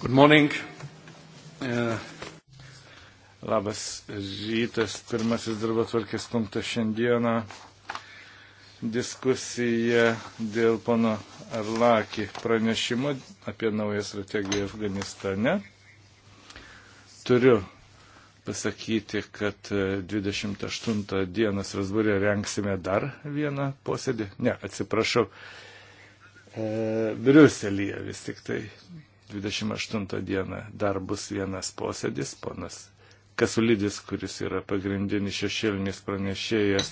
Good morning. Uh... Labas rytas, pirmasis darbo tvarkės punktas šiandieną. Diskusija dėl pono Arlaki pranešimo apie naują strategiją Afganistane. Turiu pasakyti, kad 28 e, dieną Strasbūrė renksime dar vieną posėdį. Ne, atsiprašau, e, Briuselyje vis tik tai 28 dieną dar bus vienas posėdis, ponas Kasulidis, kuris yra pagrindinis šešėlinis pranešėjas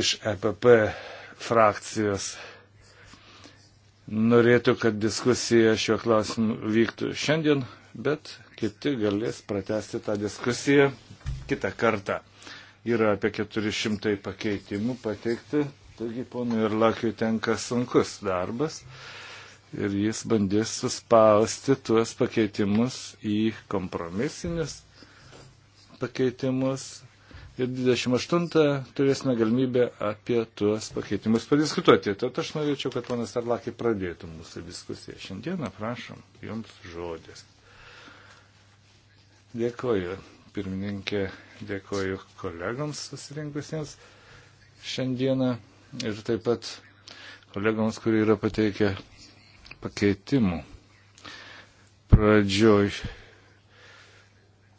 iš EPP frakcijos, norėtų, kad diskusija šiuo klausimu vyktų šiandien, bet kiti galės pratesti tą diskusiją kitą kartą. Yra apie 400 pakeitimų pateikti, taigi ponui ir lakiui tenka sunkus darbas ir jis bandys suspausti tuos pakeitimus į kompromisinius pakeitimus. Ir 28 turėsime galimybę apie tuos pakeitimus padiskutuoti. Tad aš norėčiau, kad ponas Arlakė pradėtų mūsų diskusiją. Šiandieną prašom jums žodis. Dėkoju, pirmininkė, dėkoju kolegoms susirinkusiems šiandieną ir taip pat kolegoms, kurie yra pateikę pakeitimų. Pradžioj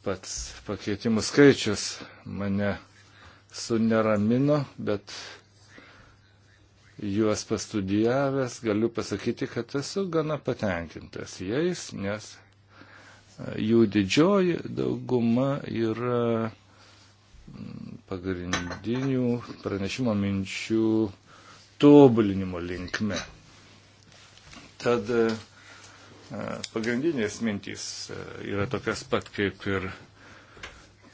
pats pakeitimų skaičius mane suneramino, bet juos pastudijavęs galiu pasakyti, kad esu gana patenkintas jais, nes jų didžioji dauguma yra pagrindinių pranešimo minčių tobulinimo linkme. Tad e, e, pagrindinės mintys e, yra tokias pat kaip ir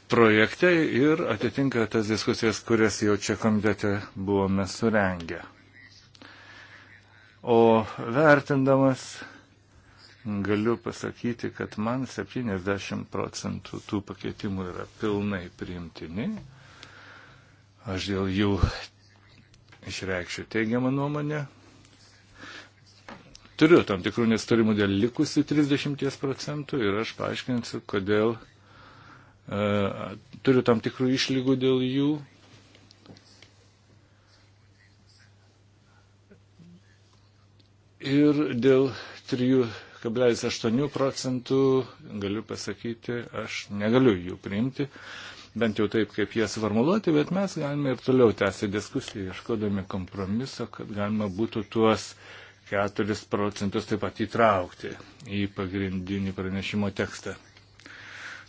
projekte ir atitinka tas diskusijas, kurias jau čia komitete buvome surengę. O vertindamas galiu pasakyti, kad man 70 procentų tų pakeitimų yra pilnai priimtini. Aš dėl jų išreikščiau teigiamą nuomonę, Turiu tam tikrų nestorimų dėl likusių 30 procentų ir aš paaiškinsiu, kodėl e, turiu tam tikrų išlygų dėl jų. Ir dėl 3,8 procentų galiu pasakyti, aš negaliu jų priimti, bent jau taip, kaip jie suformuluoti, bet mes galime ir toliau tęsti diskusiją, ieškodami kompromiso, kad galima būtų tuos uh, 4 procentus taip pat įtraukti į pagrindinį pranešimo tekstą.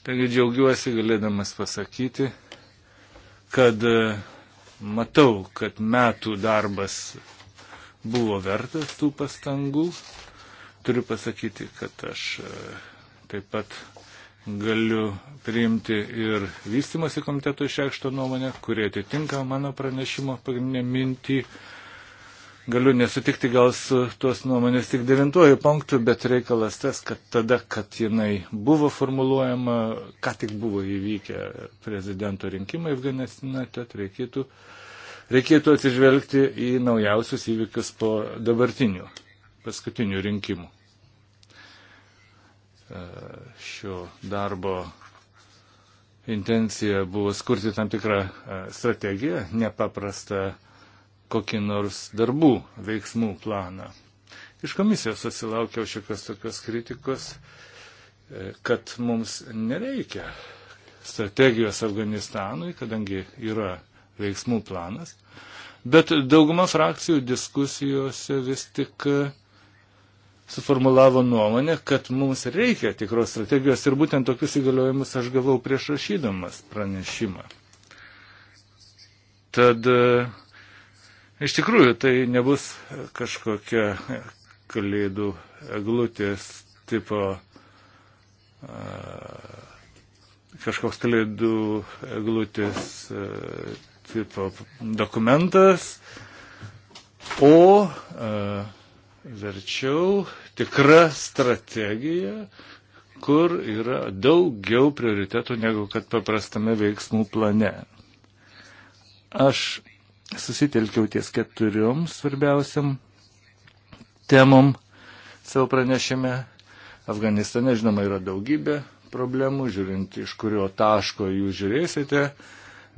Taigi džiaugiuosi galėdamas pasakyti, kad e, matau, kad metų darbas buvo vertas tų pastangų. Turiu pasakyti, kad aš e, taip pat galiu priimti ir vystimosi komiteto išreikšto nuomonę, kurie atitinka mano pranešimo pagrindinę mintį Galiu nesutikti gal su tuos nuomonės tik devintuoju punktu, bet reikalas tas, kad tada, kad jinai buvo formuluojama, ką tik buvo įvykę prezidento rinkimai Afganistane, tad reikėtų, reikėtų atsižvelgti į naujausius įvykius po dabartinių, paskutinių rinkimų. E, šio darbo intencija buvo skurti tam tikrą e, strategiją, nepaprastą kokį nors darbų veiksmų planą. Iš komisijos susilaukiau šiokios tokios kritikos, e, kad mums nereikia strategijos Afganistanui, kadangi yra veiksmų planas. Bet dauguma frakcijų diskusijose vis tik e, suformulavo nuomonę, kad mums reikia tikros strategijos ir būtent tokius įgaliojimus aš gavau prieš rašydamas pranešimą. Tad e, Iš tikrųjų, tai nebus kažkokia kalėdų eglutės tipo kažkoks kalėdų eglutės tipo dokumentas, o verčiau tikra strategija, kur yra daugiau prioritetų negu kad paprastame veiksmų plane. Aš susitelkiau ties keturiom svarbiausiam temom savo pranešime. Afganistane, žinoma, yra daugybė problemų, žiūrint iš kurio taško jūs žiūrėsite.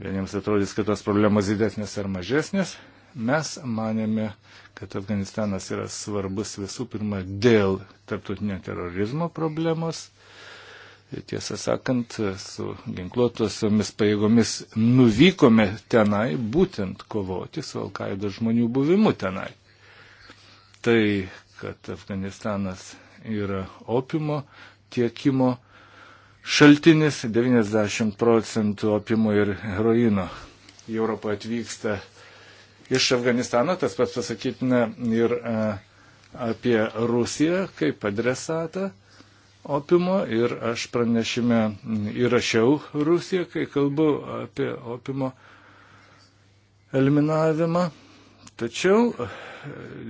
Vieniems atrodys, kad tos problemos didesnės ar mažesnės. Mes manėme, kad Afganistanas yra svarbus visų pirma dėl tarptautinio terorizmo problemos. Uh, tiesą sakant, su ginkluotosiomis pajėgomis nuvykome tenai būtent kovoti su Alkaido žmonių buvimu tenai. Tai, kad Afganistanas yra opimo tiekimo šaltinis, 90 procentų opimo ir heroino į Europą atvyksta iš Afganistano, tas pats pasakytina ir a, e, apie Rusiją kaip adresatą opimo ir aš pranešime įrašiau Rusiją, kai kalbu apie opimo eliminavimą. Tačiau e,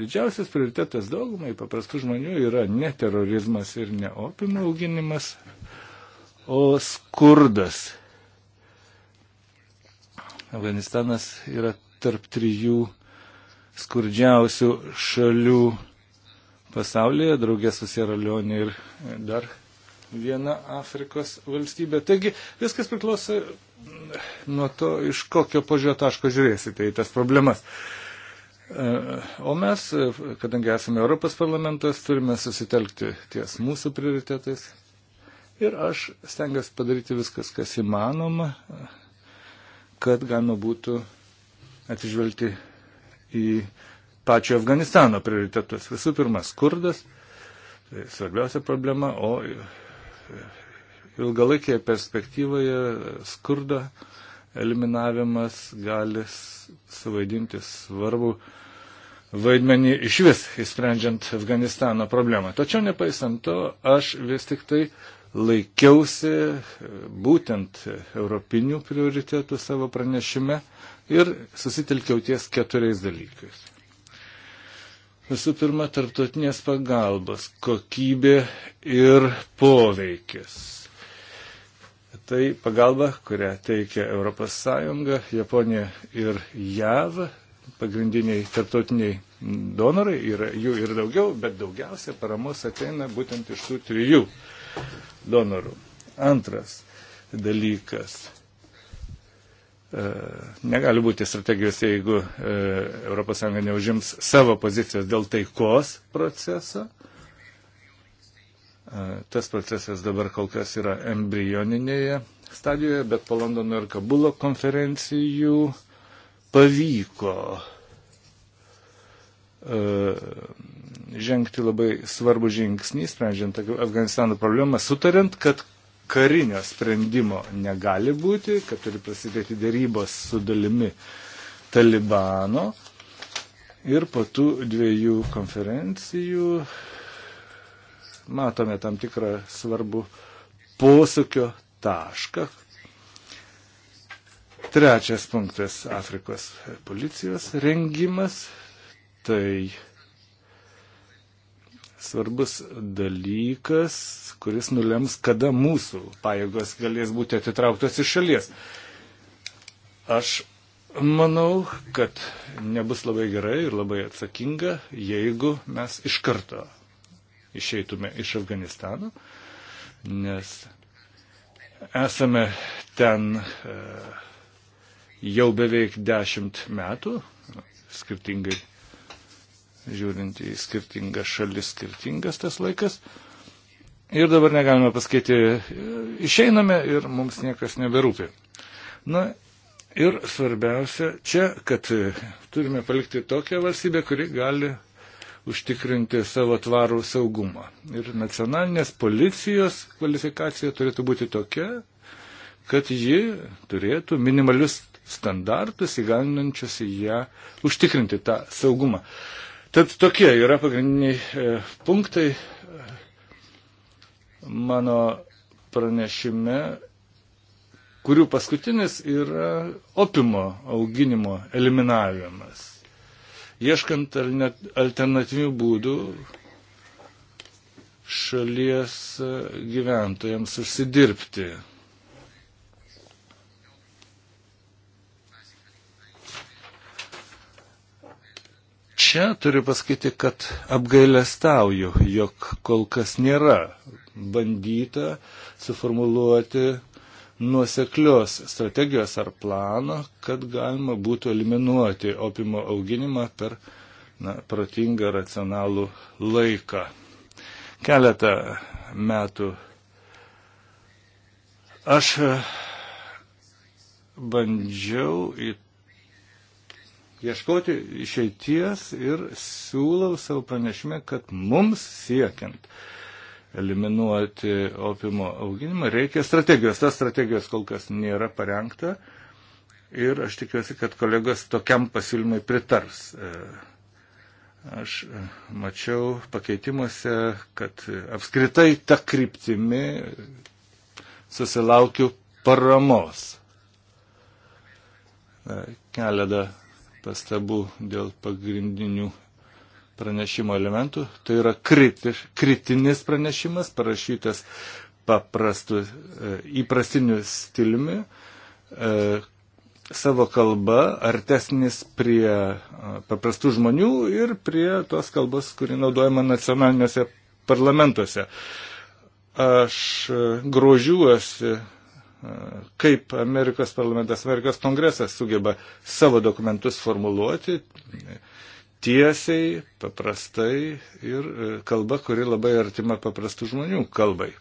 didžiausias prioritetas daugumai paprastų žmonių yra ne terorizmas ir ne opimo auginimas, o skurdas. Afganistanas yra tarp trijų skurdžiausių šalių pasaulyje, draugė su Sieralionė ir dar viena Afrikos valstybė. Taigi viskas priklauso nuo to, iš kokio požiūrio taško žiūrėsite į tas problemas. E, o mes, kadangi esame Europos parlamentas, turime susitelkti ties mūsų prioritetais. Ir aš stengiuosi padaryti viskas, kas įmanoma, kad galima būtų atsižvelgti į pačio Afganistano prioritetus. Visų pirma, skurdas, tai svarbiausia problema, o e, ilgalaikėje perspektyvoje skurdo eliminavimas gali suvaidinti svarbu vaidmenį iš vis, įsprendžiant Afganistano problemą. Tačiau nepaisant to, aš vis tik tai laikiausi e, būtent europinių prioritėtų savo pranešime ir susitelkiau ties keturiais dalykais. Visų pirma, tarptautinės pagalbos kokybė ir poveikis. Tai pagalba, kurią teikia ES, Japonija ir JAV, pagrindiniai tarptautiniai donorai, yra, jų ir daugiau, bet daugiausia paramos ateina būtent iš tų trijų donorų. Antras dalykas E, negali būti strategijos, jeigu ES neužims savo pozicijos dėl taikos proceso. E, tas procesas dabar kol kas yra embrioninėje stadijoje, bet po Londono ir Kabulo konferencijų pavyko e, žengti labai svarbų žingsnį, sprendžiant Afganistano problemą, sutariant, kad karinio sprendimo negali būti, kad turi prasidėti dėrybos su dalimi Talibano. Ir po tų dviejų konferencijų matome tam tikrą svarbų posūkio tašką. Trečias punktas - Afrikos policijos rengimas. Tai svarbus dalykas, kuris nulems, kada mūsų pajėgos galės būti atitrauktos iš šalies. Aš manau, kad nebus labai gerai ir labai atsakinga, jeigu mes iš karto išeitume iš Afganistano, nes esame ten e, jau beveik dešimt metų, skirtingai žiūrint į skirtingas šalis, skirtingas tas laikas. Ir dabar negalime pasakyti, išeiname ir mums niekas neberūpi. Na ir svarbiausia čia, kad turime palikti tokią valstybę, kuri gali užtikrinti savo tvarų saugumą. Ir nacionalinės policijos kvalifikacija turėtų būti tokia, kad ji turėtų minimalius standartus įgalinančius į ją užtikrinti tą saugumą. Tad tokie yra pagrindiniai e, punktai e, mano pranešime, kurių paskutinis yra opimo auginimo eliminavimas. Ieškant alternatyvių būdų šalies e, gyventojams užsidirbti Čia turiu pasakyti, kad apgailestauju, jog kol kas nėra bandyta suformuluoti nuoseklios strategijos ar plano, kad galima būtų eliminuoti opimo auginimą per na, protingą, racionalų laiką. Keletą metų aš bandžiau į ieškoti išeities ir siūlau savo pranešime, kad mums siekiant eliminuoti opimo auginimą reikia strategijos. Tas strategijos kol kas nėra parengta ir aš tikiuosi, kad kolegos tokiam pasiūlymui pritars. E, aš e, mačiau pakeitimuose, kad apskritai ta kryptimi susilaukiu paramos. E, keletą pastabų dėl pagrindinių pranešimo elementų. Tai yra kritiš, kritinis pranešimas, parašytas paprastu, e, įprastiniu stiliumi, e, savo kalba, artesnis prie e, paprastų žmonių ir prie tos kalbos, kuri naudojama nacionaliniuose parlamentuose. Aš grožiuosi kaip Amerikos parlamentas, Amerikos kongresas sugeba savo dokumentus formuluoti tiesiai, paprastai ir e, kalba, kuri labai artima paprastų žmonių kalbai.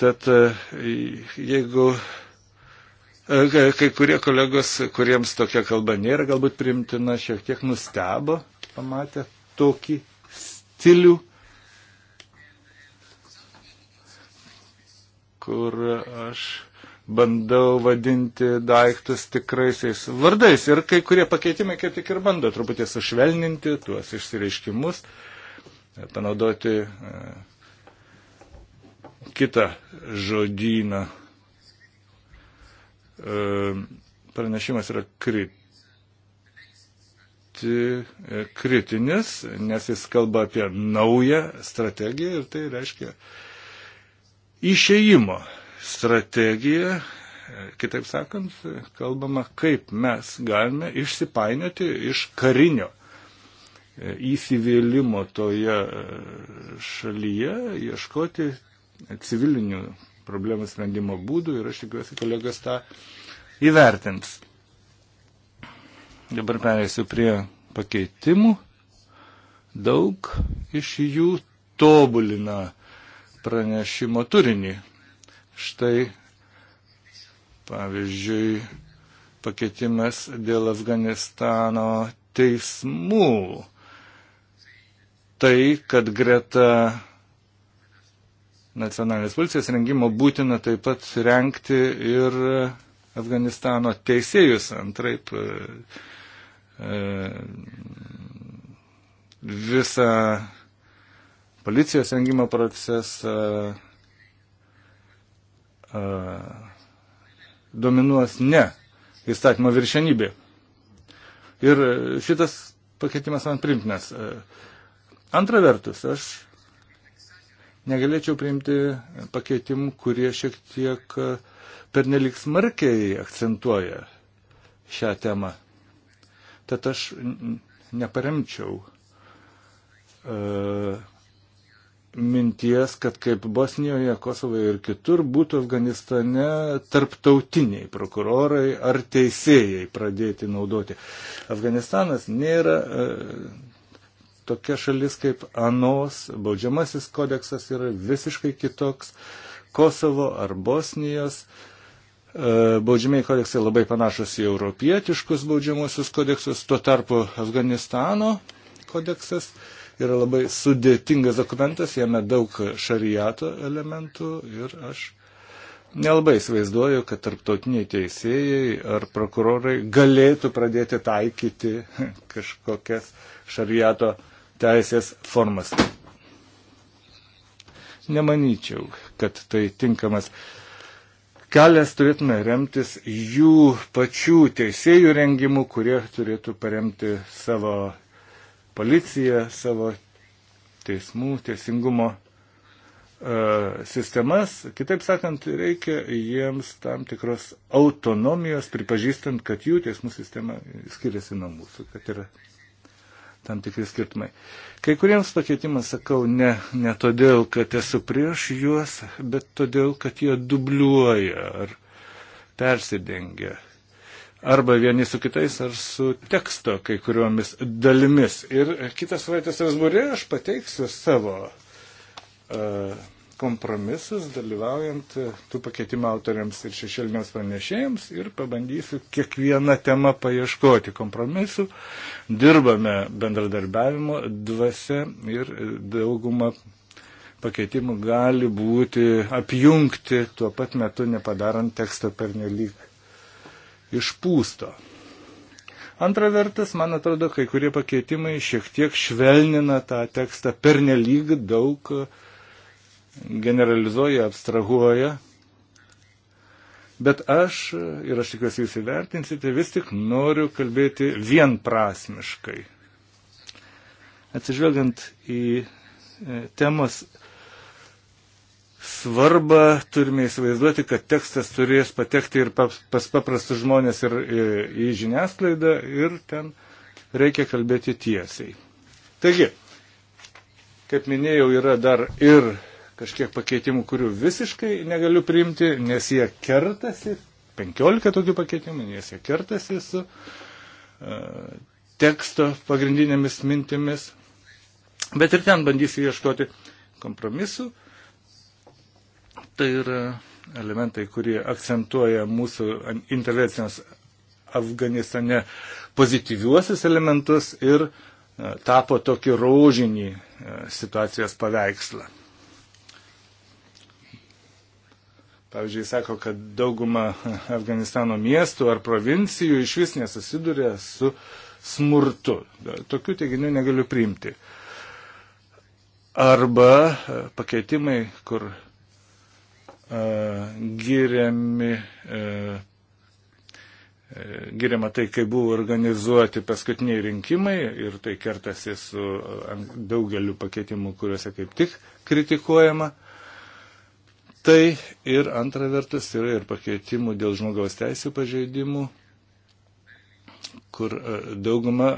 Tad e, jeigu e, kai kurie kolegos, kuriems tokia kalba nėra galbūt primtina, šiek tiek nustebo pamatę tokį stilių, kur aš bandau vadinti daiktus tikraisiais vardais. Ir kai kurie pakeitimai kaip tik ir bando truputį sušvelninti tuos išsireiškimus, panaudoti e, kitą žodyną. E, pranešimas yra krit e, kritinis, nes jis kalba apie naują strategiją ir tai reiškia išėjimo strategija, kitaip sakant, kalbama, kaip mes galime išsipainioti iš karinio e, įsivėlimo toje e, šalyje, ieškoti civilinių problemų sprendimo būdų ir aš tikiuosi kolegas tą įvertins. Dabar perėsiu prie pakeitimų. Daug iš jų tobulina pranešimo turinį. Štai, pavyzdžiui, pakeitimas dėl Afganistano teismų. Tai, kad greta nacionalinės policijos rengimo būtina taip pat renkti ir Afganistano teisėjus, antraip e, e visą policijos rengimo procesą dominuos ne įstatymo viršenybė. Ir šitas pakeitimas man primtinas. Antra vertus, aš negalėčiau priimti pakeitimų, kurie šiek tiek pernelik smarkiai akcentuoja šią temą. Tad aš neparemčiau uh, minties, kad kaip Bosnijoje, Kosovoje ir kitur būtų Afganistane tarptautiniai prokurorai ar teisėjai pradėti naudoti. Afganistanas nėra e, tokia šalis kaip Anos, baudžiamasis kodeksas yra visiškai kitoks. Kosovo ar Bosnijos e, baudžiamiai kodeksai labai panašus į europietiškus baudžiamosius kodeksus, tuo tarpu Afganistano kodeksas e, yra labai sudėtingas dokumentas, jame daug šariato elementų ir aš nelabai įsivaizduoju, kad tarptautiniai teisėjai ar prokurorai galėtų pradėti taikyti kažkokias šariato teisės formas. Nemanyčiau, kad tai tinkamas kelias turėtume remtis jų pačių teisėjų rengimų, kurie turėtų paremti savo policiją, savo teismų, teisingumo e, sistemas, kitaip sakant, reikia jiems tam tikros autonomijos, pripažįstant, kad jų teismų sistema skiriasi nuo mūsų, kad yra tam tikri skirtumai. Kai kuriems pakeitimams sakau ne, ne todėl, kad esu prieš juos, bet todėl, kad jie dubliuoja ar persidengia arba vieni su kitais, ar su teksto kai kuriomis dalimis. Ir kitą savaitę Strasbūrė aš pateiksiu savo e, kompromisus, dalyvaujant tų pakeitimų autoriams ir šešėliniams pranešėjams ir pabandysiu kiekvieną temą paieškoti kompromisų. Dirbame bendradarbiavimo dvasia ir dauguma pakeitimų gali būti apjungti tuo pat metu, nepadarant tekstą pernelyg išpūsto. Antra vertus, man atrodo, kai kurie pakeitimai šiek tiek švelnina tą tekstą pernelyg daug generalizuoja, abstrahuoja. Bet aš, ir aš tikiuosi jūs įvertinsite, vis tik noriu kalbėti vienprasmiškai. Atsižvelgiant į e, temos svarbą, turime įsivaizduoti, kad tekstas turės patekti ir pas paprastus žmonės ir į žiniasklaidą ir ten reikia kalbėti tiesiai. Taigi, kaip minėjau, yra dar ir kažkiek pakeitimų, kurių visiškai negaliu priimti, nes jie kertasi, 15 tokių pakeitimų, nes jie kertasi su uh, teksto pagrindinėmis mintimis, bet ir ten bandysiu ieškoti kompromisų. Uh, Tai yra elementai, kurie akcentuoja mūsų intervencijos Afganistane pozityviuosius elementus ir e, tapo tokį rožinį e, situacijos paveikslą. Pavyzdžiui, sako, kad dauguma Afganistano miestų ar provincijų iš vis nesusiduria su smurtu. Tokių teiginių negaliu priimti. Arba e, pakeitimai, kur E, giriami, e, e, giriama tai, kaip buvo organizuoti paskutiniai rinkimai ir tai kertasi su daugeliu pakeitimų, kuriuose kaip tik kritikuojama. Tai ir antra vertus yra ir pakeitimų dėl žmogaus teisų pažeidimų, kur dauguma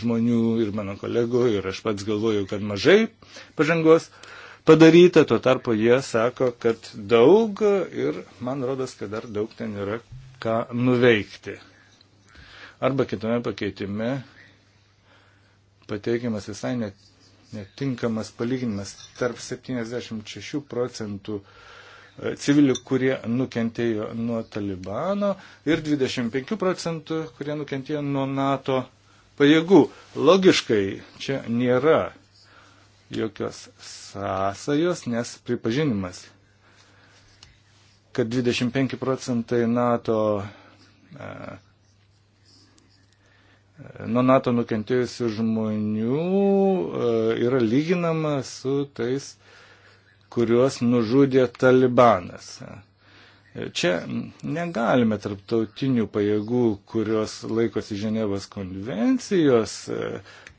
žmonių ir mano kolegų ir aš pats galvoju, kad mažai pažangos. Uh, padaryta, tuo tarpu jie sako, kad daug ir man rodas, kad dar daug ten yra ką nuveikti. Arba kitame pakeitime pateikiamas visai net, netinkamas palyginimas tarp 76 procentų e, civilių, kurie nukentėjo nuo Talibano ir 25 procentų, kurie nukentėjo nuo NATO pajėgų. Logiškai čia nėra jokios sąsajos, nes pripažinimas, kad 25 procentai NATO, e, e, nuo NATO nukentėjusių žmonių e, yra lyginama su tais, kuriuos nužudė talibanas. Čia negalime tarptautinių pajėgų, kurios laikosi Ženevos konvencijos,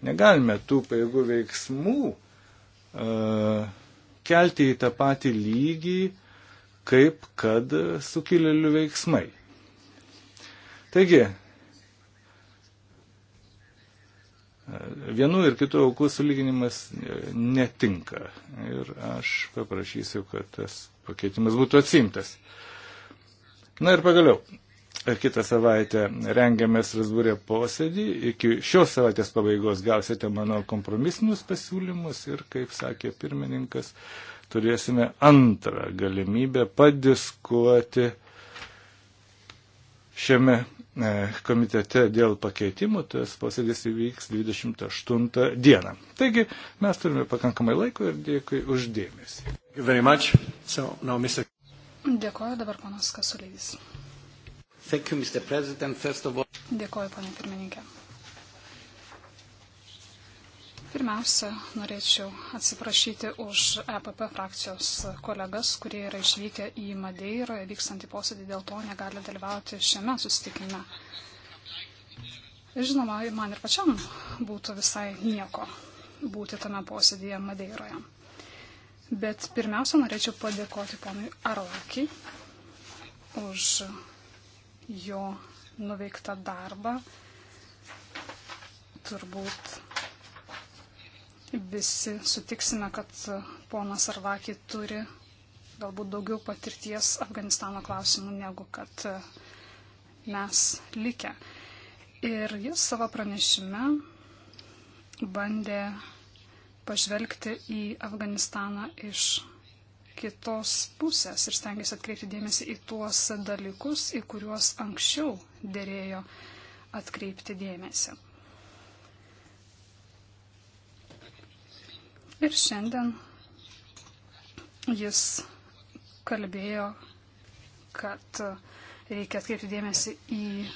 negalime tų pajėgų veiksmų E, kelti į tą patį lygį, kaip kad sukilėlių veiksmai. Taigi, vienų ir kitų aukų sulyginimas netinka. Ir aš paprašysiu, kad tas pakeitimas būtų atsimtas. Na ir pagaliau, kitą savaitę rengiame Strasbūrė posėdį. Iki šios savaitės pabaigos gausite mano kompromisinius pasiūlymus ir, kaip sakė pirmininkas, turėsime antrą galimybę padiskuoti šiame e, komitete dėl pakeitimų, tas posėdis įvyks 28 dieną. Taigi mes turime pakankamai laiko ir dėkui uždėmesį. So, Mr... Dėkuoju dabar panas Kasulėdis. Thank you, Mr. President. First of all. Dėkuoju, panė pirmininkė. Pirmiausia, norėčiau atsiprašyti už EPP frakcijos kolegas, kurie yra išvykę į Madeirą vykstantį posėdį, dėl to negali dalyvauti šiame susitikime. Žinoma, man ir pačiam būtų visai nieko būti tame posėdėje Madeiroje. Bet pirmiausia, norėčiau padėkoti ponui Arlaki už jo nuveiktą darbą. Turbūt visi sutiksime, kad ponas Arvaki turi galbūt daugiau patirties Afganistano klausimų negu kad mes likę. Ir jis savo pranešime bandė pažvelgti į Afganistaną iš kitos pusės ir stengiasi atkreipti dėmesį į tuos dalykus, į kuriuos anksčiau dėrėjo atkreipti dėmesį. Ir šiandien jis kalbėjo, kad reikia atkreipti dėmesį į e,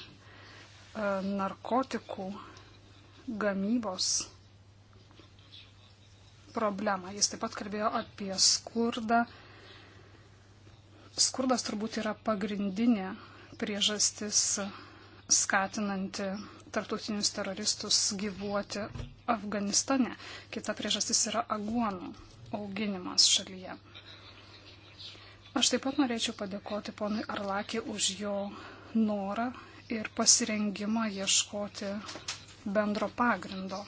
narkotikų gamybos problemą. Jis taip pat kalbėjo apie skurdą. Skurdas turbūt yra pagrindinė priežastis skatinanti tartutinius teroristus gyvuoti Afganistane. Kita priežastis yra aguonų auginimas šalyje. Aš taip pat norėčiau padėkoti ponui Arlakį už jo norą ir pasirengimą ieškoti bendro pagrindo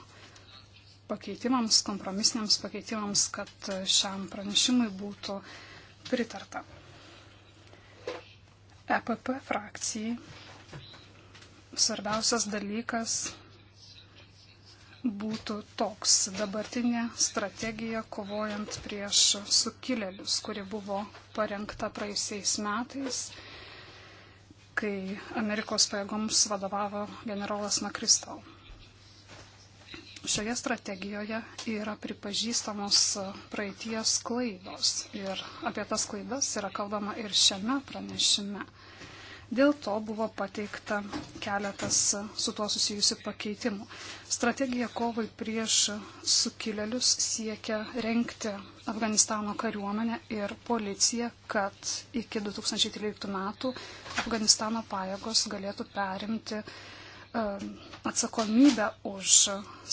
pakeitimams, kompromisiniams pakeitimams, kad šiam pranešimui būtų pritarta. EPP frakcijai svarbiausias dalykas būtų toks dabartinė strategija kovojant prieš sukilėlius, kuri buvo parengta praeisiais metais, kai Amerikos pajėgoms vadovavo generolas Makristau. Šioje strategijoje yra pripažįstamos praeities klaidos ir apie tas klaidas yra kalbama ir šiame pranešime. Dėl to buvo pateikta keletas su tuo susijusių pakeitimų. Strategija kovai prieš sukilėlius siekia renkti Afganistano kariuomenę ir policiją, kad iki 2013 metų Afganistano pajėgos galėtų perimti Um, atsakomybę už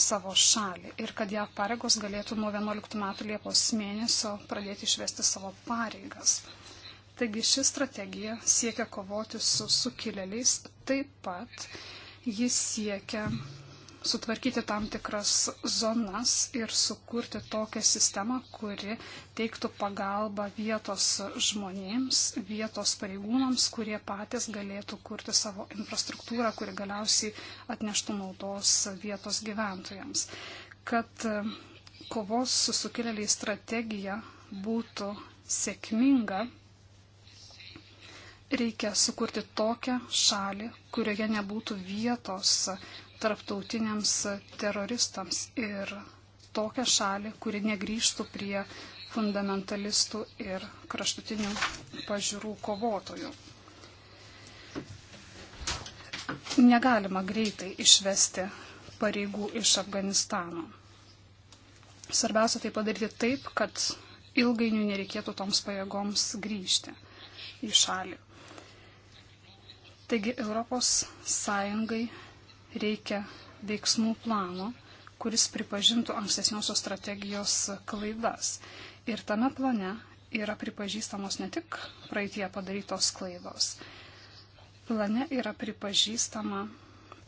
savo šalį ir kad JAV pareigos galėtų nuo 11 metų Liepos mėnesio pradėti išvesti savo pareigas. Taigi ši strategija siekia kovoti su sukilėliais, taip pat jis siekia sutvarkyti tam tikras zonas ir sukurti tokią sistemą, kuri teiktų pagalbą vietos žmonėms, vietos pareigūnams, kurie patys galėtų kurti savo infrastruktūrą, kuri galiausiai atneštų naudos vietos gyventojams. Kad e, kovos su sukilėliai strategija būtų sėkminga, reikia sukurti tokią šalį, kurioje nebūtų vietos tarptautiniams teroristams ir tokią šalį, kuri negryžtų prie fundamentalistų ir kraštutinių pažiūrų kovotojų. Negalima greitai išvesti pareigų iš Afganistano. Svarbiausia tai padaryti taip, kad ilgainiui nereikėtų toms pajėgoms grįžti į šalį. Taigi Europos Sąjungai reikia veiksmų plano, kuris pripažintų ankstesniosios strategijos klaidas. Ir tame plane yra pripažįstamos ne tik praeitie padarytos klaidos. Plane yra pripažįstama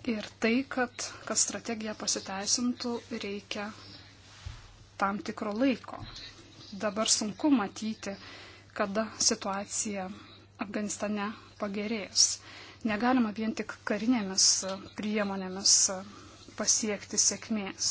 ir tai, kad, kad strategija pasiteisintų, reikia tam tikro laiko. Dabar sunku matyti, kada situacija Afganistane pagerės. Negalima vien tik karinėmis priemonėmis pasiekti sėkmės.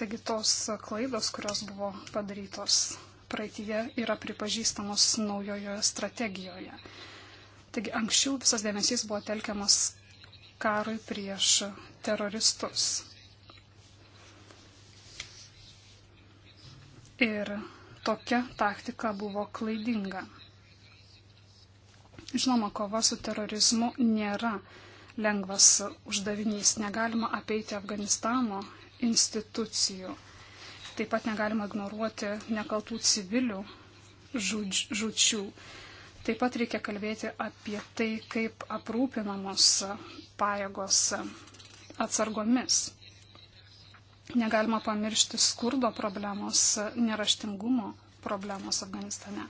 Taigi tos klaidos, kurios buvo padarytos praeitie, yra pripažįstamos naujojoje strategijoje. Taigi anksčiau visas dėmesys buvo telkiamas karui prieš teroristus. Ir tokia taktika buvo klaidinga. Žinoma, kova su terorizmu nėra lengvas uždavinys. Negalima apeiti Afganistano institucijų. Taip pat negalima ignoruoti nekaltų civilių žudžių. Taip pat reikia kalbėti apie tai, kaip aprūpinamos pajėgos atsargomis. Negalima pamiršti skurdo problemos, neraštingumo problemos Afganistane.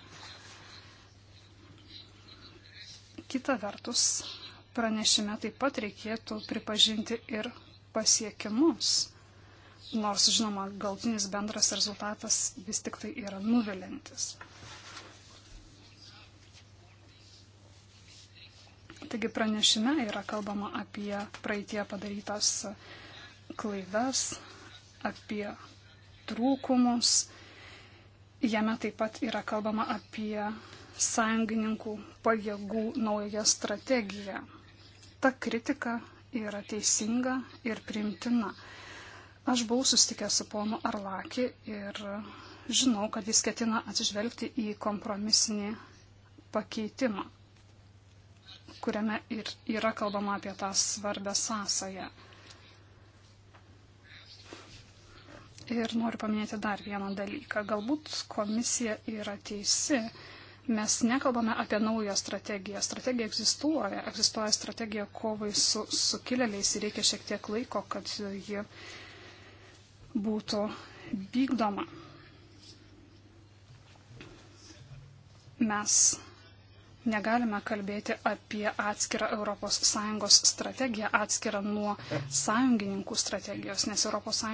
Kita vertus, pranešime taip pat reikėtų pripažinti ir pasiekimus. Nors, žinoma, galtinis bendras rezultatas vis tik tai yra nuvilintis. Taigi pranešime yra kalbama apie praeitie padarytas klaidas, apie trūkumus. Jame taip pat yra kalbama apie sąjungininkų pajėgų naują strategiją. Ta kritika yra teisinga ir primtina. Aš buvau susitikęs su ponu Arlaki ir žinau, kad jis ketina atsižvelgti į kompromisinį pakeitimą, kuriame ir yra kalbama apie tą svarbę sąsają. ir noriu paminėti dar vieną dalyką. Galbūt komisija yra teisi. Mes nekalbame apie naują strategiją. Strategija egzistuoja. Egzistuoja strategija kovai su sukilėliais ir reikia šiek tiek laiko, kad ji būtų vykdoma. Mes negalime kalbėti apie atskirą ES strategiją, atskirą nuo sąjungininkų strategijos, nes ES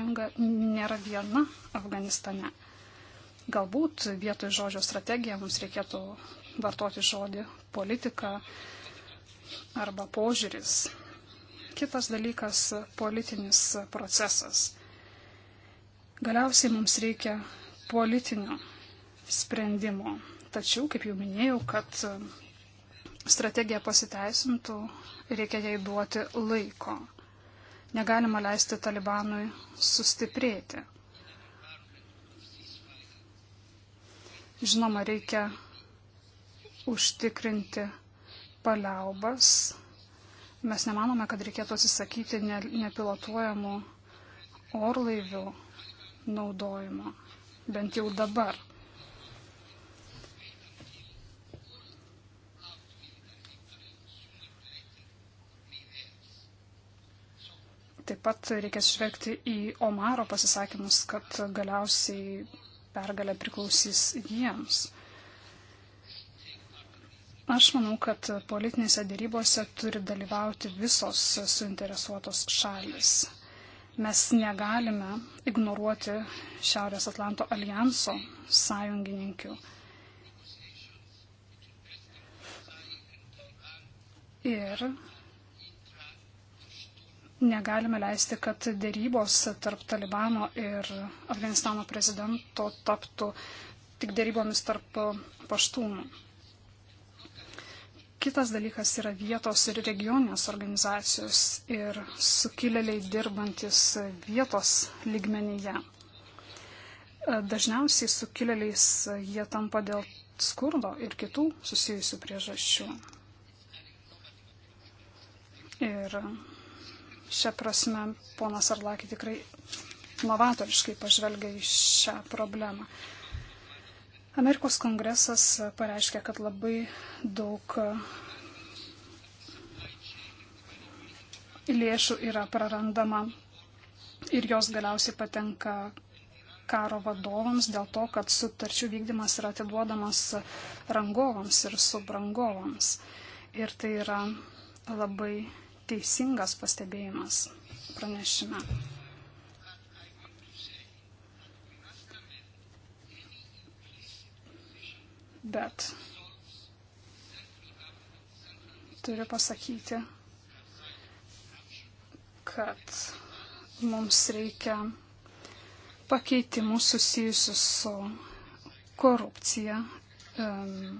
nėra viena Afganistane. Galbūt vietoj žodžio strategija mums reikėtų vartoti žodį politika arba požiūris. Kitas dalykas - politinis procesas. Galiausiai mums reikia politinio sprendimo. Tačiau, kaip jau minėjau, kad strategija pasiteisintų, reikia jai duoti laiko. Negalima leisti talibanui sustiprėti. Žinoma, reikia užtikrinti paliaubas. Mes nemanome, kad reikėtų atsisakyti nepilotuojamų orlaivių naudojimo, bent jau dabar. Taip pat reikės žvelgti į Omaro pasisakymus, kad galiausiai pergalė priklausys jiems. Aš manau, kad politinėse dėrybose turi dalyvauti visos suinteresuotos šalis. Mes negalime ignoruoti Šiaurės Atlanto alijanso sąjungininkių. Ir negalime leisti, kad dėrybos tarp Talibano ir Afganistano prezidento taptų tik dėrybomis tarp paštūnų. Kitas dalykas yra vietos ir regioninės organizacijos ir sukilėliai dirbantis vietos lygmenyje. Dažniausiai sukilėliais jie tampa dėl skurdo ir kitų susijusių priežasčių. Ir Šią prasme, ponas Arlakį tikrai novatoriškai pažvelgia į šią problemą. Amerikos kongresas pareiškia, kad labai daug lėšų yra prarandama ir jos galiausiai patenka karo vadovams dėl to, kad sutarčių vykdymas yra atiduodamas rangovams ir subrangovams. Ir tai yra labai teisingas pastebėjimas pranešime. Bet turiu pasakyti, kad mums reikia pakeitimų susijusių su korupcija um,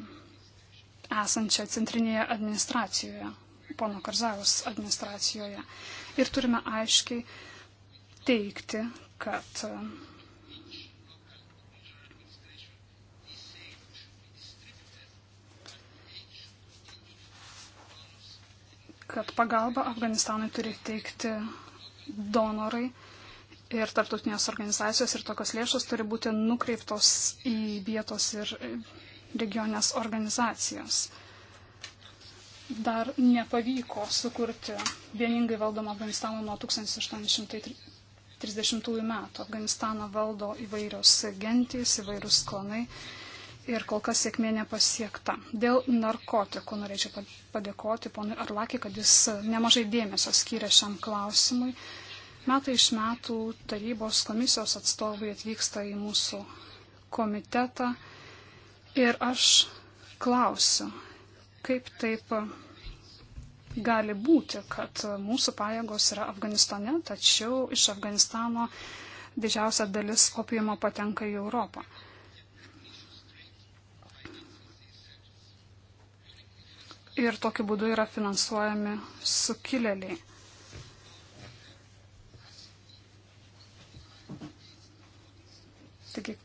esančia centrinėje administracijoje pono Karzajos administracijoje. Ir turime aiškiai teikti, kad kad pagalba Afganistanui turi teikti donorai ir tarptautinės organizacijos ir tokios lėšos turi būti nukreiptos į vietos ir regionės organizacijas dar nepavyko sukurti vieningai valdomą Afganistaną nuo 1830 metų. Afganistaną valdo įvairios gentys, įvairūs klanai ir kol kas sėkmė nepasiekta. Dėl narkotikų norėčiau padėkoti ponui Arlaki, kad jis nemažai dėmesio skyrė šiam klausimui. Metai iš metų tarybos komisijos atstovai atvyksta į mūsų komitetą ir aš klausiu Kaip taip gali būti, kad mūsų pajėgos yra Afganistane, tačiau iš Afganistano didžiausia dalis opijimo patenka į Europą. Ir tokiu būdu yra finansuojami sukilėliai. Taigi,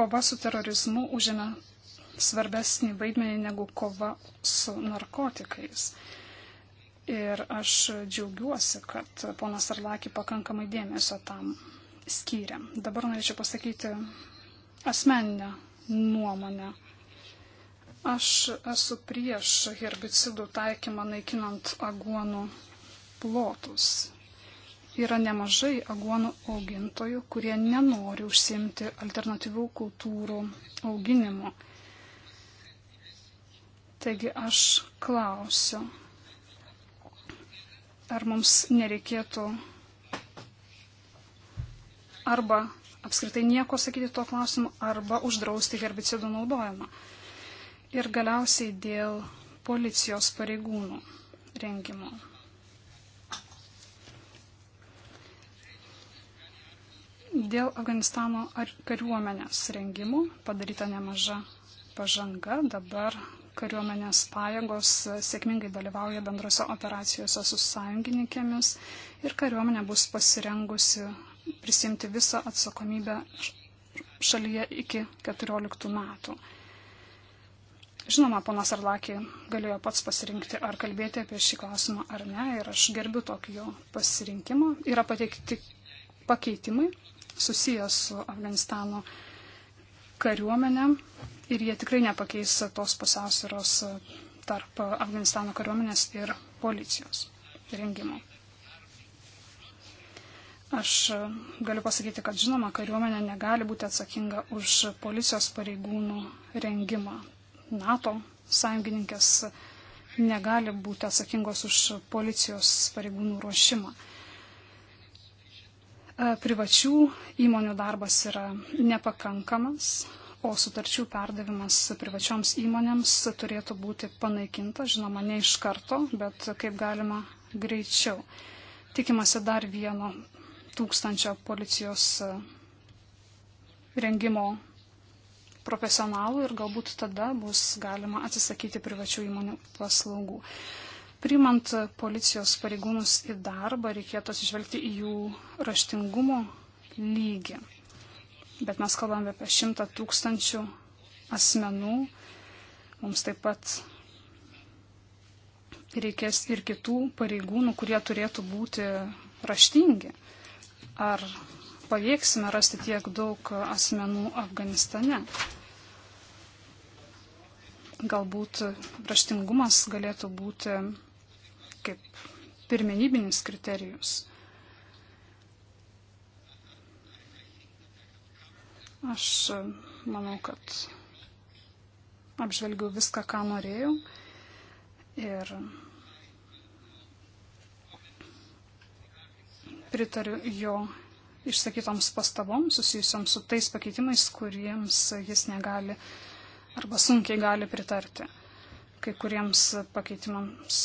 kova su terorizmu užėmė svarbesnį vaidmenį negu kova su narkotikais. Ir aš džiaugiuosi, kad ponas Arlaki pakankamai dėmesio tam skyrė. Dabar norėčiau pasakyti asmeninę nuomonę. Aš esu prieš herbicidų taikymą naikinant aguonų plotus. Yra nemažai aguonų augintojų, kurie nenori užsimti alternatyvių kultūrų auginimu. Taigi aš klausiu, ar mums nereikėtų arba apskritai nieko sakyti tuo klausimu, arba uždrausti herbicidų naudojimą. Ir galiausiai dėl policijos pareigūnų rengimo. Dėl Afganistano kariuomenės rengimų padaryta nemaža pažanga. Dabar kariuomenės pajėgos sėkmingai dalyvauja bendrose operacijose su sąjungininkėmis ir kariuomenė bus pasirengusi prisimti visą atsakomybę šalyje iki 14 metų. Žinoma, ponas Arlakį galėjo pats pasirinkti, ar kalbėti apie šį klausimą ar ne, ir aš gerbiu tokį jo pasirinkimą. Yra pateikti pakeitimai, susijęs su Afganistano kariuomenė ir jie tikrai nepakeis tos pusiausvėros tarp Afganistano kariuomenės ir policijos rengimo. Aš galiu pasakyti, kad žinoma, kariuomenė negali būti atsakinga už policijos pareigūnų rengimą. NATO sąjungininkės negali būti atsakingos už policijos pareigūnų ruošimą. Privačių įmonių darbas yra nepakankamas, o sutarčių perdavimas privačioms įmonėms turėtų būti panaikinta, žinoma, ne iš karto, bet kaip galima greičiau. Tikimasi dar vieno tūkstančio policijos rengimo profesionalų ir galbūt tada bus galima atsisakyti privačių įmonių paslaugų. Priimant policijos pareigūnus į darbą, reikėtų atsižvelgti į jų raštingumo lygį. Bet mes kalbame apie šimtą tūkstančių asmenų. Mums taip pat reikės ir kitų pareigūnų, kurie turėtų būti raštingi. Ar pajėgsime rasti tiek daug asmenų Afganistane? Galbūt raštingumas galėtų būti kaip pirmenybinis kriterijus. Aš e, manau, kad apžvelgiau viską, ką norėjau. Ir pritariu jo išsakytoms pastaboms susijusioms su tais pakeitimais, kuriems jis negali arba sunkiai gali pritarti. Kai kuriems pakeitimams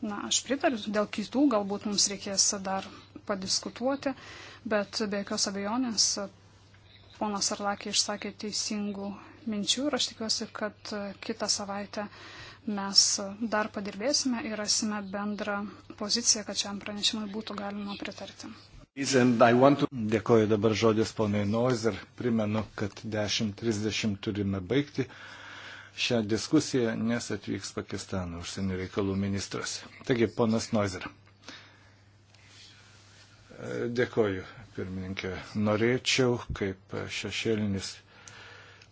Na, aš pritariu, dėl kitų galbūt mums reikės dar padiskutuoti, bet be jokios abejonės ponas Arlakė išsakė teisingų minčių ir aš tikiuosi, kad kitą savaitę mes dar padirbėsime ir rasime bendrą poziciją, kad šiam pranešimui būtų galima pritarti. To... Dėkoju dabar žodis ponai Noizer. Primenu, kad 10.30 turime baigti šią diskusiją, nes atvyks Pakistano užsienio reikalų ministras. Taigi, ponas Noizer. Dėkoju, pirmininkė. Norėčiau, kaip šešėlinis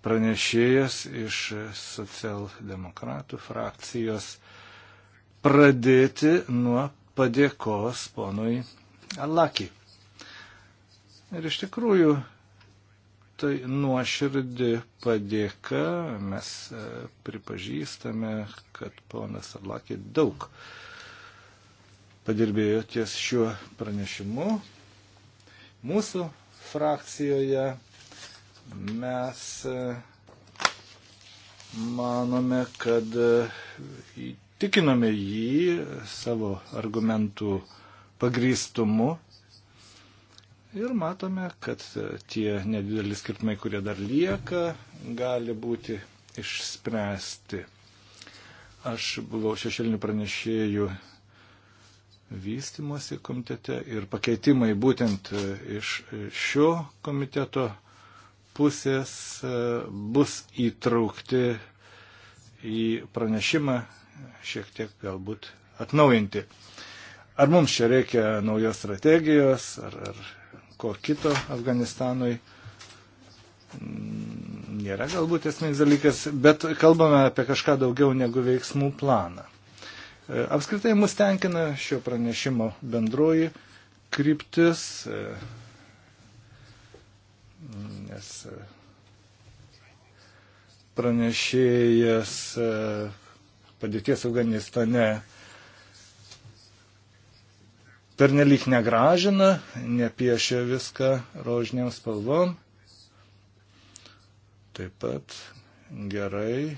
pranešėjas iš socialdemokratų frakcijos, pradėti nuo padėkos ponui Alaki. Ir iš tikrųjų tai nuoširdi padėka. Mes e, pripažįstame, kad ponas Arlakė daug padirbėjo ties šiuo pranešimu. Mūsų frakcijoje mes e, manome, kad e, įtikinome jį savo argumentų pagrystumu Ir matome, kad tie nedideli skirtumai, kurie dar lieka, gali būti išspręsti. Aš buvau šešėlinių pranešėjų vystimosi komitete ir pakeitimai būtent iš šio komiteto pusės e, bus įtraukti į pranešimą šiek tiek galbūt atnaujinti. Ar mums čia reikia naujos strategijos, ar, ar ko kito Afganistanui mm, nėra galbūt esminis dalykas, bet kalbame apie kažką daugiau negu veiksmų planą. E, apskritai mus tenkina šio pranešimo bendroji kryptis, e, nes e, pranešėjas padėties Afganistane pernelyg negražina, nepiešia viską rožiniam spalvom. Taip pat gerai,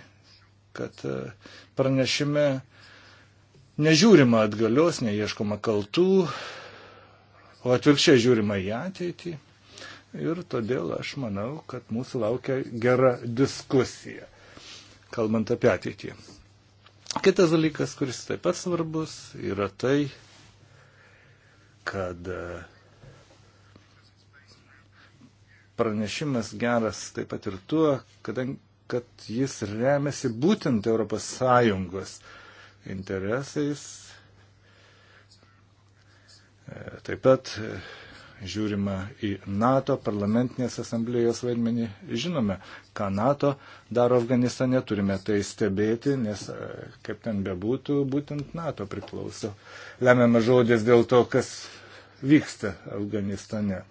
kad e, pranešime nežiūrima atgalios, neieškoma kaltų, o atvirkščiai žiūrima į ateitį. Ir todėl aš manau, kad mūsų laukia gera diskusija, kalbant apie ateitį. Kitas dalykas, kuris taip pat svarbus, yra tai, kad e, pranešimas geras taip pat ir tuo, kadangi kad jis remiasi būtent ES interesais. E, taip pat e, žiūrima į NATO parlamentinės asamblėjos vaidmenį. Žinome, ką NATO daro Afganistane, turime tai stebėti, nes e, kaip ten bebūtų, būtent NATO priklauso. Lemiama žodis dėl to, kas vyksta Afganistane.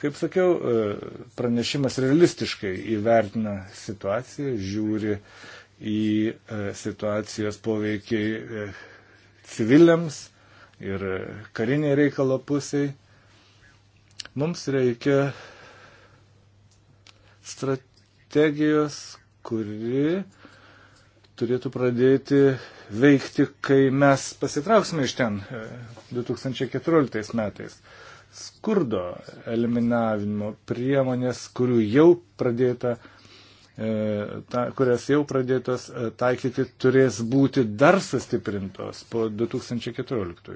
Kaip sakiau, e, pranešimas realistiškai įvertina situaciją, žiūri į e, situacijos poveikiai civiliams ir kariniai reikalo pusiai. Mums reikia strategijos, kuri turėtų pradėti veikti, kai mes pasitrauksime iš ten 2014 e, metais. Skurdo eliminavimo priemonės, kurių jau pradėta uh, E, ta, kurias jau pradėtos e, taikyti, turės būti dar sustiprintos po 2014.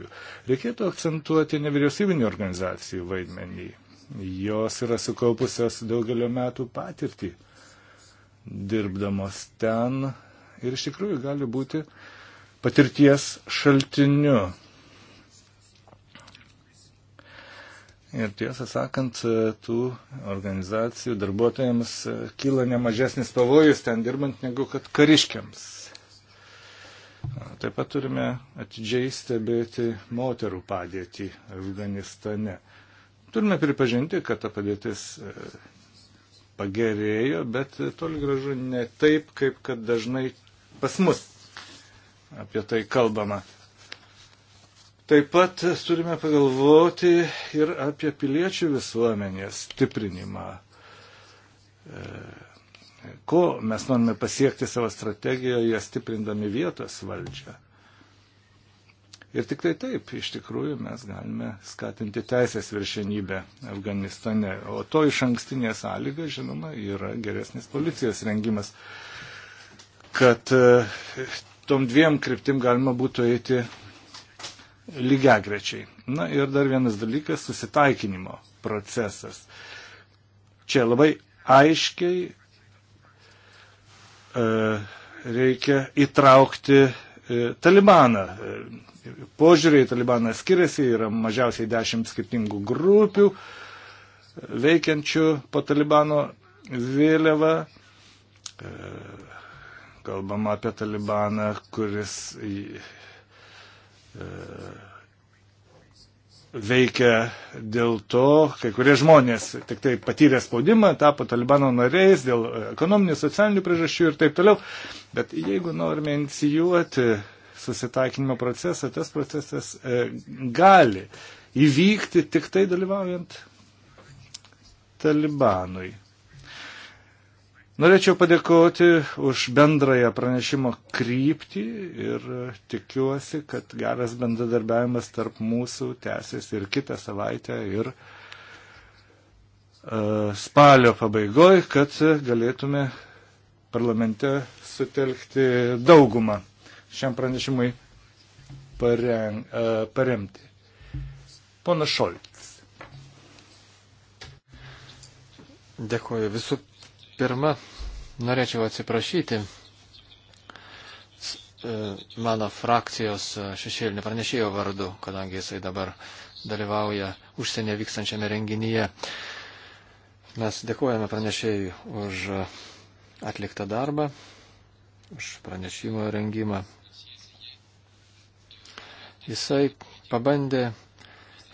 Reikėtų akcentuoti nevyriausybinio organizacijų vaidmenį. Jos yra sukaupusios daugelio metų patirtį dirbdamos ten ir iš tikrųjų gali būti patirties šaltiniu Ir tiesą sakant, tų organizacijų darbuotojams e, kyla nemažesnis pavojus ten dirbant negu kad kariškiams. Taip pat turime atidžiai stebėti moterų padėtį Afganistane. Turime pripažinti, kad ta padėtis e, pagerėjo, bet toli gražu ne taip, kaip kad dažnai pas mus apie tai kalbama. Taip pat turime pagalvoti ir apie piliečių visuomenės stiprinimą. E, ko mes norime pasiekti savo strategijoje, stiprindami vietos valdžią. Ir tik tai taip, iš tikrųjų, mes galime skatinti teisės viršenybę Afganistane. O to iš ankstinė sąlyga, žinoma, yra geresnis policijos rengimas, kad e, tom dviem kryptim galima būtų eiti lygiagrečiai. Na ir dar vienas dalykas - susitaikinimo procesas. Čia labai aiškiai e, reikia įtraukti e, talibaną. Požiūriai talibaną skiriasi, yra mažiausiai dešimt skirtingų grupių veikiančių po talibano vėliava. E, kalbama apie talibaną, kuris E, veikia dėl to, kai kurie žmonės tik tai patyrė spaudimą, tapo talibano nariais dėl ekonominių, socialinių priežasčių ir taip toliau. Bet jeigu norime inicijuoti susitaikinimo procesą, tas procesas e, gali įvykti tik tai dalyvaujant talibanui. Norėčiau padėkoti už bendrąją pranešimo kryptį ir tikiuosi, kad geras bendradarbiavimas tarp mūsų tęsis ir kitą savaitę ir uh, spalio pabaigoje, kad galėtume parlamente sutelkti daugumą šiam pranešimui pareng, uh, paremti. Pona Šolts. Dėkuoju. Visų pirma, norėčiau atsiprašyti e, mano frakcijos šešėlinio pranešėjo vardu, kadangi jisai dabar dalyvauja užsienė vykstančiame renginyje. Mes dėkojame pranešėjui už atliktą darbą, už pranešimo rengimą. Jisai pabandė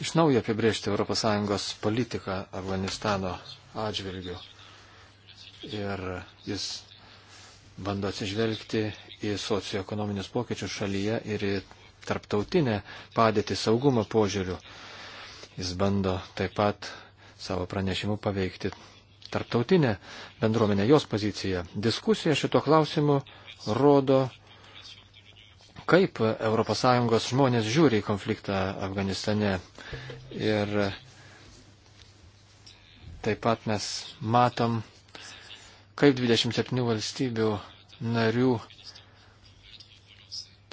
iš naujo apibrėžti ES politiką Afganistano atžvilgiu ir jis bando atsižvelgti į socioekonominius pokyčius šalyje ir į tarptautinę padėtį saugumo požiūrių. Jis bando taip pat savo pranešimu paveikti tarptautinę bendruomenę, jos poziciją. Diskusija šito klausimu rodo, kaip ES žmonės žiūri į konfliktą Afganistane. Ir taip pat mes matom kaip 27 valstybių narių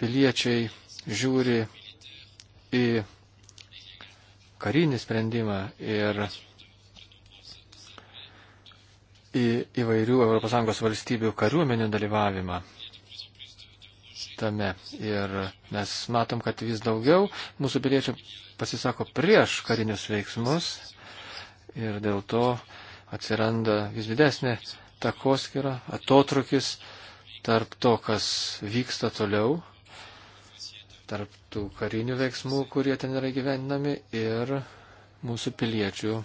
piliečiai žiūri į karinį sprendimą ir į įvairių ES valstybių kariuomenių dalyvavimą tame. Ir mes matom, kad vis daugiau mūsų piliečių pasisako prieš karinius veiksmus ir dėl to atsiranda vis didesnė takoskira, atotrukis tarp to, kas vyksta toliau, tarp tų karinių veiksmų, kurie ten yra gyvendami ir mūsų piliečių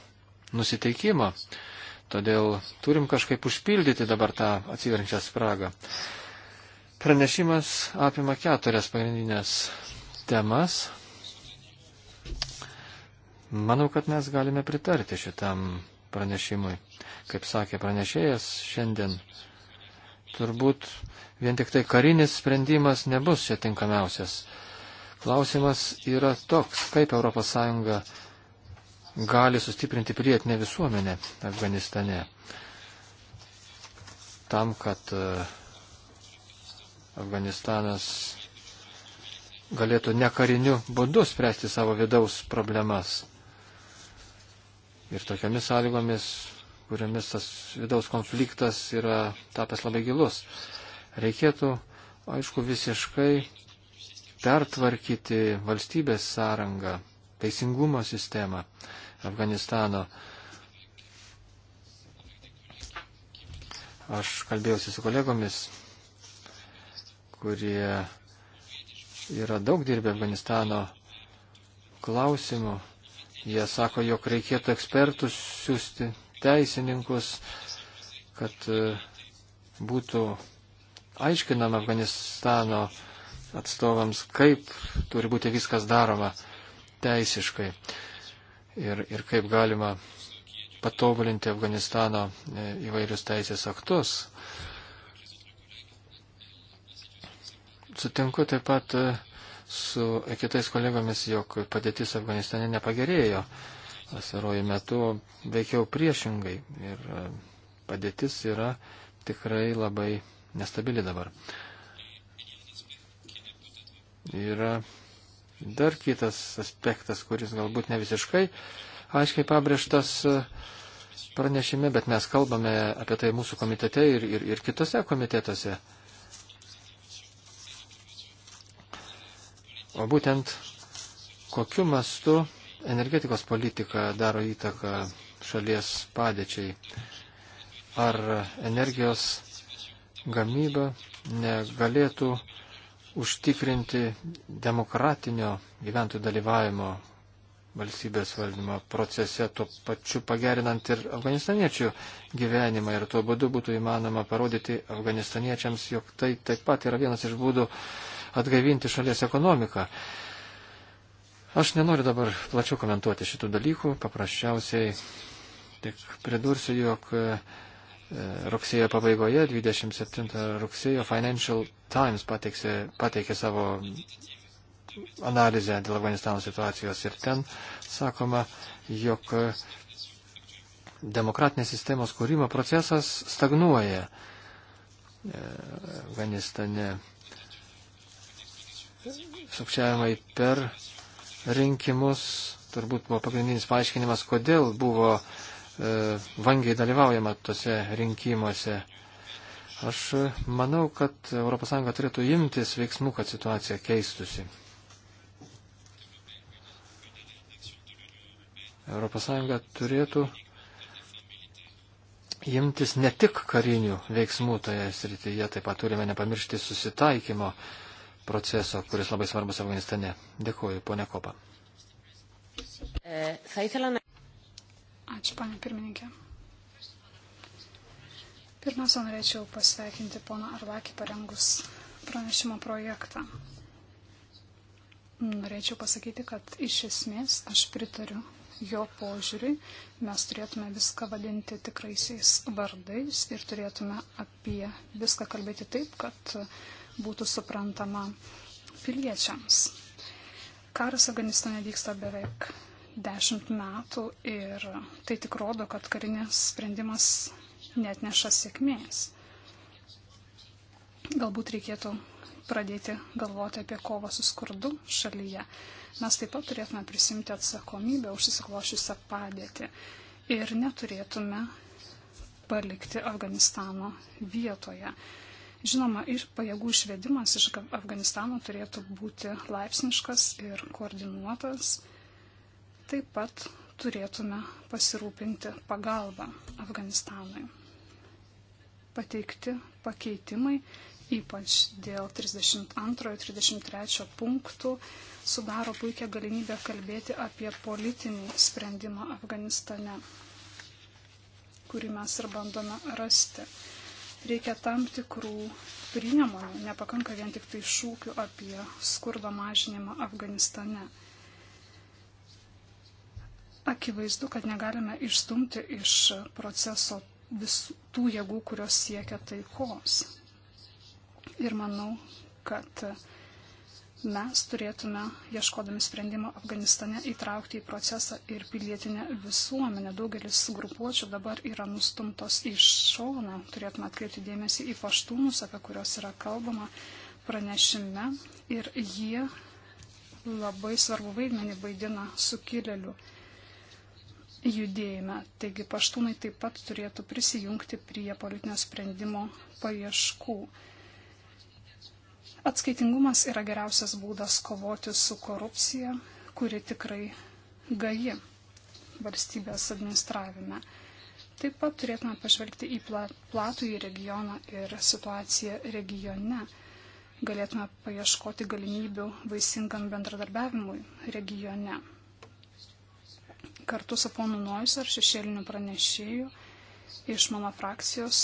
nusiteikimą. Todėl turim kažkaip užpildyti dabar tą atsiverinčią spragą. Pranešimas apima keturias pagrindinės temas. Manau, kad mes galime pritarti šitam pranešimui. Kaip sakė pranešėjas šiandien, turbūt vien tik tai karinis sprendimas nebus čia tinkamiausias. Klausimas yra toks, kaip ES gali sustiprinti pilietinę visuomenę Afganistane. Tam, kad e, Afganistanas galėtų nekariniu būdu spręsti savo vidaus problemas ir tokiamis sąlygomis, kuriomis tas vidaus konfliktas yra tapęs labai gilus. Reikėtų, aišku, visiškai pertvarkyti valstybės sąrangą, teisingumo sistemą Afganistano. Aš kalbėjausi su kolegomis, kurie yra daug dirbę Afganistano klausimų Jie sako, jog reikėtų ekspertus siūsti, teisininkus, kad e, būtų aiškinama Afganistano atstovams, kaip turi būti viskas daroma teisiškai ir, ir kaip galima patobulinti Afganistano e, įvairius teisės aktus. Sutinku taip pat e, su kitais kolegomis, jog padėtis Afganistane nepagerėjo. Pasaruoju metu veikiau priešingai ir e, padėtis yra tikrai labai nestabili dabar. Yra dar kitas aspektas, kuris galbūt ne visiškai aiškiai pabrėžtas e, pranešime, bet mes kalbame apie tai mūsų komitete ir, ir, ir kitose komitetuose. O būtent kokiu mastu energetikos politika daro įtaką šalies padėčiai. Ar energijos gamyba negalėtų užtikrinti demokratinio gyventojų dalyvavimo valstybės valdymo procese, tuo pačiu pagerinant ir afganistaniečių gyvenimą ir tuo būdu būtų įmanoma parodyti afganistaniečiams, jog tai taip pat yra vienas iš būdų atgaivinti šalies ekonomiką. Aš nenoriu dabar plačiau komentuoti šitų dalykų, paprasčiausiai tik pridursiu, jog e, rugsėjo pabaigoje, 27 rugsėjo, Financial Times pateikė, pateikė savo analizę dėl Afganistano situacijos ir ten sakoma, jog demokratinės sistemos kūrimo procesas stagnuoja e, Afganistane. E, sukčiavimai per rinkimus. Turbūt buvo pagrindinis paaiškinimas, kodėl buvo e, vangiai dalyvaujama tose rinkimuose. Aš e, manau, kad ES turėtų imtis veiksmų, kad situacija keistusi. ES turėtų imtis ne tik karinių veiksmų toje srityje, taip pat turime nepamiršti susitaikymo e, proceso, kuris labai svarbus Afganistane. Dėkuoju, ponia Kopa. Ačiū, ponia pirmininkė. Pirmiausia, norėčiau pasveikinti poną Arvakį parengus pranešimo projektą. Norėčiau pasakyti, kad iš esmės aš pritariu jo požiūriui. Mes turėtume viską vadinti tikraisiais vardais ir turėtume apie viską kalbėti taip, kad būtų suprantama piliečiams. Karas Afganistane vyksta beveik dešimt metų ir tai tik rodo, kad karinės sprendimas net neša sėkmės. Galbūt reikėtų pradėti galvoti apie kovą su skurdu šalyje. Mes taip pat turėtume prisimti atsakomybę už susiklošiusią padėtį ir neturėtume palikti Afganistano vietoje. Žinoma, ir pajėgų išvedimas iš Afganistano turėtų būti laipsniškas ir koordinuotas. Taip pat turėtume pasirūpinti pagalbą Afganistanui. Pateikti pakeitimai, ypač dėl 32 ir 33 punktų, sudaro puikia galimybę kalbėti apie politinį sprendimą Afganistane, kurį mes ir bandome rasti reikia tam tikrų priemonių, nepakanka vien tik tai šūkių apie skurdo mažinimą Afganistane. Akivaizdu, kad negalime išstumti iš proceso visų tų jėgų, kurios siekia taikos. Ir manau, kad uh, mes turėtume, ieškodami sprendimo Afganistane, įtraukti į procesą ir pilietinę visuomenę. Daugelis grupuočių dabar yra nustumtos iš šono. Turėtume atkreipti dėmesį į paštūnus, apie kuriuos yra kalbama pranešime. Ir jie labai svarbu vaidmenį vaidina sukilėlių judėjime. Taigi paštūnai taip pat turėtų prisijungti prie politinio sprendimo paieškų. Atskaitingumas yra geriausias būdas kovoti su korupcija, kuri tikrai gaji valstybės administravime. Taip pat turėtume pažvelgti į platų į regioną ir situaciją regione. Galėtume paieškoti galimybių vaisingam bendradarbiavimui regione. Kartu su ponu Nois ar šešėliniu pranešėju iš mano frakcijos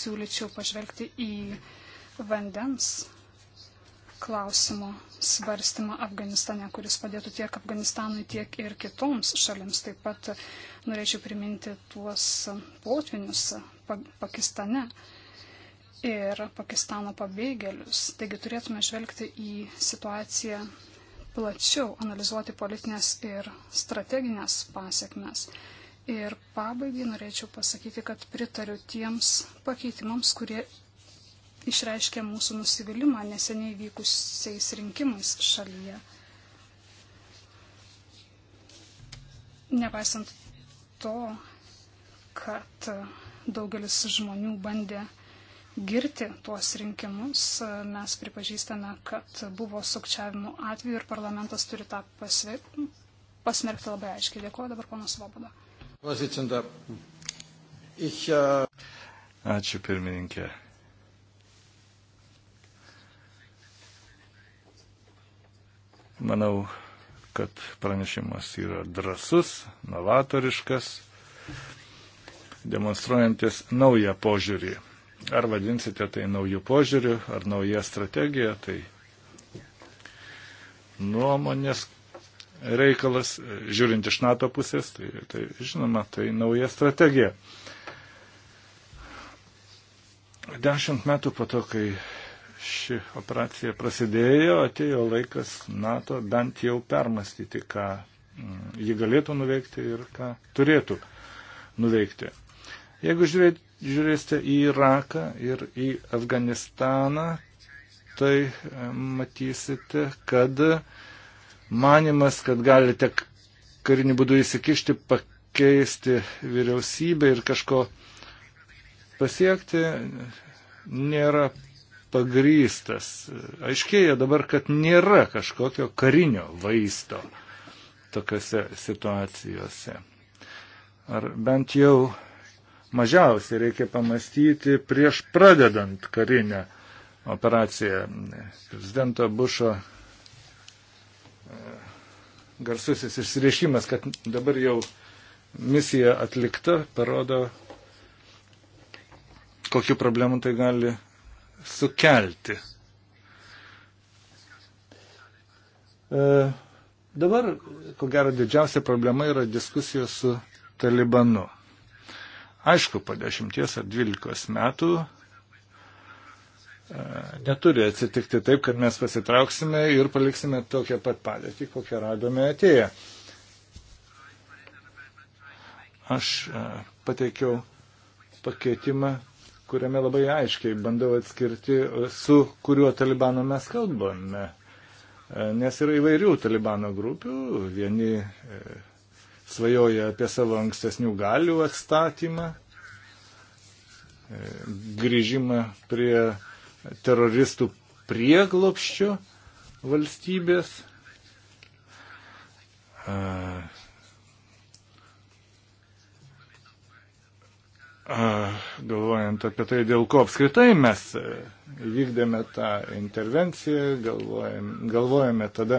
siūlyčiau pažvelgti į vandens klausimo svarstymą Afganistane, kuris padėtų tiek Afganistanui, tiek ir kitoms šalims. Taip pat norėčiau priminti tuos potvinius Pakistane ir Pakistano pabėgėlius. Taigi turėtume žvelgti į situaciją plačiau, analizuoti politinės ir strateginės pasiekmes. Ir pabaigai norėčiau pasakyti, kad pritariu tiems pakeitimams, kurie išreiškė mūsų nusivylimą neseniai vykusiais rinkimais šalyje. Nepaisant to, kad daugelis žmonių bandė girti tuos rinkimus, mes pripažįstame, kad buvo sukčiavimo atveju ir parlamentas turi tą pasve... pasmerkti labai aiškiai. Dėkuoju dabar ponas Voboda. Äh, Ačiū pirmininkė. Manau, kad pranešimas yra drasus, novatoriškas, demonstruojantis naują požiūrį. Ar vadinsite tai naujų požiūrių, ar nauja strategija, tai nuomonės reikalas, žiūrint iš NATO pusės, tai, tai žinoma, tai nauja strategija. Dešimt metų po to, kai ši operacija prasidėjo, atėjo laikas NATO bent jau permastyti, ką mm, ji galėtų nuveikti ir ką turėtų nuveikti. Jeigu žiūrėsite į Iraką ir į Afganistaną, tai e, matysite, kad manimas, kad galite karinį būdų įsikišti, pakeisti vyriausybę ir kažko pasiekti, nėra pagrystas. Aiškėja dabar, kad nėra kažkokio karinio vaisto tokiuose situacijose. Ar bent jau mažiausiai reikia pamastyti prieš pradedant karinę operaciją. Prezidento Bušo e, garsusis išsireiškimas, kad dabar jau misija atlikta, parodo, kokiu problemu tai gali sukelti. E, dabar, ko gero, didžiausia problema yra diskusija su Talibanu. Aišku, po dešimties ar dvylikos metų e, neturi atsitikti taip, kad mes pasitrauksime ir paliksime tokią pat padėtį, kokią radome atėję. Aš e, pateikiau pakeitimą kuriame labai aiškiai bandau atskirti, e, su kuriuo talibanu mes kalbame. E, nes yra įvairių talibano grupių. Vieni e, svajoja apie savo ankstesnių galių atstatymą, grįžimą prie teroristų prieglopščio valstybės. galvojant apie tai, dėl ko apskritai mes e, vykdėme tą intervenciją, galvojame, galvojame tada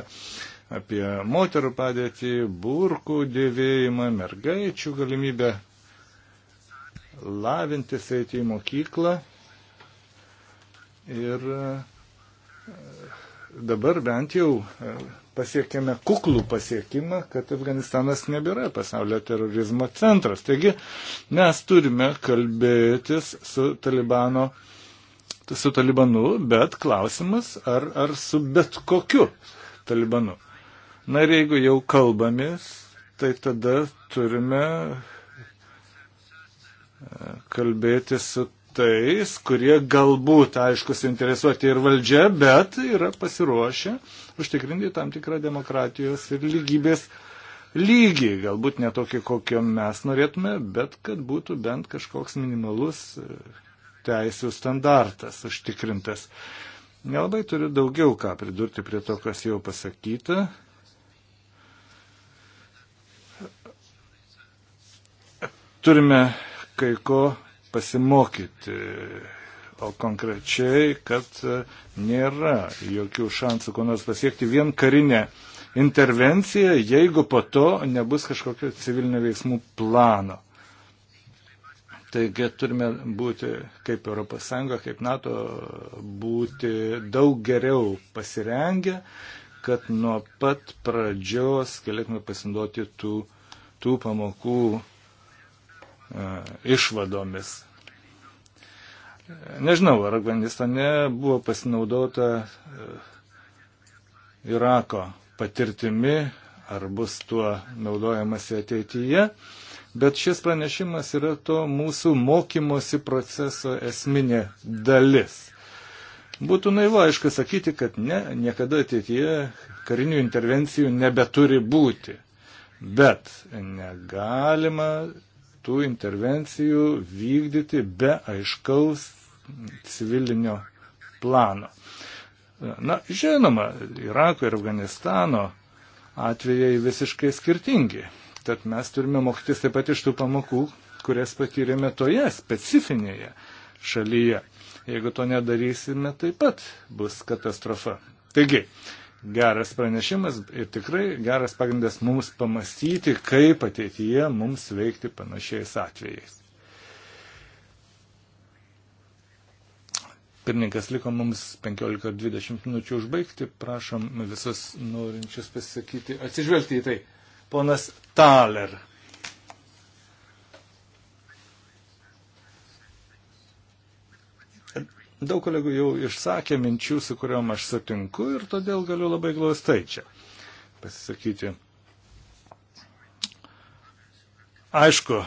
apie moterų padėtį, burkų dėvėjimą, mergaičių galimybę lavintis eiti į mokyklą. Ir e, dabar bent jau e, pasiekėme kuklų pasiekimą, kad Afganistanas nebėra pasaulio terorizmo centras. Taigi mes turime kalbėtis su, talibano, su talibanu, bet klausimas, ar, ar su bet kokiu talibanu. Na ir jeigu jau kalbamis, tai tada turime e, kalbėti su tais, kurie galbūt, aišku, suinteresuoti ir valdžia, bet yra pasiruošę užtikrinti tam tikrą demokratijos ir lygybės lygį. Galbūt ne tokį, kokio mes norėtume, bet kad būtų bent kažkoks minimalus e, teisų standartas užtikrintas. Nelabai turiu daugiau ką pridurti prie to, kas jau pasakyta. Turime kai ko pasimokyti, o konkrečiai, kad e, nėra jokių šansų, ko nors pasiekti vien karinę intervenciją, jeigu po to nebus kažkokio civilinio veiksmų plano. Taigi turime būti kaip ES, kaip NATO, būti daug geriau pasirengę, kad nuo pat pradžios galėtume pasinduoti tų, tų pamokų E, išvadomis. Nežinau, ar Afganistane buvo pasinaudota e, Irako patirtimi, ar bus tuo naudojamasi ateityje, bet šis pranešimas yra to mūsų mokymosi proceso esminė dalis. Būtų naiva, aišku, sakyti, kad ne, niekada ateityje karinių intervencijų nebeturi būti. Bet negalima tų intervencijų vykdyti be aiškaus civilinio plano. Na, žinoma, Irako ir Afganistano atvejai visiškai skirtingi. Tad mes turime mokytis taip pat iš tų pamokų, kurias patyrėme toje specifinėje šalyje. Jeigu to nedarysime, taip pat bus katastrofa. Taigi, geras pranešimas ir tikrai geras pagrindas mums pamastyti, kaip ateityje mums veikti panašiais atvejais. Pirmininkas liko mums 15-20 minučių užbaigti. Prašom visus norinčius pasisakyti, atsižvelgti į tai. Ponas Taler. Daug kolegų jau išsakė minčių, su kuriuom aš sutinku ir todėl galiu labai glaustai čia pasisakyti. Aišku,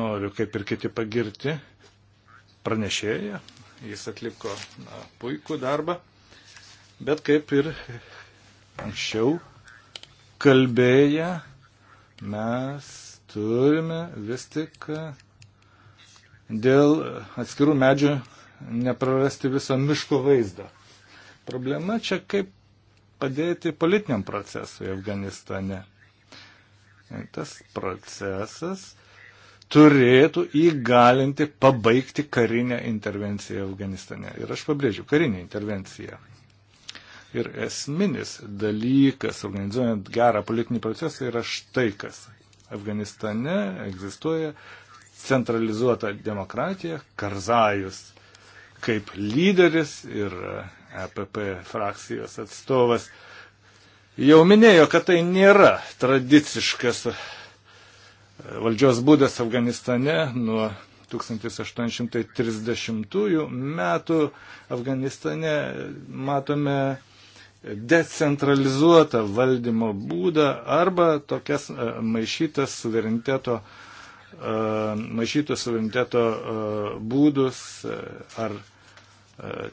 noriu kaip ir kiti pagirti pranešėją, jis atliko na, puikų darbą, bet kaip ir anksčiau kalbėję, mes turime vis tik dėl atskirų medžių neprarasti viso miško vaizdo. Problema čia kaip padėti politiniam procesui Afganistane. Tas procesas turėtų įgalinti pabaigti karinę intervenciją Afganistane. Ir aš pabrėžiu, karinę intervenciją. Ir esminis dalykas, organizuojant gerą politinį procesą, yra štai kas. Afganistane egzistuoja centralizuota demokratija, Karzajus kaip lyderis ir EPP frakcijos atstovas jau minėjo, kad tai nėra tradiciškas e, valdžios būdas Afganistane nuo 1830 metų Afganistane matome decentralizuotą valdymo būdą arba tokias e, maišytas suvereniteto, e, maišyto suvereniteto būdus ar E,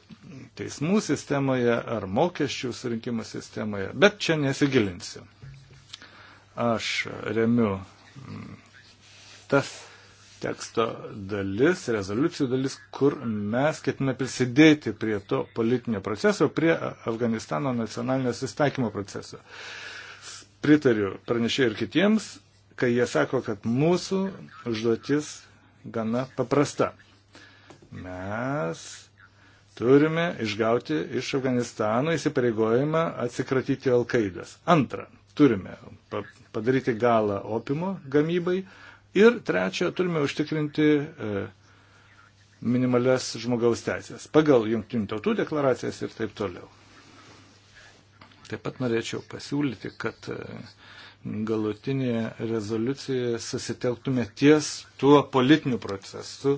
teismų sistemoje ar mokesčių surinkimo sistemoje, bet čia nesigilinsiu. Aš remiu mm, tas teksto dalis, rezoliucijų dalis, kur mes ketiname prisidėti prie to politinio proceso, prie Afganistano nacionalinio susitaikymo proceso. Pritariu pranešėjai ir kitiems, kai jie sako, kad mūsų užduotis gana paprasta. Mes Turime išgauti iš Afganistano įsipareigojimą atsikratyti Alkaidas. Antra, turime padaryti galą opimo gamybai. Ir trečia, turime užtikrinti e, minimalias žmogaus teisės pagal jungtinių tautų deklaracijas ir taip toliau. Taip pat norėčiau pasiūlyti, kad e, galutinėje rezoliucijoje susitelktume ties tuo politiniu procesu.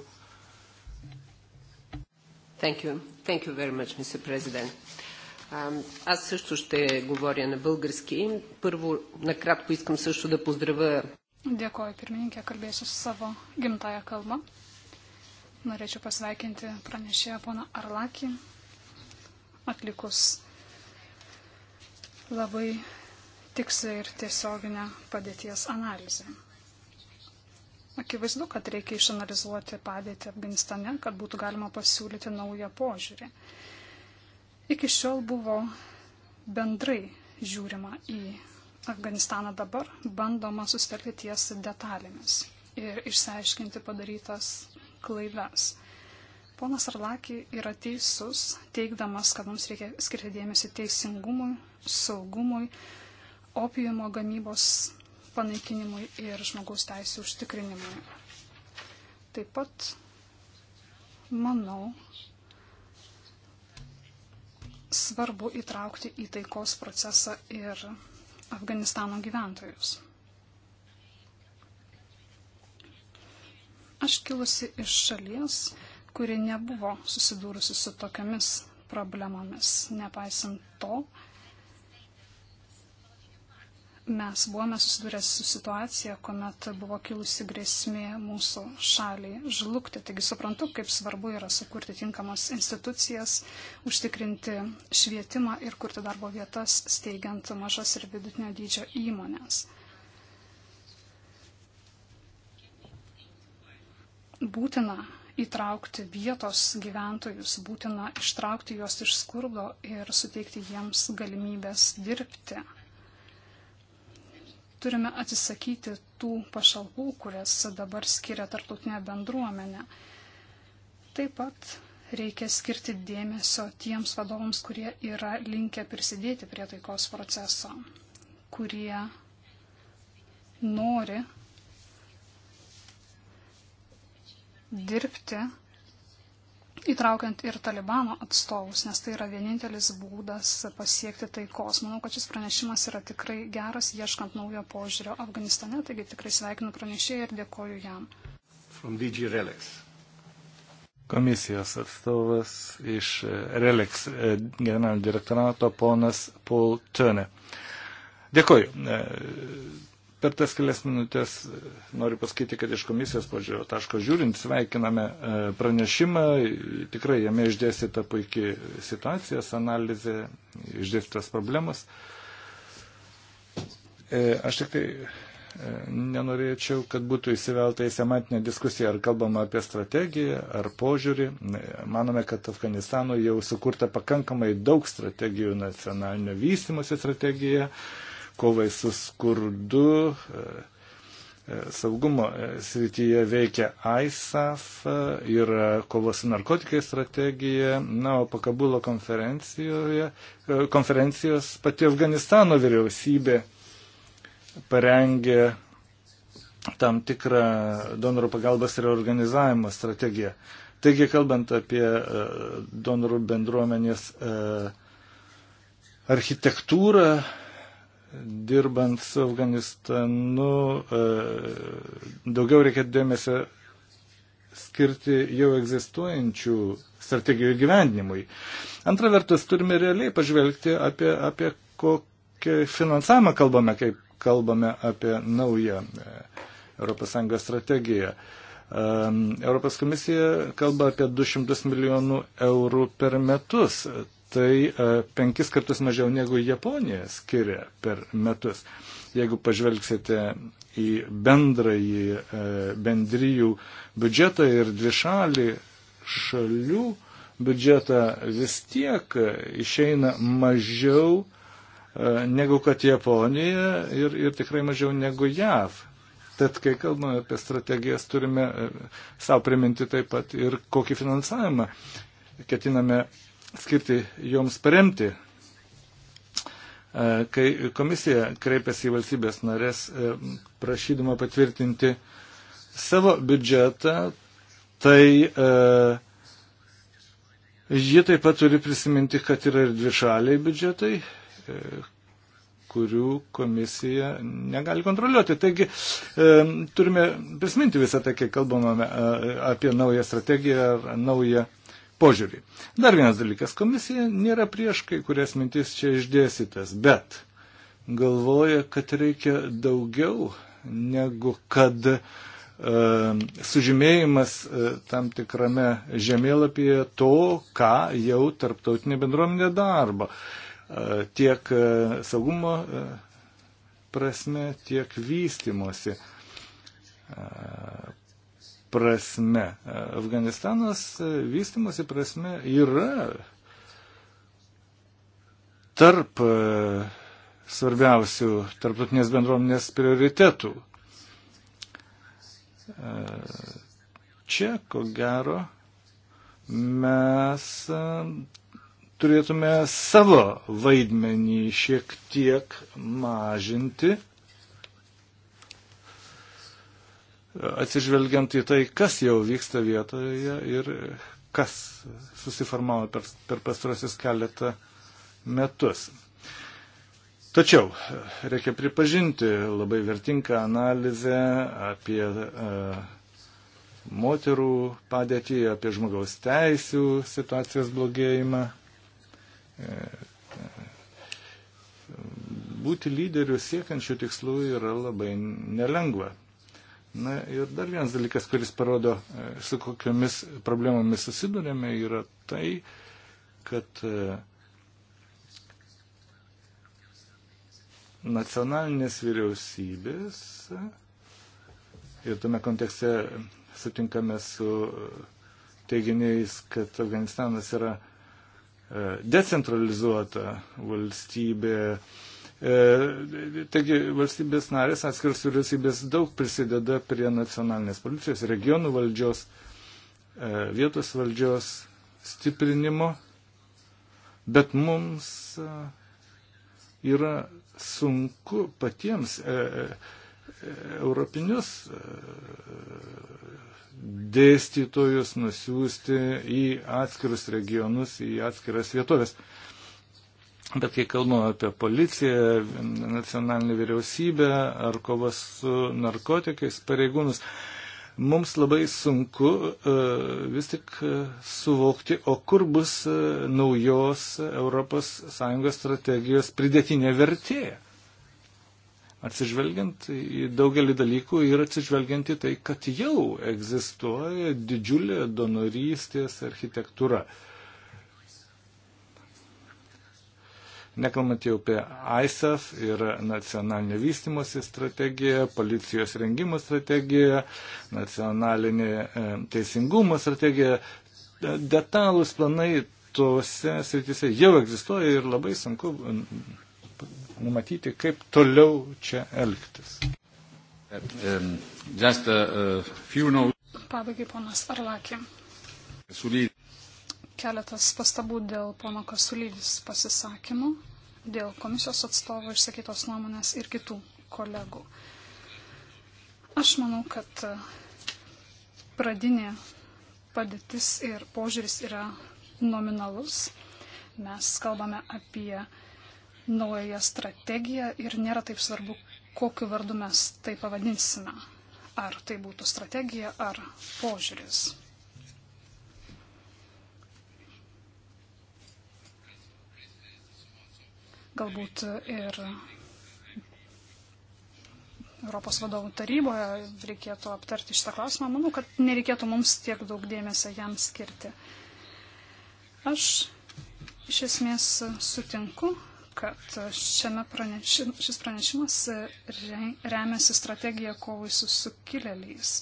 Thank you. Thank you very much, Mr. President. Аз също ще говоря на български. Първо, накратко искам също да поздравя. Dėkoju, pirmininkė, kalbėsiu savo gimtają kalbą. Norėčiau pasveikinti pranešėją poną Arlakį, atlikus labai tiksliai ir tiesioginę padėties analizę. Akivaizdu, kad reikia išanalizuoti padėtį Afganistane, kad būtų galima pasiūlyti naują požiūrį. Iki šiol buvo bendrai žiūrima į Afganistaną dabar, bandoma susitelkti ties detalėmis ir išsiaiškinti padarytas klaidas. Ponas Arlaki yra teisus, teikdamas, kad mums reikia skirti dėmesį teisingumui, saugumui, opijumo gamybos panaikinimui ir žmogaus teisų užtikrinimui. Taip pat manau, svarbu įtraukti į taikos procesą ir Afganistano gyventojus. Aš kilusi iš šalies, kuri nebuvo susidūrusi su tokiamis problemomis. Nepaisant to, mes buvome susidūrę su situacija, kuomet buvo kilusi grėsmė mūsų šaliai žlugti. Taigi suprantu, kaip svarbu yra sukurti tinkamas institucijas, užtikrinti švietimą ir kurti darbo vietas, steigiant mažas ir vidutinio dydžio įmonės. Būtina įtraukti vietos gyventojus, būtina ištraukti juos iš skurdo ir suteikti jiems galimybės dirbti turime atsisakyti tų pašalpų, kurias dabar skiria tarptautinė bendruomenė. Taip pat reikia skirti dėmesio tiems vadovams, kurie yra linkę prisidėti prie taikos proceso, kurie nori dirbti įtraukiant ir talibano atstovus, nes tai yra vienintelis būdas pasiekti taikos. Manau, kad šis pranešimas yra tikrai geras, ieškant naujo požiūrio Afganistane, taigi tikrai sveikinu pranešėją ir dėkoju jam. Komisijos atstovas iš e, Relex e, generalinio direktorato ponas Paul Turner. Dėkoju. E, Per tas kelias minutės e, noriu pasakyti, kad iš komisijos požiūrio taško žiūrint sveikiname e, pranešimą, tikrai jame išdėstyta puikiai situacijos analizė, išdėstytas problemas. E, aš tik tai nenorėčiau, kad būtų įsivelta į semantinę diskusiją, ar kalbama apie strategiją, ar požiūrį. Manome, kad Afganistano jau sukurta pakankamai daug strategijų nacionalinio vystimosi strategijoje kovai su skurdu. E, e, saugumo e, srityje veikia ISAF ir kovos su narkotikai strategija. Na, o pakabulo konferencijos pati Afganistano vyriausybė parengė tam tikrą donorų pagalbas reorganizavimo strategiją. Taigi, kalbant apie donorų bendruomenės architektūrą, dirbant su Afganistanu, e, daugiau reikia dėmesio skirti jau egzistuojančių strategijų gyvendinimui. Antra vertus, turime realiai pažvelgti apie, apie kokį finansavimą kalbame, kai kalbame apie naują ES strategiją. E, Europos komisija kalba apie 200 milijonų eurų per metus tai e, penkis kartus mažiau negu Japonija skiria per metus. Jeigu pažvelgsite į bendrąjį e, bendryjų biudžetą ir dvišalį šalių biudžetą, vis tiek išeina mažiau e, negu kad Japonija ir, ir tikrai mažiau negu JAV. Tad, kai kalbame apie strategijas, turime savo priminti taip pat ir kokį finansavimą ketiname skirti joms paremti. E, kai komisija kreipiasi į valstybės narės e, prašydama patvirtinti savo biudžetą, tai e, ji taip pat turi prisiminti, kad yra ir dvišaliai biudžetai, kurių komisija negali kontroliuoti. Taigi e, turime prisiminti visą tai, kai kalbame e, apie naują strategiją ar naują požiūrį. Dar vienas dalykas, komisija nėra prieš kai kurias mintis čia išdėstytas, bet galvoja, kad reikia daugiau negu kad e, sužymėjimas e, tam tikrame žemėlapyje to, ką jau tarptautinė bendruomenė darbo. E, tiek e, saugumo e, prasme, tiek vystimosi e, prasme. Afganistanas vystimosi prasme yra tarp e, svarbiausių tarptautinės bendruomenės prioritetų. E, čia, ko gero, mes e, turėtume savo vaidmenį šiek tiek mažinti atsižvelgiant į tai, kas jau vyksta vietoje ir kas susiformavo per, per pastarosius keletą metus. Tačiau reikia pripažinti labai vertingą analizę apie e, moterų padėtį, apie žmogaus teisų situacijos blogėjimą. E, e būti lyderių siekiančių tikslų yra labai nelengva. Na ir dar vienas dalykas, kuris parodo, e, su kokiamis problemomis susidurėme, yra tai, kad e, nacionalinės vyriausybės ir tame kontekste sutinkame su e, teiginiais, kad Afganistanas yra decentralizuota valstybė, E, taigi valstybės narės, atskirs vyriausybės daug prisideda prie nacionalinės policijos, regionų valdžios, e, vietos valdžios stiprinimo, bet mums e, yra sunku patiems europinius dėstytojus nusiųsti į atskirus regionus, į atskiras vietovės. E, Bet kai kalbame apie policiją, nacionalinę vyriausybę ar kovas su narkotikais pareigūnus, mums labai sunku e, vis tik e, suvokti, o kur bus e, naujos ES strategijos pridėtinė vertė. Atsižvelgiant į daugelį dalykų ir atsižvelgiant į tai, kad jau egzistuoja didžiulė donorystės architektūra. Uh, nekalbant jau apie AISAS ir nacionalinio vystimosi strategiją, policijos rengimo strategiją, nacionalinį e, teisingumo strategiją. Detalus planai tose srityse jau egzistuoja ir labai sunku numatyti, kaip toliau čia elgtis. Um, Pabaigai, ponas Arlakė. Keletas pastabų dėl pono Kasulydis pasisakymų, dėl komisijos atstovo išsakytos nuomonės ir kitų kolegų. Aš manau, kad e, pradinė padėtis ir požiūris yra nominalus. Mes kalbame apie naująją strategiją ir nėra taip svarbu, kokiu vardu mes tai pavadinsime. Ar tai būtų strategija ar požiūris. galbūt ir Europos vadovų taryboje reikėtų aptarti šitą klausimą. Manau, kad nereikėtų mums tiek daug dėmesio jam skirti. Aš iš esmės sutinku, kad šiame pranešim, šis pranešimas remiasi strategija kovai su sukilėliais.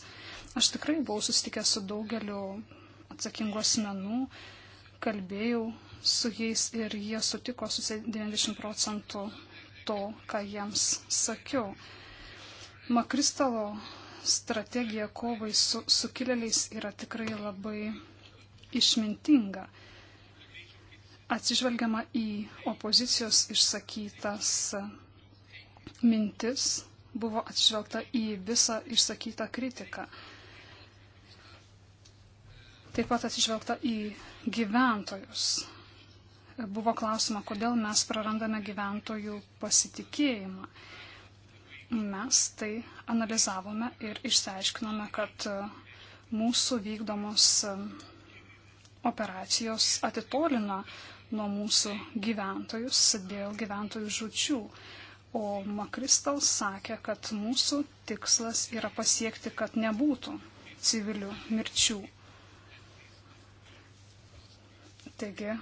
Aš tikrai buvau susitikęs su daugeliu atsakingų asmenų, kalbėjau su jais ir jie sutiko su 90 procentų to, ką jiems sakiau. Makristalo strategija kovai su sukilėliais yra tikrai labai išmintinga. Atsižvelgiama į opozicijos išsakytas mintis, buvo atsižvelgta į visą išsakytą kritiką. Taip pat atsižvelgta į gyventojus buvo klausima, kodėl mes prarandame gyventojų pasitikėjimą. Mes tai analizavome ir išsiaiškinome, kad e, mūsų vykdomos e, operacijos atitolina nuo mūsų gyventojus dėl gyventojų žučių. O Makristals sakė, kad mūsų tikslas yra pasiekti, kad nebūtų civilių mirčių. Taigi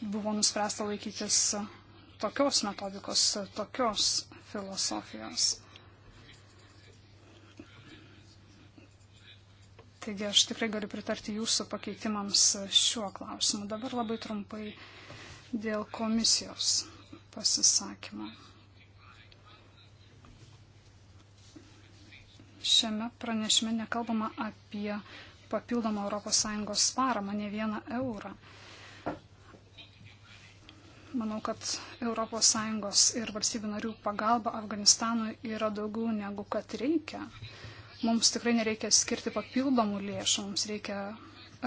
buvo nuspręsta laikytis tokios metodikos, tokios filosofijos. Taigi aš tikrai galiu pritarti jūsų pakeitimams šiuo klausimu. Dabar labai trumpai dėl komisijos pasisakymo. Šiame pranešime nekalbama apie papildomą ES paramą, ne vieną eurą. Manau, kad ES ir valstybių narių pagalba Afganistanui yra daugiau negu kad reikia. Mums tikrai nereikia skirti papildomų lėšų, mums reikia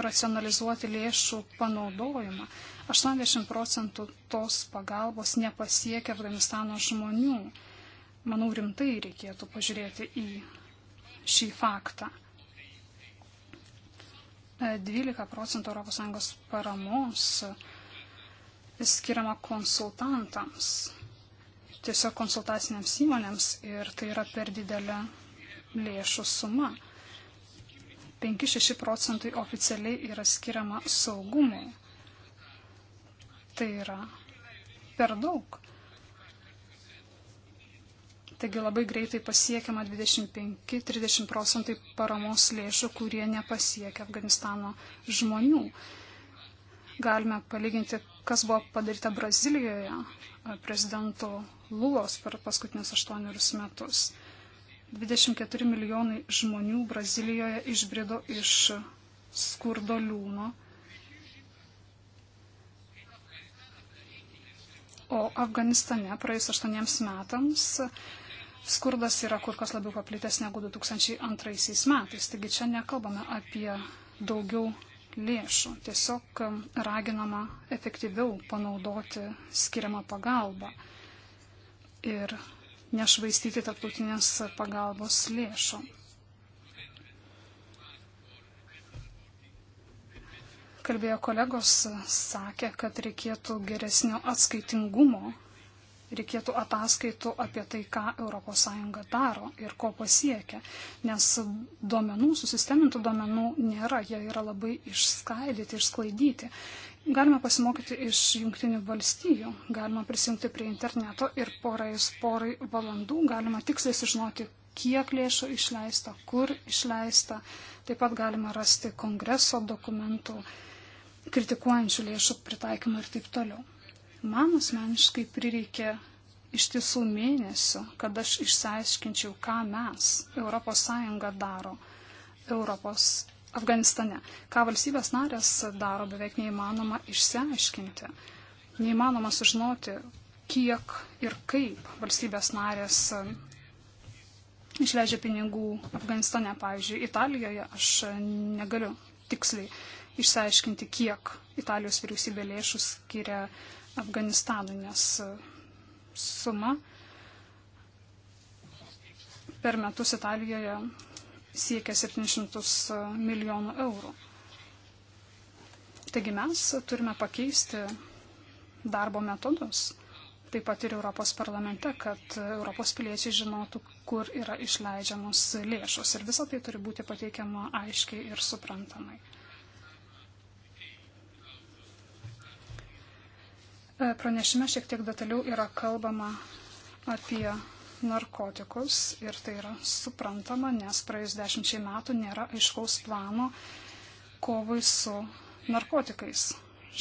racionalizuoti lėšų panaudojimą. 80 procentų tos pagalbos nepasiekia Afganistano žmonių. Manau, rimtai reikėtų pažiūrėti į šį faktą. 12 procentų ES paramos skiriama konsultantams, tiesiog konsultaciniams įmonėms ir tai yra per didelė lėšų suma. 5-6 procentai oficialiai yra skiriama saugumui. Tai yra per daug. Taigi labai greitai pasiekiama 25-30 procentai paramos lėšų, kurie nepasiekia Afganistano žmonių. Galime palyginti, kas buvo padaryta Brazilijoje prezidento Lulos per paskutinius aštuonerius metus. 24 milijonai žmonių Brazilijoje išbrido iš skurdo liūno. O Afganistane praėjus aštuoniems metams skurdas yra kur kas labiau paplitęs negu 2002 metais. Taigi čia nekalbame apie daugiau lėšų. Tiesiog um, raginama efektyviau panaudoti skiriamą pagalbą ir nešvaistyti tarptautinės pagalbos lėšų. Kalbėjo kolegos, sakė, kad reikėtų geresnio atskaitingumo reikėtų ataskaitų apie tai, ką ES daro ir ko pasiekia. Nes duomenų, susistemintų duomenų nėra, jie yra labai išskaidyti, išsklaidyti. Galima pasimokyti iš jungtinių valstijų, galima prisijungti prie interneto ir porais porai valandų galima tiksliai sužinoti, kiek lėšų išleista, kur išleista. Taip pat galima rasti kongreso dokumentų, kritikuojančių lėšų pritaikymą ir taip toliau. Man asmeniškai prireikė iš tiesų mėnesių, kad aš išsiaiškinčiau, ką mes, ES, daro Europos Afganistane, ką valstybės narės daro beveik neįmanoma išsiaiškinti. Neįmanoma sužinoti, kiek ir kaip valstybės narės um, išleidžia pinigų Afganistane. Pavyzdžiui, Italijoje aš uh, negaliu tiksliai išsiaiškinti, kiek Italijos vyriausybė lėšų skiria uh, Afganistanui, nes e, suma per metus Italijoje siekia 700 e, milijonų eurų. Taigi mes turime pakeisti darbo metodus, taip pat ir Europos parlamente, kad Europos piliečiai žinotų, kur yra išleidžiamos lėšos. Ir visą tai turi būti pateikiama aiškiai ir suprantamai. E, pranešime šiek tiek detaliau yra kalbama apie narkotikus ir tai yra suprantama, nes praėjus dešimčiai metų nėra aiškaus plano kovai su narkotikais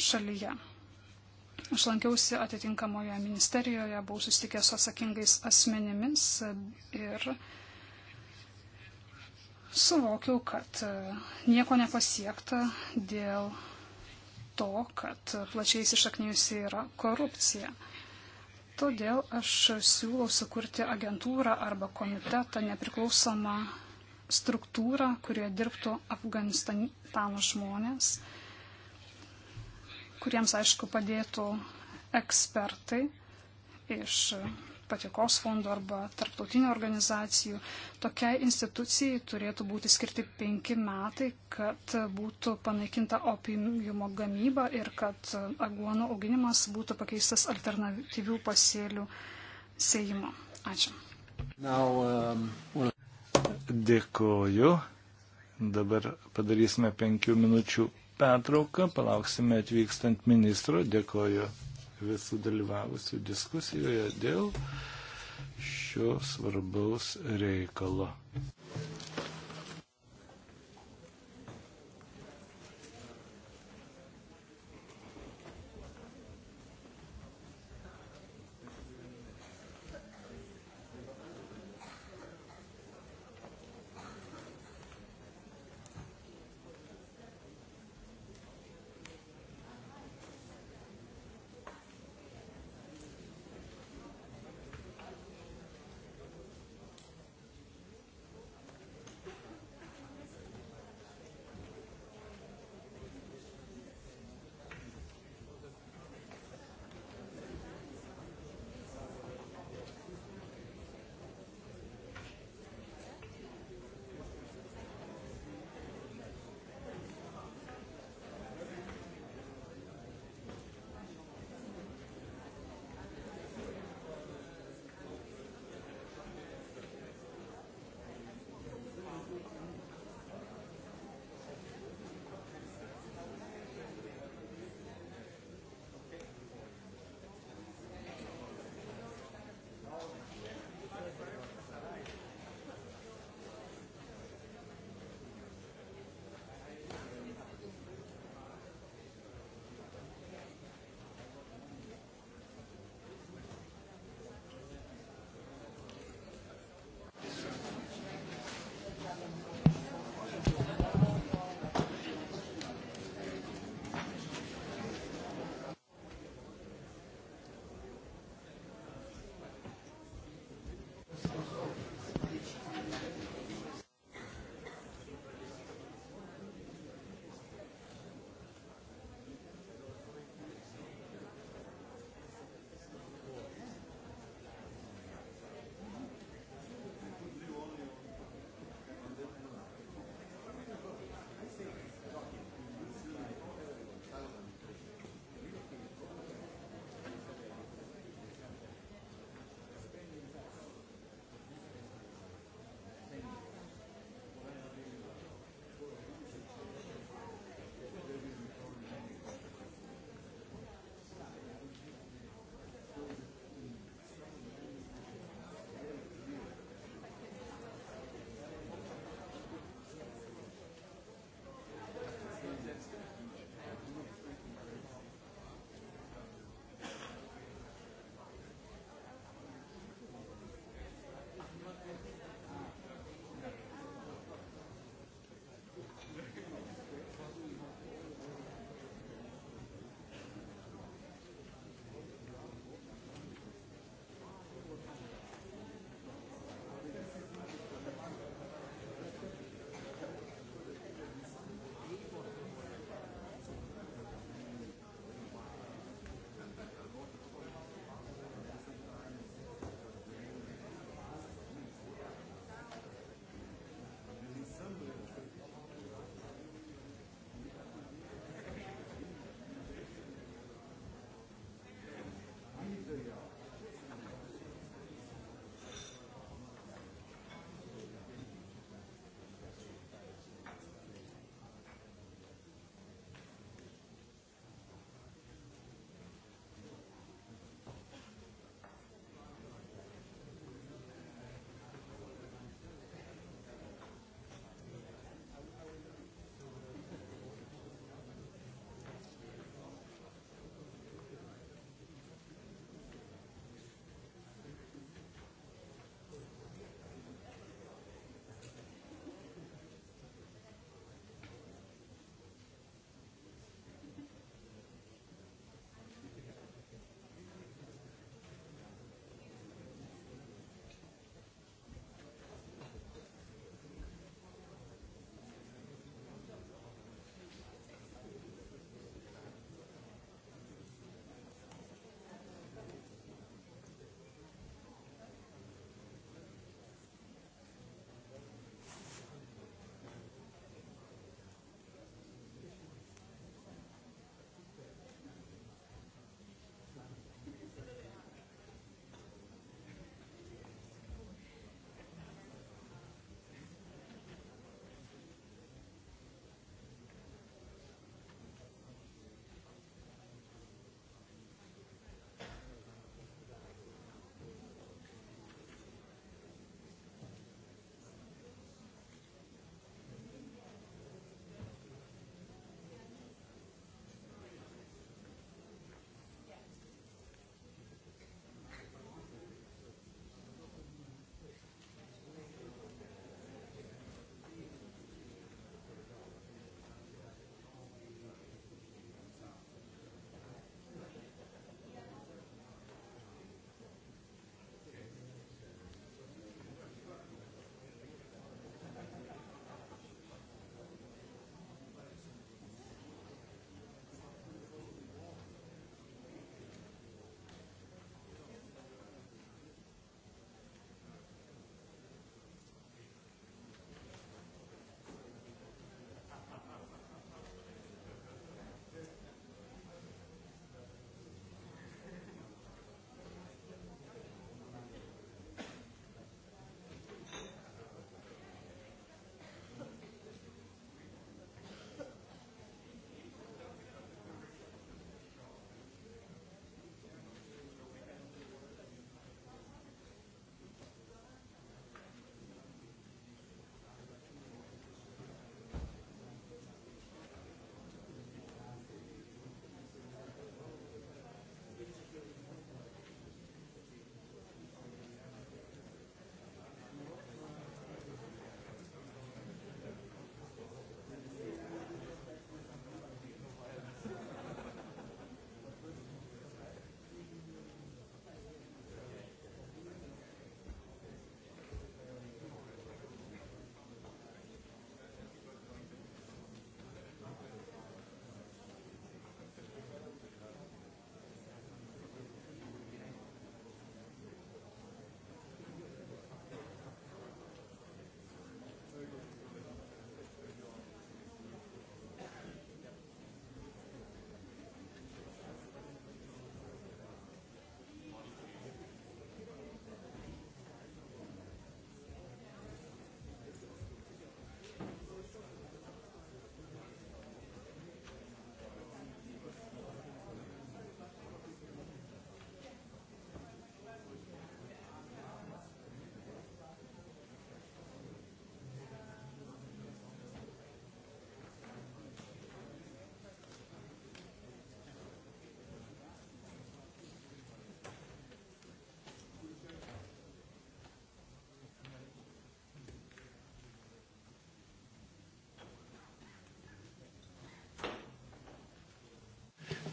šalyje. Aš lankiausi atitinkamoje ministerijoje, buvau susitikęs su atsakingais asmenimis ir suvokiau, kad e, nieko nepasiekta dėl to, kad plačiai išaknyjusi yra korupcija. Todėl aš siūlau sukurti agentūrą arba komitetą, nepriklausomą struktūrą, kurioje dirbtų Afganistano žmonės, kuriems, aišku, padėtų ekspertai iš patiekos fondo arba tarptautinių organizacijų. Tokiai institucijai turėtų būti skirti penki metai, kad būtų panaikinta opiumo gamyba ir kad aguonų auginimas būtų pakeistas alternatyvių pasėlių sėjimo. Ačiū. Now, um... Dėkoju. Dabar padarysime penkių minučių pertrauką, palauksime atvykstant ministro. Dėkoju visų dalyvavusių diskusijoje dėl šio svarbaus reikalo.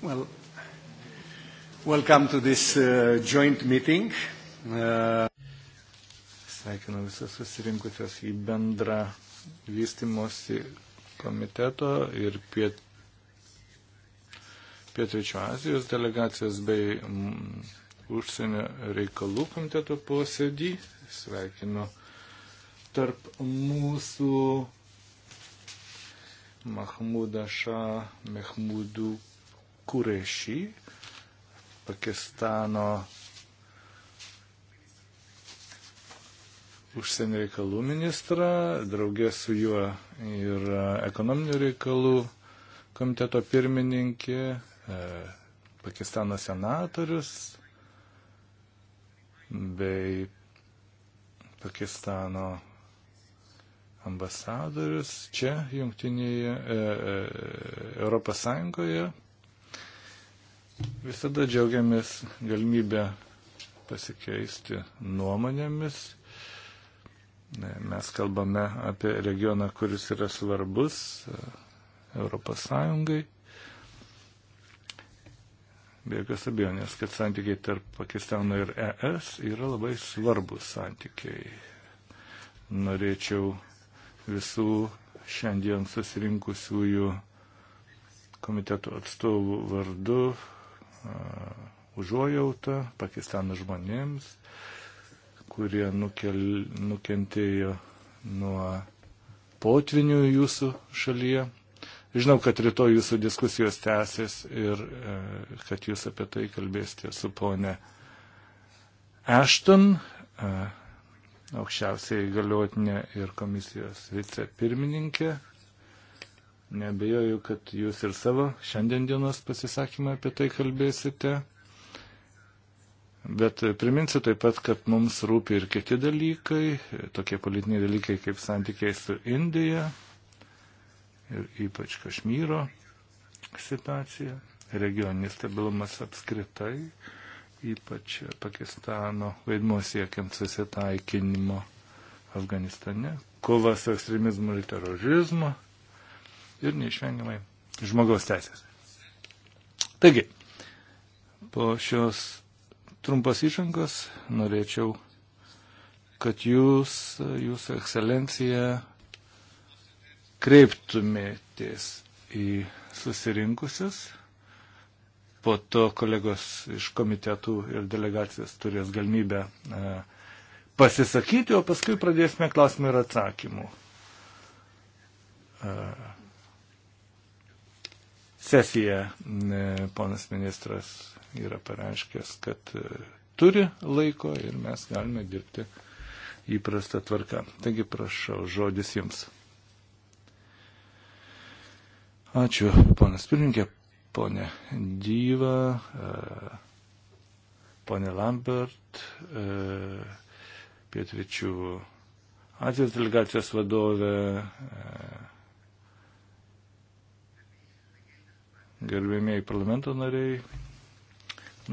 Well, welcome to this uh, joint meeting. Uh... Sveikinu visus susirinkusios į bendrą vystimosi komiteto ir piet, Pietričio Azijos delegacijos bei mm, užsienio reikalų komiteto posėdį. Sveikinu tarp mūsų Mahmudą Šą, Mehmudų Kureši, Pakistano užsienio reikalų ministrą, draugė su juo ir ekonominių reikalų komiteto pirmininkė, e, Pakistano senatorius bei Pakistano ambasadorius čia jungtinėje e, e, Europos Sąjungoje Visada džiaugiamės galimybę pasikeisti nuomonėmis. Mes kalbame apie regioną, kuris yra svarbus e, Europos Sąjungai. Be jokios abejonės, kad santykiai tarp Pakistano ir ES yra labai svarbus santykiai. Norėčiau visų šiandien susirinkusiųjų komiteto atstovų vardu užuojautą Pakistano žmonėms, kurie nukel, nukentėjo nuo potvinių jūsų šalyje. Žinau, kad rytoj jūsų diskusijos tęsis ir e, kad jūs apie tai kalbėsite su ponė Ashton, e, aukščiausiai galiotinė ir komisijos vicepirmininkė. Nebejoju, kad jūs ir savo šiandienos pasisakymą apie tai kalbėsite. Bet priminsiu taip pat, kad mums rūpi ir kiti dalykai, tokie politiniai dalykai kaip santykiai su Indija ir ypač Kašmyro situacija, regioninis stabilumas apskritai, ypač Pakistano vaidmuo siekiant susitaikinimo Afganistane, kova su ekstremizmu ir terorizmu ir neišvengiamai žmogaus teisės. Taigi, po šios trumpas įžangos norėčiau, kad jūs, jūsų ekscelencija, kreiptumėtės į susirinkusius. Po to kolegos iš komitetų ir delegacijos turės galimybę e, pasisakyti, o paskui pradėsime klausimų ir atsakymų. E, sesiją. Ponas ministras yra pareiškęs, kad e, turi laiko ir mes galime dirbti įprastą tvarką. Taigi prašau, žodis jums. Ačiū, ponas pirmininkė, ponė Dyva, e, ponė Lambert, e, pietvičių Azijos delegacijos vadovė, gerbėmiai parlamento nariai,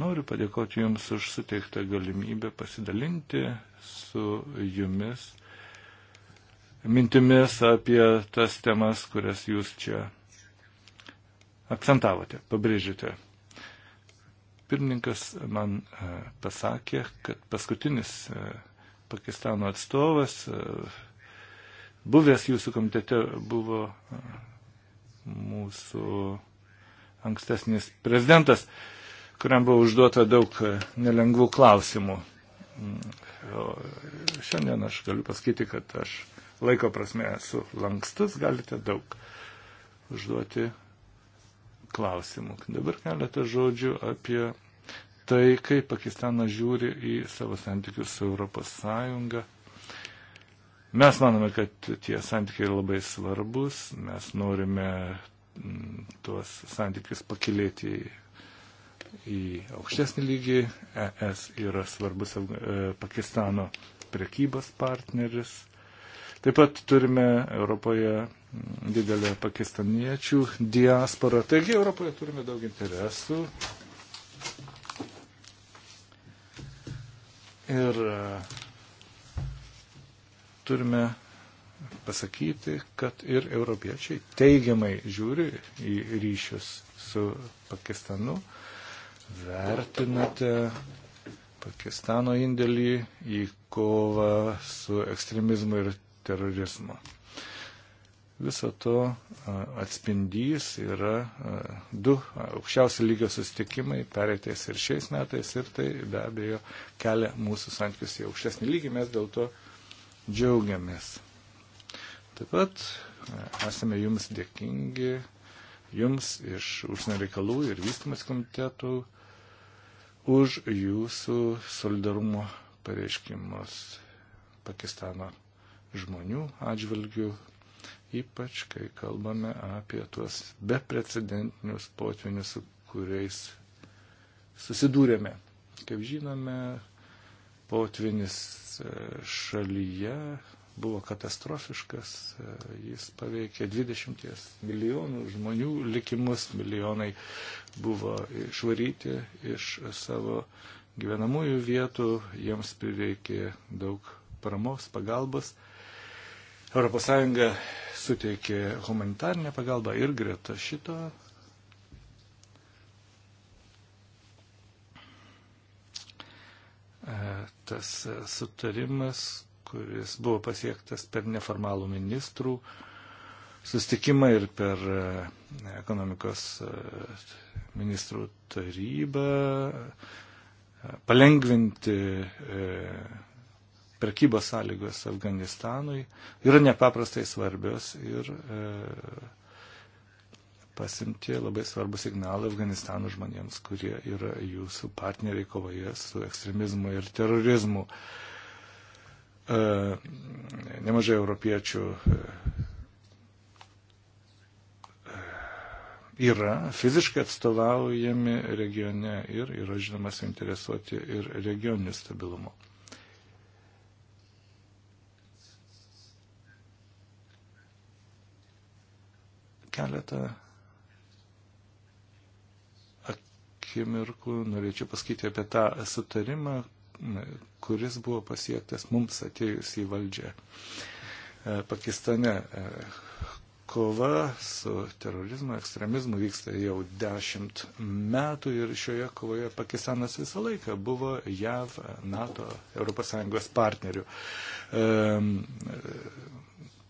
noriu padėkoti Jums už suteiktą galimybę pasidalinti su Jumis mintimis apie tas temas, kurias Jūs čia akcentavote, pabrėžėte. Pirmininkas man e, pasakė, kad paskutinis e, Pakistano atstovas, e, buvęs jūsų komitete, buvo mūsų ankstesnis prezidentas, kuriam buvo užduota daug e, nelengvų klausimų. Mm, o šiandien aš galiu pasakyti, kad aš laiko prasme esu lankstus, galite daug užduoti klausimų. Dabar keletą žodžių apie tai, kaip Pakistanas žiūri į savo santykius su Europos Sąjunga. Mes manome, kad tie santykiai labai svarbus, mes norime Mm, tuos santykius pakilėti į aukštesnį lygį. ES yra svarbus e, Pakistano prekybos partneris. Taip pat turime Europoje mm, didelę pakistaniečių diasporą. Taigi Europoje turime daug interesų. Ir e, turime pasakyti, kad ir europiečiai teigiamai žiūri į ryšius su Pakistanu, vertinate Pakistano indėlį į kovą su ekstremizmu ir terorizmu. Viso to atspindys yra du aukščiausio lygio sustikimai pereitais ir šiais metais ir tai be abejo kelia mūsų santykius į aukštesnį lygį, mes dėl to džiaugiamės. Taip pat e, esame jums dėkingi, jums iš užsienio reikalų ir vystimas komitetų, už jūsų solidarumo pareiškimus Pakistano žmonių atžvilgių, ypač kai kalbame apie tuos beprecedentinius potvinius, su kuriais susidūrėme. Kaip žinome, potvinis e, šalyje buvo katastrofiškas, e, jis paveikė 20 milijonų žmonių likimus, milijonai buvo išvaryti iš savo gyvenamųjų vietų, jiems prireikė daug paramos, pagalbos. ES suteikė humanitarnę pagalbą ir greta šito e, tas sutarimas kuris buvo pasiektas per neformalų ministrų sustikimą ir per e, ekonomikos e, ministrų tarybą e, palengvinti prekybos sąlygos Afganistanui yra nepaprastai svarbios ir pasimti labai svarbų signalą Afganistano žmonėms, kurie yra jūsų partneriai kovoje su ekstremizmu ir terorizmu. E, E, nemažai europiečių yra e, e, fiziškai atstovaujami regione ir yra žinoma suinteresuoti ir regioniniu stabilumu. Keletą akimirkų norėčiau pasakyti apie tą sutarimą, kuris buvo pasiektas mums atėjus į valdžią. E, Pakistane e, kova su terorizmu, ekstremizmu vyksta jau dešimt metų ir šioje kovoje Pakistanas visą laiką buvo JAV, NATO, ES partnerių. E,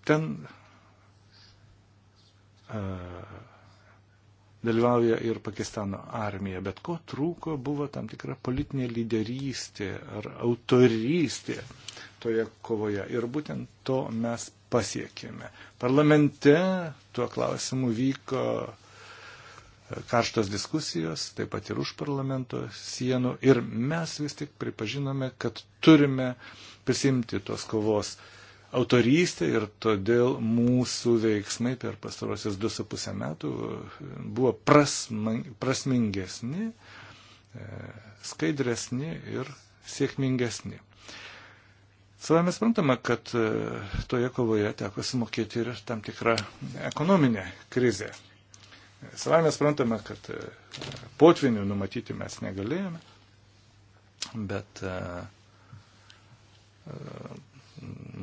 ten dalyvauja ir Pakistano armija, bet ko trūko buvo tam tikra politinė lyderystė ar autorystė toje kovoje. Ir būtent to mes pasiekėme. Parlamente tuo klausimu vyko karštos diskusijos, taip pat ir už parlamento sienų. Ir mes vis tik pripažinome, kad turime prisimti tos kovos autorystė ir todėl mūsų veiksmai per pastarosius 2,5 metų e, buvo prasmingesni, e, skaidresni ir sėkmingesni. Savame sprantama, kad e, toje kovoje teko sumokėti ir tam tikrą ekonominę krizę. Savame sprantama, kad potvinių numatyti mes negalėjome, bet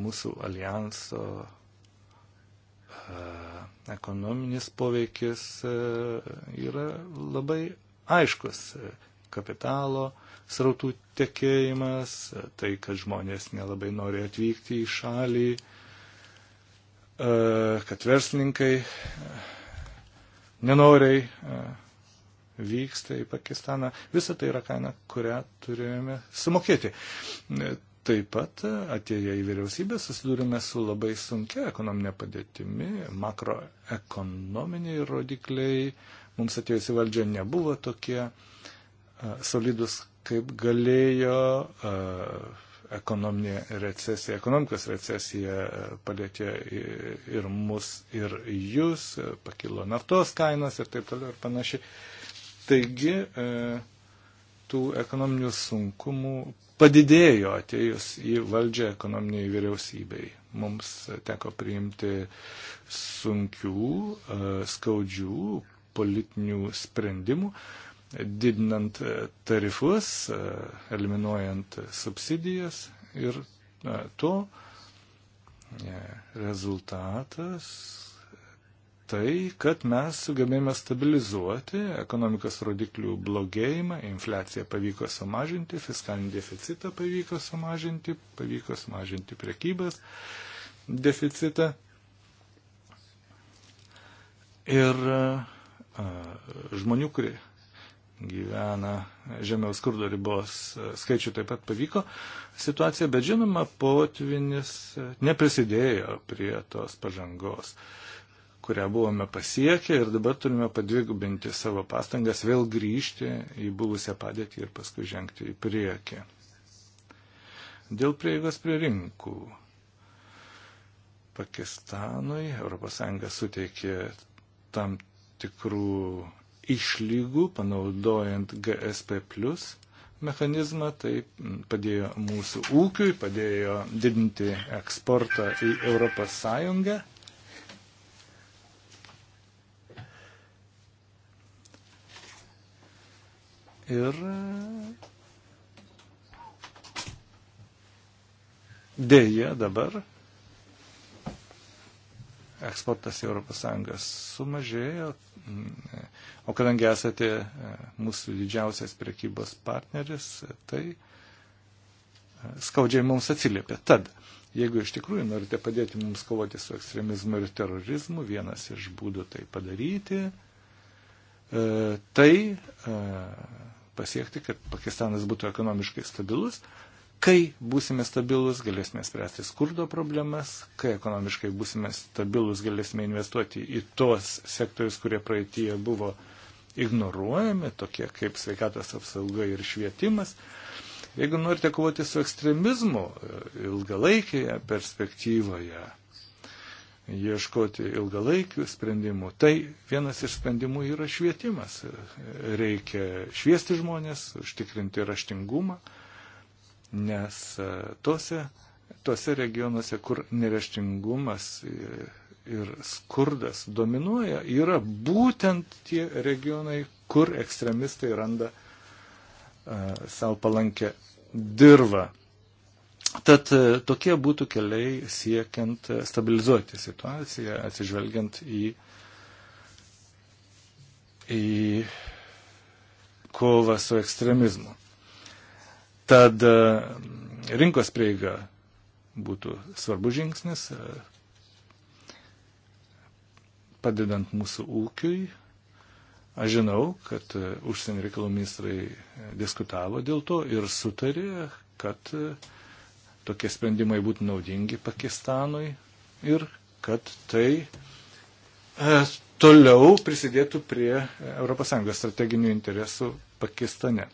mūsų alijanso e, ekonominis poveikis e, yra labai aiškus. Kapitalo srautų tekėjimas, tai, kad žmonės nelabai nori atvykti į šalį, e, kad verslininkai nenoriai vyksta į Pakistaną. Visa tai yra kaina, kurią turėjome sumokėti. Taip pat e, atėję į vyriausybę susidūrėme su labai sunkia ekonominė padėtimi, makroekonominiai rodikliai mums atėjus į valdžią nebuvo tokie e, solidus, kaip galėjo e, ekonominė recesija, ekonomikos recesija palėtė ir mus, ir jūs, pakilo naftos kainos ir taip toliau ir panašiai. Taigi, e, tų ekonominių sunkumų padidėjo atėjus į valdžią ekonominiai vyriausybei. Mums teko priimti sunkių, e, skaudžių politinių sprendimų, didinant tarifus, e, eliminuojant subsidijas ir to e, rezultatas tai, kad mes sugebėjome stabilizuoti ekonomikos rodiklių blogėjimą, infliaciją pavyko sumažinti, fiskalinį deficitą pavyko sumažinti, pavyko sumažinti prekybas deficitą. Ir a, žmonių, kurie gyvena žemiaus skurdo ribos skaičių taip pat pavyko situacija, bet žinoma, potvinis neprisidėjo prie tos pažangos. A, kurią buvome pasiekę ir dabar turime padvigubinti savo pastangas, vėl grįžti į buvusią padėtį ir paskui žengti į priekį. Dėl prieigos prie rinkų. Pakistanui ES suteikė tam tikrų išlygų, panaudojant GSP plus mechanizmą, tai padėjo mūsų ūkiui, padėjo didinti eksportą į ES ir dėja dabar eksportas į ES sumažėjo, mm, o kadangi esate e, mūsų didžiausias prekybos partneris, tai e, skaudžiai mums atsiliepia. Tad, jeigu iš tikrųjų norite padėti mums kovoti su ekstremizmu ir terorizmu, vienas iš būdų tai padaryti E, tai e, pasiekti, kad Pakistanas būtų ekonomiškai stabilus. Kai būsime stabilus, galėsime spręsti skurdo problemas, kai ekonomiškai būsime stabilus, galėsime investuoti į tos sektorius, kurie praeitie buvo ignoruojami, tokie kaip sveikatos apsauga ir švietimas. Jeigu norite kovoti su ekstremizmu e, ilgalaikėje perspektyvoje, ieškoti ilgalaikių sprendimų. Tai vienas iš sprendimų yra švietimas. Reikia šviesti žmonės, užtikrinti raštingumą, nes e, tose, tose regionuose, kur neraštingumas ir skurdas dominuoja, yra būtent tie regionai, kur ekstremistai randa uh, e, savo palankę dirvą. Tad e, tokie būtų keliai siekiant stabilizuoti situaciją, atsižvelgiant į, į kovą su ekstremizmu. Tad e, rinkos prieiga būtų svarbus žingsnis, e, padedant mūsų ūkiui. Aš žinau, kad užsienio reikalų ministrai diskutavo dėl to ir sutarė, kad uh, tokie sprendimai būtų naudingi Pakistanui ir kad tai e, toliau prisidėtų prie e, ES strateginių interesų Pakistane.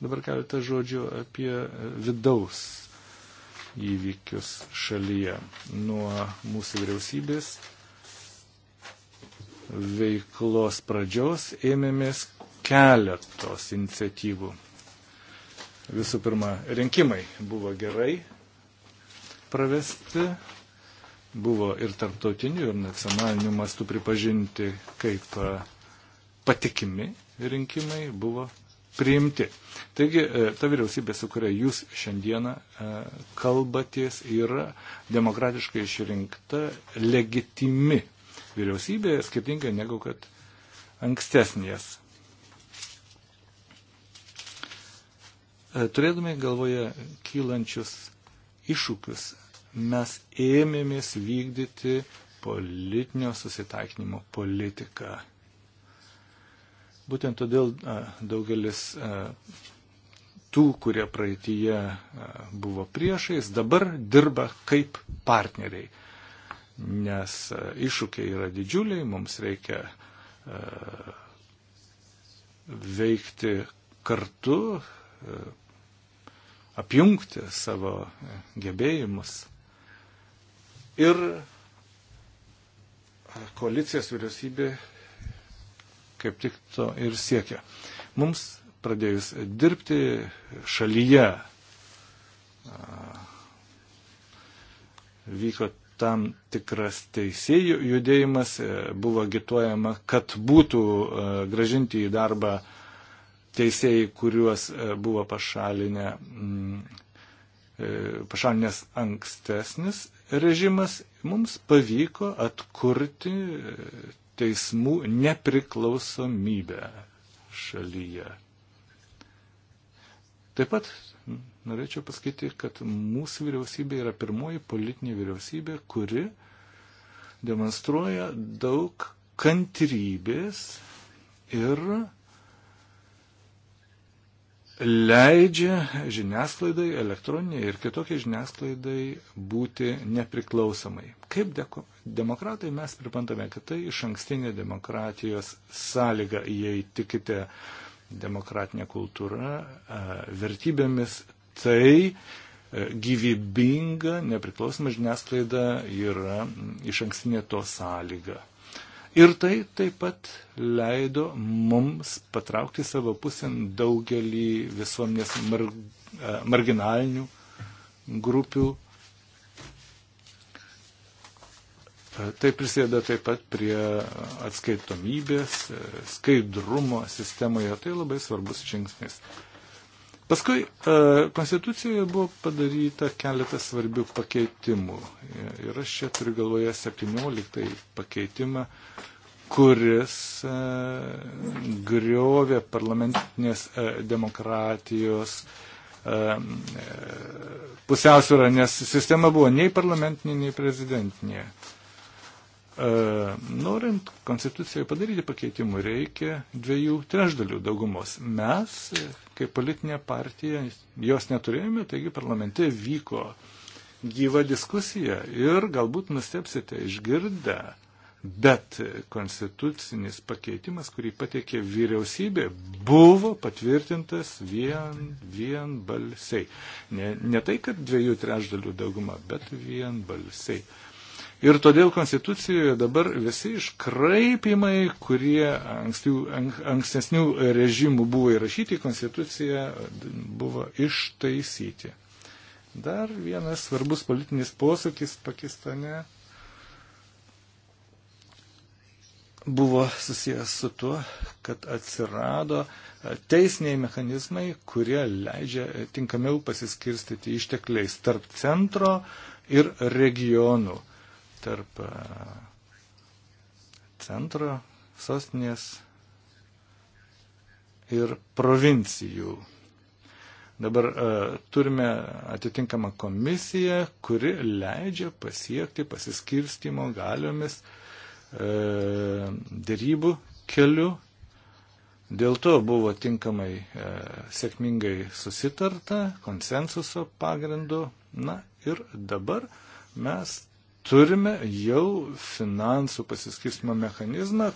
Dabar keletą žodžių apie e, vidaus įvykius šalyje nuo mūsų vyriausybės veiklos pradžios ėmėmės keletos iniciatyvų. Visų pirma, rinkimai buvo gerai pravesti, buvo ir tarptautinių, ir nacionalinių mastų pripažinti kaip e, patikimi rinkimai buvo priimti. Taigi, e, ta vyriausybė, su kuria jūs šiandieną e, kalbaties, yra demokratiškai išrinkta, legitimi vyriausybė, skirtingai negu kad ankstesnės E, turėdami galvoje kylančius iššūkius, mes ėmėmės vykdyti politinio susitaikinimo politiką. Būtent todėl e, daugelis e, tų, kurie praeitįje buvo priešais, dabar dirba kaip partneriai. Nes iššūkiai yra didžiuliai, mums reikia veikti kartu, apjungti savo gebėjimus. Ir koalicijos vyriausybė kaip tik to ir siekia. Mums pradėjus dirbti šalyje vyko tam tikras teisėjų judėjimas, e, buvo agituojama, kad būtų e, gražinti į darbą uh, teisėjai, kuriuos e, buvo pašalinę, mm, e, pašalinęs ankstesnis režimas, mums pavyko atkurti e, teismų nepriklausomybę šalyje. Taip pat norėčiau pasakyti, kad mūsų vyriausybė yra pirmoji politinė vyriausybė, kuri demonstruoja daug kantrybės ir leidžia žiniasklaidai, elektroniniai ir kitokiai žiniasklaidai būti nepriklausomai. Kaip deko, demokratai mes pripantame, kad tai iš ankstinė demokratijos sąlyga, jei tikite demokratinė kultūra, vertybėmis, tai gyvybinga, nepriklausoma žiniasklaida yra iš ankstinė to sąlyga. Ir tai taip pat leido mums patraukti savo pusėn daugelį visuomenės mar, e, marginalinių grupių. E, tai prisėda taip pat prie atskaitomybės, e, skaidrumo sistemoje. Tai labai svarbus žingsnis. Paskui e, Konstitucijoje buvo padaryta keletas svarbių pakeitimų. Ir aš čia turiu galvoje 17 pakeitimą, kuris e, griovė parlamentinės e, demokratijos pusiausvyrą, nes sistema buvo nei parlamentinė, nei prezidentinė. Norint konstitucijoje padaryti pakeitimų reikia dviejų trešdalių daugumos. Mes kaip politinė partija jos neturėjome, taigi parlamente vyko gyva diskusija ir galbūt nustepsite išgirdę, bet konstitucinis pakeitimas, kurį pateikė vyriausybė, buvo patvirtintas vien, vien balsiai. Ne, ne tai, kad dviejų trešdalių dauguma, bet vien balsiai. Ir todėl Konstitucijoje dabar visi iškraipimai, kurie ankstyv, ank, ankstesnių režimų buvo įrašyti į Konstituciją, buvo ištaisyti. Dar vienas svarbus politinis posūkis Pakistane buvo susijęs su tuo, kad atsirado teisiniai mechanizmai, kurie leidžia tinkamiau pasiskirstyti ištekliais tarp centro ir regionų tarp e, centro, sostinės ir provincijų. Dabar e, turime atitinkamą komisiją, kuri leidžia pasiekti pasiskirstimo galiomis e, dėrybų keliu. Dėl to buvo tinkamai e, sėkmingai susitarta konsensuso pagrindu. Na ir dabar mes turime jau finansų pasiskirstimo mechanizmą,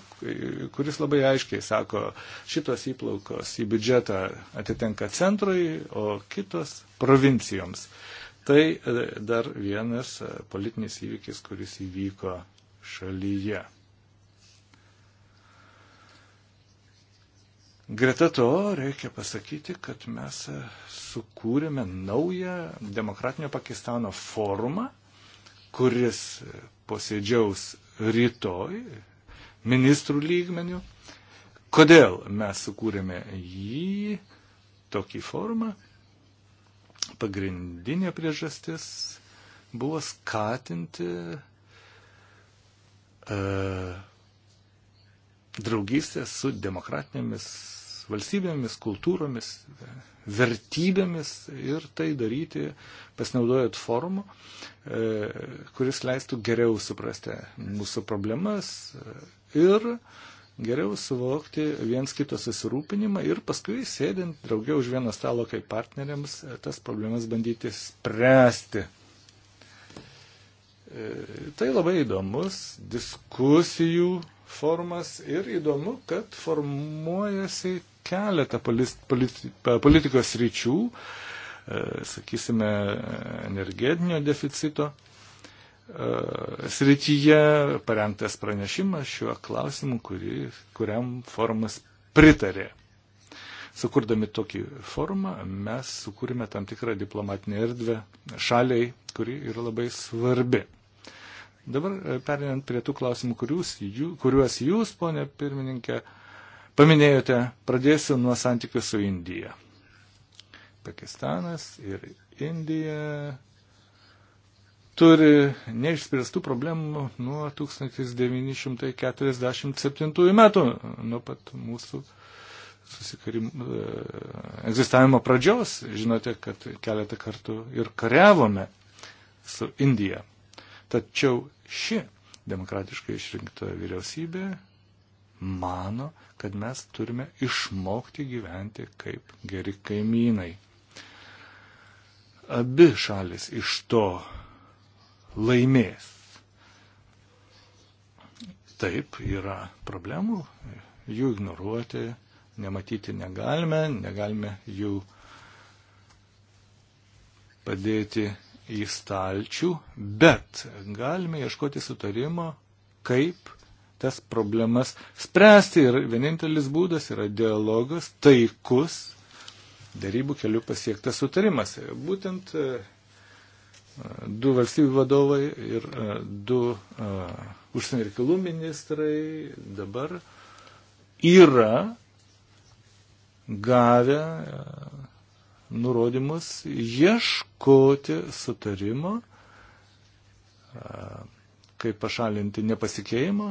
kuris labai aiškiai sako, šitos įplaukos į biudžetą atitenka centrui, o kitos provincijoms. Tai e, dar vienas e, politinis įvykis, kuris įvyko šalyje. Greta to reikia pasakyti, kad mes e, sukūrėme naują demokratinio Pakistano forumą, kuris posėdžiaus rytoj ministrų lygmenių. Kodėl mes sukūrėme jį tokį formą? Pagrindinė priežastis buvo skatinti e, draugystę su demokratinėmis valstybėmis, kultūromis, vertybėmis ir tai daryti pasinaudojant forumu, e, kuris leistų geriau suprasti mūsų problemas ir geriau suvokti viens kito susirūpinimą ir paskui sėdint draugiau už vieną stalo kaip partneriams tas problemas bandyti spręsti. E, tai labai įdomus diskusijų formas ir įdomu, kad formuojasi keletą politikos ryčių, e, sakysime, energetinio deficito e, srityje parengtas pranešimas šiuo klausimu, kuri, kuriam forumas pritarė. Sukurdami tokį forumą mes sukūrime tam tikrą diplomatinę erdvę šaliai, kuri yra labai svarbi. Dabar e, perinant prie tų klausimų, kuriuos jūs, ponė pirmininkė, Paminėjote, pradėsiu nuo santykių su Indija. Pakistanas ir Indija turi neišspręstų problemų nuo 1947 metų, nuo pat mūsų e, egzistavimo pradžios. Žinote, kad keletą kartų ir kariavome su Indija. Tačiau ši demokratiškai išrinkta vyriausybė mano, kad mes turime išmokti gyventi kaip geri kaimynai. Abi šalis iš to laimės. Taip, yra problemų, jų ignoruoti, nematyti negalime, negalime jų padėti į stalčių, bet galime ieškoti sutarimo, kaip tas problemas spręsti. Ir vienintelis būdas yra dialogas, taikus, darybų keliu pasiektas sutarimas. Būtent e, du valstybių vadovai ir e, du e, užsienio reikalų ministrai dabar yra gavę nurodymus ieškoti sutarimo, kaip pašalinti nepasikeimo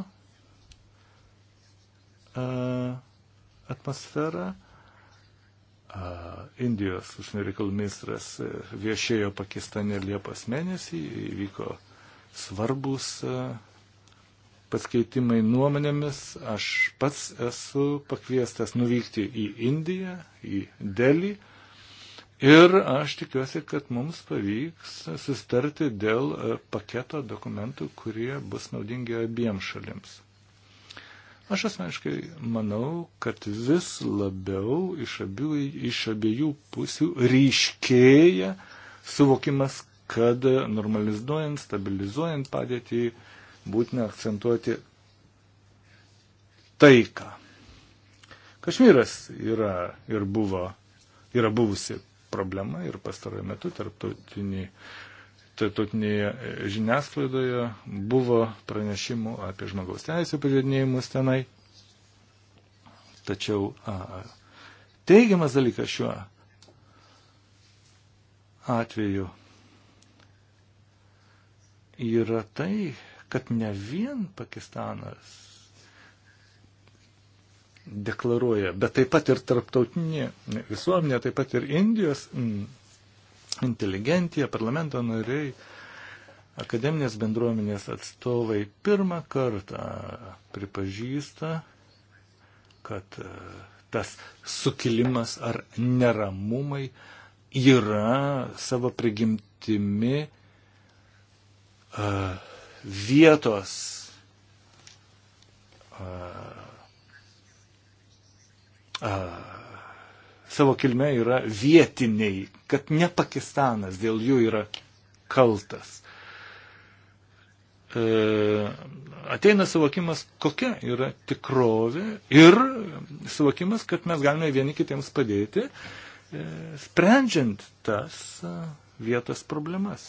E, atmosferą. E, Indijos užsienio reikalų ministras viešėjo Pakistane Liepos mėnesį, įvyko svarbus e, paskeitimai nuomonėmis. Aš pats esu pakviestas nuvykti į Indiją, į Delį. Ir aš tikiuosi, kad mums pavyks sustarti dėl paketo dokumentų, kurie bus naudingi abiems šalims. Aš asmeniškai manau, kad vis labiau iš abiejų, iš abiejų pusių ryškėja suvokimas, kad normalizuojant, stabilizuojant padėtį būtina akcentuoti taiką. Kašmyras yra ir buvo, yra buvusi problema ir pastaruoju metu tarptautiniai tarptautinėje žiniasklaidoje buvo pranešimų apie žmogaus teisų pažeidinėjimus tenai. Tačiau a, teigiamas dalykas šiuo atveju yra tai, kad ne vien Pakistanas deklaruoja, bet taip pat ir tarptautinė visuomenė, taip pat ir Indijos inteligencija, parlamento nariai, akademinės bendruomenės atstovai pirmą kartą pripažįsta, kad e, tas sukilimas ar neramumai yra savo prigimtimi e, vietos e, savo kilme yra vietiniai kad ne Pakistanas dėl jų yra kaltas. E, ateina suvokimas, kokia yra tikrovė ir suvokimas, kad mes galime vieni kitiems padėti, e, sprendžiant tas e, vietos problemas.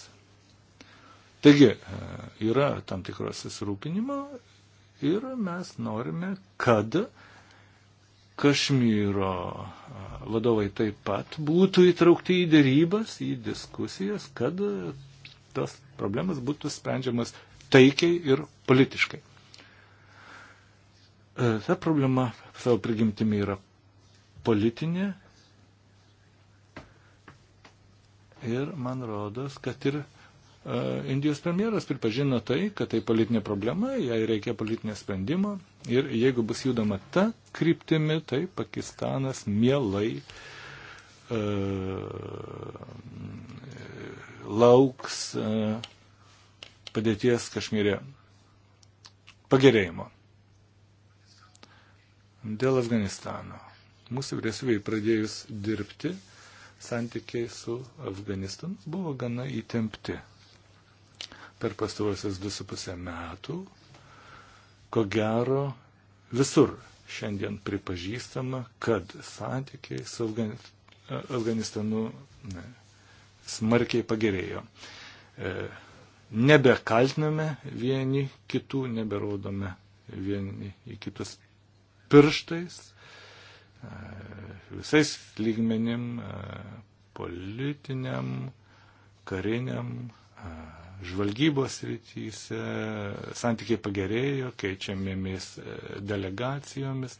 Taigi, e, yra tam tikros susirūpinimo ir mes norime, kad e, Kašmyro vadovai taip pat būtų įtraukti į dėrybas, į diskusijas, kad tas problemas būtų sprendžiamas taikiai ir politiškai. E, ta problema savo prigimtimi yra politinė ir man rodos, kad ir E, Indijos premjeras pripažino tai, kad tai politinė problema, jai reikia politinio sprendimo ir jeigu bus judama ta kryptimi, tai Pakistanas mielai e, lauks e, padėties Kašmyrė pagerėjimo. Dėl Afganistano. Mūsų vyriausybei pradėjus dirbti, santykiai su Afganistanu buvo gana įtempti per pastaruosius 2,5 metų, ko gero visur šiandien pripažįstama, kad santykiai su Afganistanu ne, smarkiai pagerėjo. E, nebekaltiname vieni kitų, neberodome vieni į kitus pirštais, e, visais lygmenim, e, politiniam, kariniam, e, žvalgybos rytyse, santykiai pagerėjo, keičiamėmis e, delegacijomis,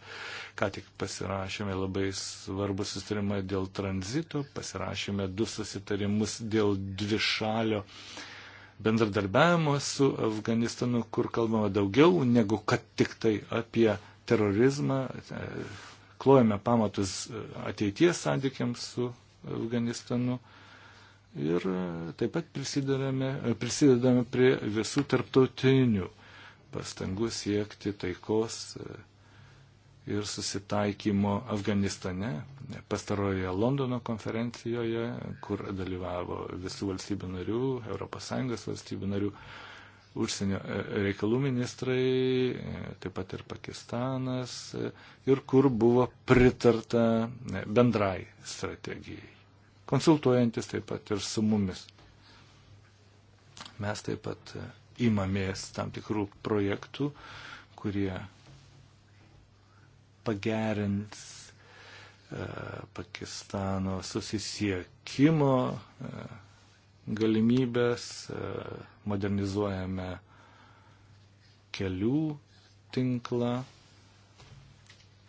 ką tik pasirašėme labai svarbų susitarimą dėl tranzito, pasirašėme du susitarimus dėl dvišalio bendradarbiavimo su Afganistanu, kur kalbama daugiau negu kad tik tai apie terorizmą, e, klojame pamatus e, ateities santykiams su Afganistanu ir e, taip pat prisidedame, e, prisidedame prie visų tarptautinių pastangų siekti taikos e, ir susitaikymo Afganistane, pastarojoje Londono konferencijoje, kur dalyvavo visų valstybių narių, ES valstybių narių, užsienio reikalų ministrai, taip pat ir Pakistanas, ir kur buvo pritarta bendrai strategijai konsultuojantis taip pat ir su mumis. Mes taip pat e, imamės tam tikrų projektų, kurie pagerins e, Pakistano susisiekimo e, galimybės, modernizuojame kelių tinklą,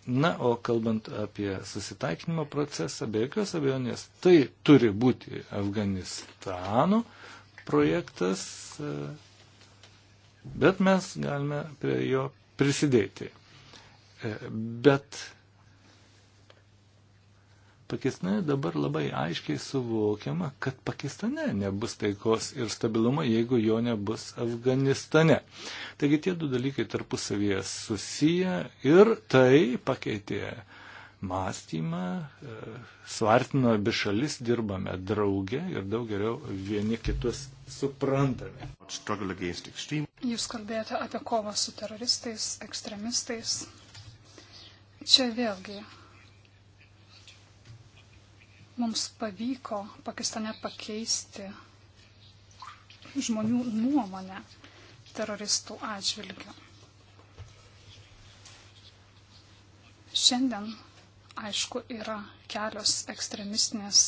Na, o kalbant apie susitaikinimo procesą, be jokios abejonės, tai turi būti Afganistano projektas, e, bet mes galime prie jo prisidėti. E, bet Pakistane dabar labai aiškiai suvokiama, kad Pakistane nebus taikos ir stabilumo, jeigu jo nebus Afganistane. Taigi tie du dalykai tarpusavėje susiję ir tai pakeitė mąstymą, e, svartino abi šalis, dirbame drauge ir daug geriau vieni kitus suprantame. Jūs kalbėjote apie kovą su teroristais, ekstremistais. Čia vėlgi Mums pavyko Pakistane pakeisti žmonių nuomonę teroristų atžvilgių. Šiandien, aišku, yra kelios ekstremistinės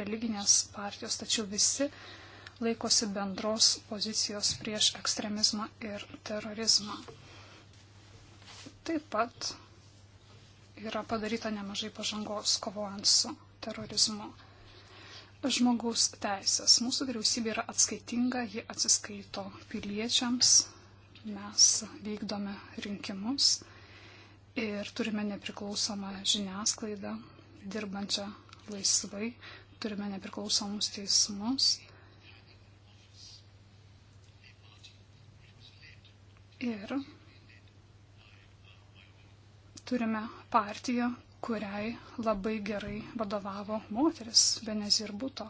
religinės partijos, tačiau visi laikosi bendros pozicijos prieš ekstremizmą ir terorizmą. Taip pat yra padaryta nemažai pažangos kovojant su terorizmu. Žmogaus teisės. Mūsų vyriausybė yra atskaitinga, ji atsiskaito piliečiams, mes vykdome rinkimus ir turime nepriklausomą žiniasklaidą, dirbančią laisvai, turime nepriklausomus teismus. Ir turime partiją, kuriai labai gerai vadovavo moteris Benezir Buto.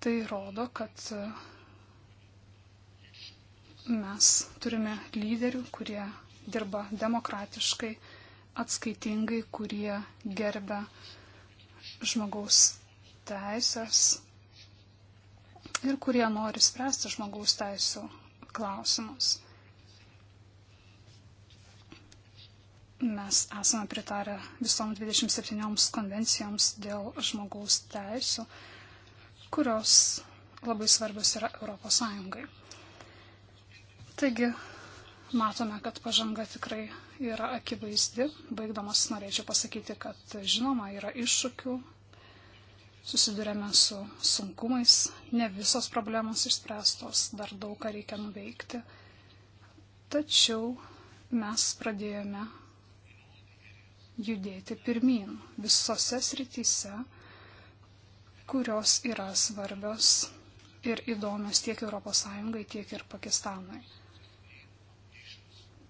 Tai rodo, kad e, mes turime lyderių, kurie dirba demokratiškai, atskaitingai, kurie gerbia žmogaus teisės ir kurie nori spręsti žmogaus teisų klausimus. Mes esame pritarę visom 27 konvencijoms dėl žmogaus teisų, kurios labai svarbios yra Europos Sąjungai. Taigi, matome, kad pažanga tikrai yra akivaizdi. Baigdamas norėčiau pasakyti, kad žinoma yra iššūkių, susidurėme su sunkumais, ne visos problemos išspręstos, dar daug ką reikia nuveikti. Tačiau mes pradėjome judėti pirmin visose srityse, kurios yra svarbios ir įdomios tiek ES, tiek ir Pakistanui.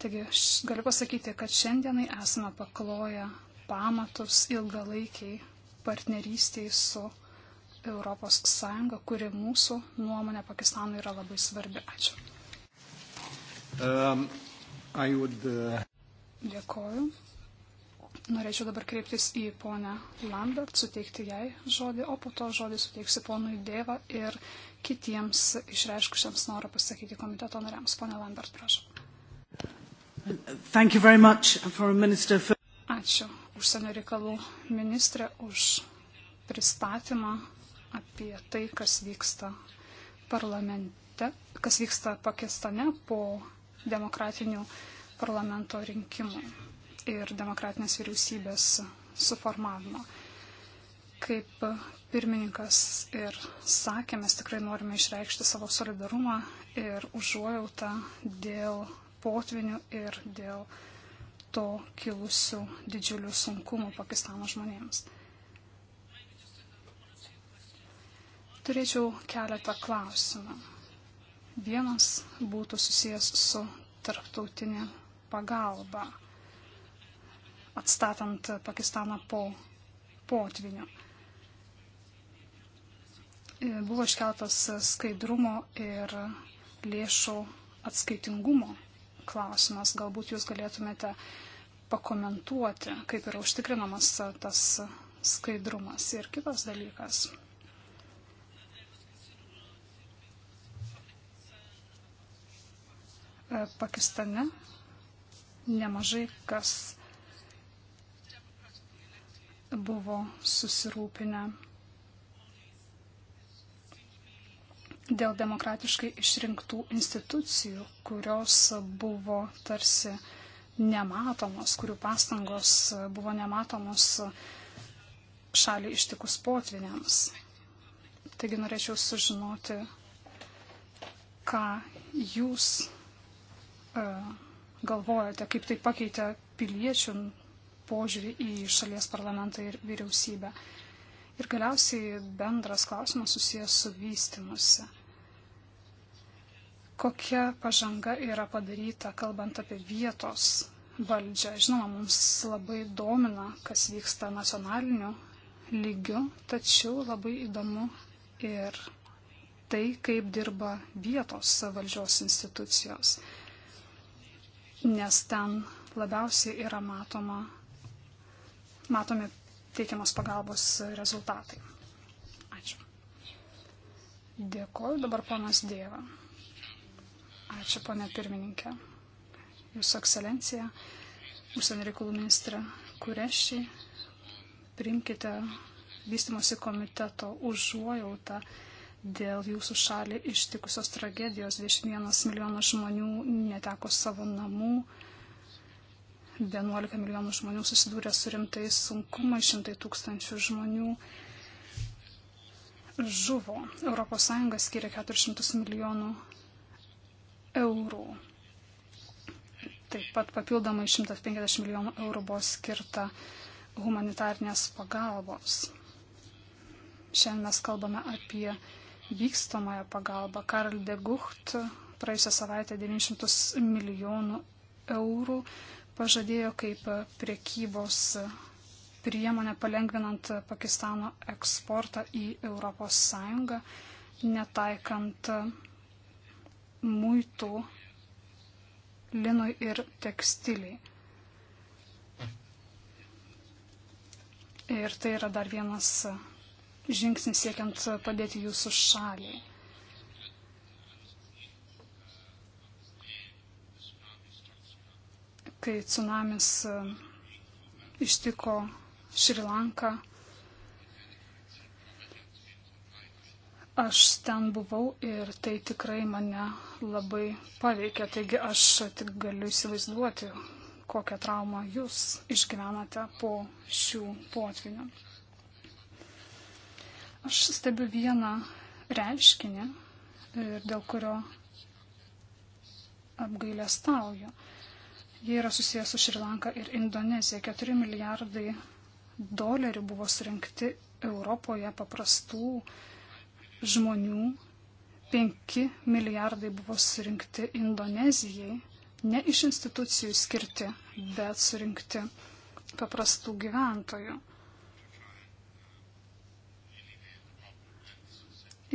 Taigi galiu pasakyti, kad šiandienai esame pakloję pamatus ilgalaikiai partnerystiai su ES, kuri mūsų nuomonė Pakistanui yra labai svarbi. Ačiū. Um, would, uh... Dėkoju. Norėčiau dabar kreiptis į ponę Lambert, suteikti jai žodį, o po to žodį suteiksiu ponui Dėvą ir kitiems išreiškusiems norą pasakyti komiteto nariams. Pone Lambert, prašau. For... Ačiū užsienio reikalų ministrė už pristatymą apie tai, kas vyksta parlamente, kas vyksta Pakistane po demokratinių parlamento rinkimų ir demokratinės vyriausybės suformavimo. Kaip pirmininkas ir sakė, mes tikrai norime išreikšti savo solidarumą ir užuojautą dėl potvinių ir dėl to kilusių didžiulių sunkumų Pakistano žmonėms. Turėčiau keletą klausimų. Vienas būtų susijęs su tarptautinė pagalba atstatant Pakistaną po potvinio. Buvo iškeltas skaidrumo ir lėšų atskaitingumo klausimas. Galbūt jūs galėtumėte pakomentuoti, kaip yra užtikrinamas tas skaidrumas. Ir kitas dalykas. Pakistane nemažai kas buvo susirūpinę dėl demokratiškai išrinktų institucijų, kurios buvo tarsi nematomos, kurių pastangos buvo nematomos šaliai ištikus potviniams. Taigi norėčiau sužinoti, ką jūs e, galvojate, kaip tai pakeitė piliečių požiūrį į šalies parlamentą ir vyriausybę. Ir galiausiai bendras klausimas susijęs su vystimusi. Kokia pažanga yra padaryta, kalbant apie vietos valdžią? Žinoma, mums labai domina, kas vyksta nacionaliniu lygiu, tačiau labai įdomu ir tai, kaip dirba vietos valdžios institucijos, nes ten labiausiai yra matoma matomi teikiamos pagalbos rezultatai. Ačiū. Dėkuoju dabar ponas Dieva. Ačiū ponė pirmininkė. Jūsų ekscelencija, užsienio reikalų ministra Kurešiai, priimkite vystimosi komiteto užuojautą dėl jūsų šalį ištikusios tragedijos. 21 milijonas žmonių neteko savo namų 11 milijonų žmonių susidūrė su rimtais sunkumais, šimtai tūkstančių žmonių žuvo. ES skiria 400 milijonų eurų. Taip pat papildomai 150 milijonų eurų buvo skirta humanitarnės pagalbos. Šiandien mes kalbame apie vykstamąją pagalbą. Karl de Gucht praėjusią savaitę 900 milijonų eurų pažadėjo kaip priekybos priemonė palengvinant Pakistano eksportą į ES, netaikant muitų linui ir tekstiliai. Ir tai yra dar vienas žingsnis siekiant padėti jūsų šaliai. kai tsunamis e, ištiko Šri Lanką. Aš ten buvau ir tai tikrai mane labai paveikė, taigi aš tik galiu įsivaizduoti, kokią traumą jūs išgyvenate po šių potvinių. Aš stebiu vieną reiškinį, dėl kurio apgailestauju. stauju Jie yra susijęs su Šrilanka ir Indonezija. 4 milijardai dolerių buvo surinkti Europoje paprastų žmonių. 5 milijardai buvo surinkti Indonezijai, ne iš institucijų skirti, bet surinkti paprastų gyventojų.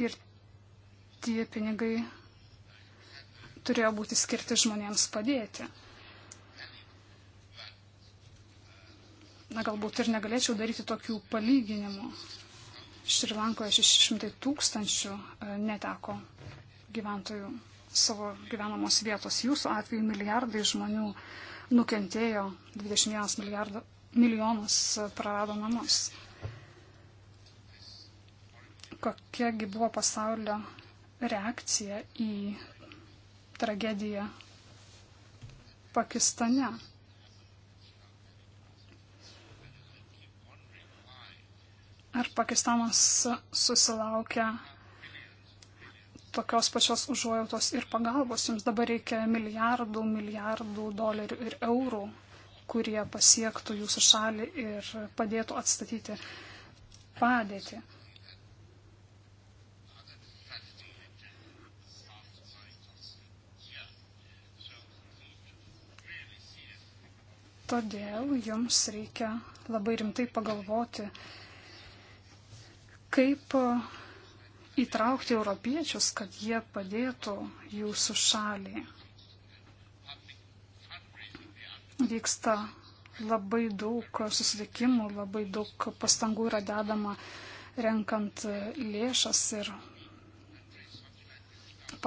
Ir tie pinigai turėjo būti skirti žmonėms padėti. na galbūt ir negalėčiau daryti tokių palyginimų. Šrilankoje 600 tūkstančių e, neteko gyventojų savo gyvenamos vietos. Jūsų atveju milijardai žmonių nukentėjo, 21 milijardo, milijonas e, prarado namus. Kokiagi buvo pasaulio reakcija į tragediją Pakistane? Ar Pakistanas susilaukia tokios pačios užuojautos ir pagalbos? Jums dabar reikia milijardų, milijardų dolerių ir eurų, kurie pasiektų jūsų šalį ir padėtų atstatyti padėtį. Todėl jums reikia labai rimtai pagalvoti, Kaip įtraukti europiečius, kad jie padėtų jūsų šaliai? Vyksta labai daug susitikimų, labai daug pastangų yra dedama renkant lėšas ir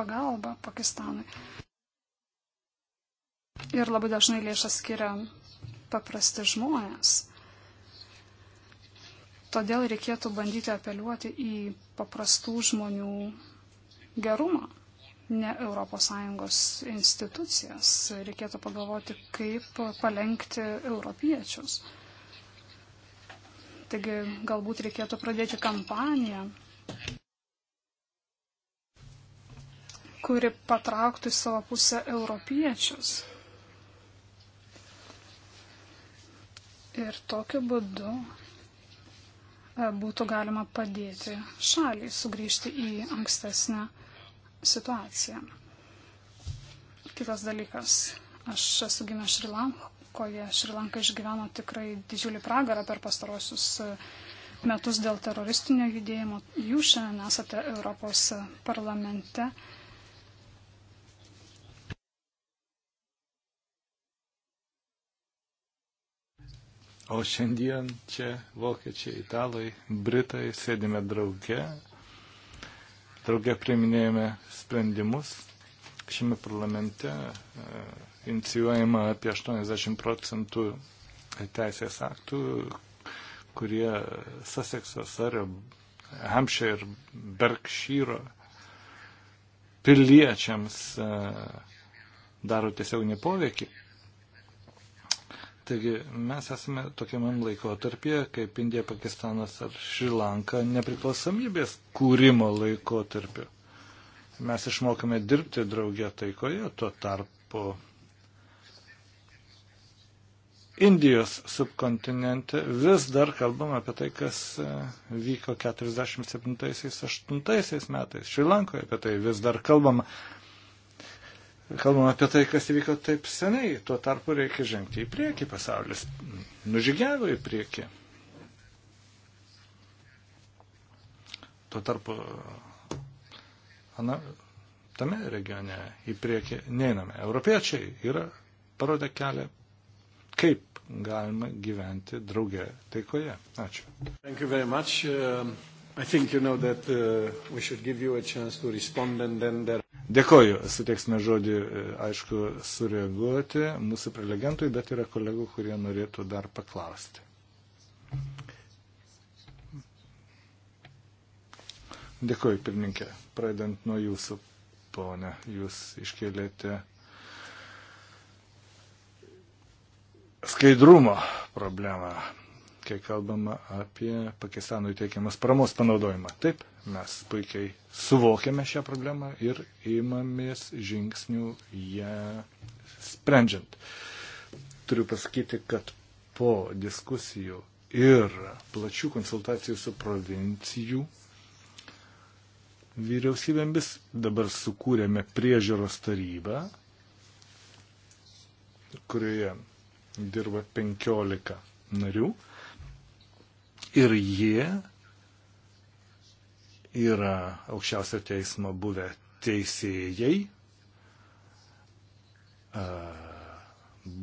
pagalbą Pakistanui. Ir labai dažnai lėšas skiria paprasti žmonės. Todėl reikėtų bandyti apeliuoti į paprastų žmonių gerumą, ne ES institucijas. Reikėtų pagalvoti, kaip palengti europiečius. Taigi galbūt reikėtų pradėti kampaniją, kuri patrauktų į savo pusę europiečius. Ir tokiu būdu E, būtų galima padėti šaliai sugrįžti į ankstesnę situaciją. Kitas dalykas. Aš esu gimęs Šrilankoje. Šrilanka išgyveno tikrai didžiulį pragarą per pastarosius e, metus dėl teroristinio judėjimo. Jūs šiandien esate Europos parlamente. O šiandien čia vokiečiai, italai, britai sėdime drauge, drauge priminėjame sprendimus. Šiame parlamente e, inicijuojama apie 80 procentų teisės aktų, kurie Sasekso, Sario, Hampshire ir Berkšyro piliečiams e, daro tiesioginį poveikį. Taigi mes esame tokiamam laikotarpyje, kaip Indija, Pakistanas ar Šrilanka, nepriklausomybės kūrimo laikotarpiu. Mes išmokame dirbti draugė taikoje, tuo tarpu Indijos subkontinente vis dar kalbam apie tai, kas e, vyko 47-8 metais. Šrilankoje apie tai vis dar kalbam kalbam apie tai, kas įvyko taip seniai, tuo tarpu reikia žengti į priekį, pasaulis nužygiavo į priekį. Tuo tarpu ana, tame regione į priekį neiname. Europiečiai yra parodę kelią, kaip galima gyventi drauge taikoje. Ačiū. Thank you very much. Uh, I think you know that uh, we should give you a chance to respond and then there Dėkoju, suteiksime žodį, e, aišku, sureaguoti mūsų prelegentui, bet yra kolegų, kurie norėtų dar paklausti. Dėkoju, pirmininkė. Pradant nuo jūsų, ponė, jūs iškėlėte skaidrumo problemą kai kalbama apie Pakistanui teikiamas paramos panaudojimą. Taip, mes puikiai suvokiame šią problemą ir imamės žingsnių ją sprendžiant. Turiu pasakyti, kad po diskusijų ir plačių konsultacijų su provincijų vyriausybėmis dabar sukūrėme priežiūros tarybą, kurioje dirba 15 narių ir jie yra aukščiausio teismo buvę teisėjai,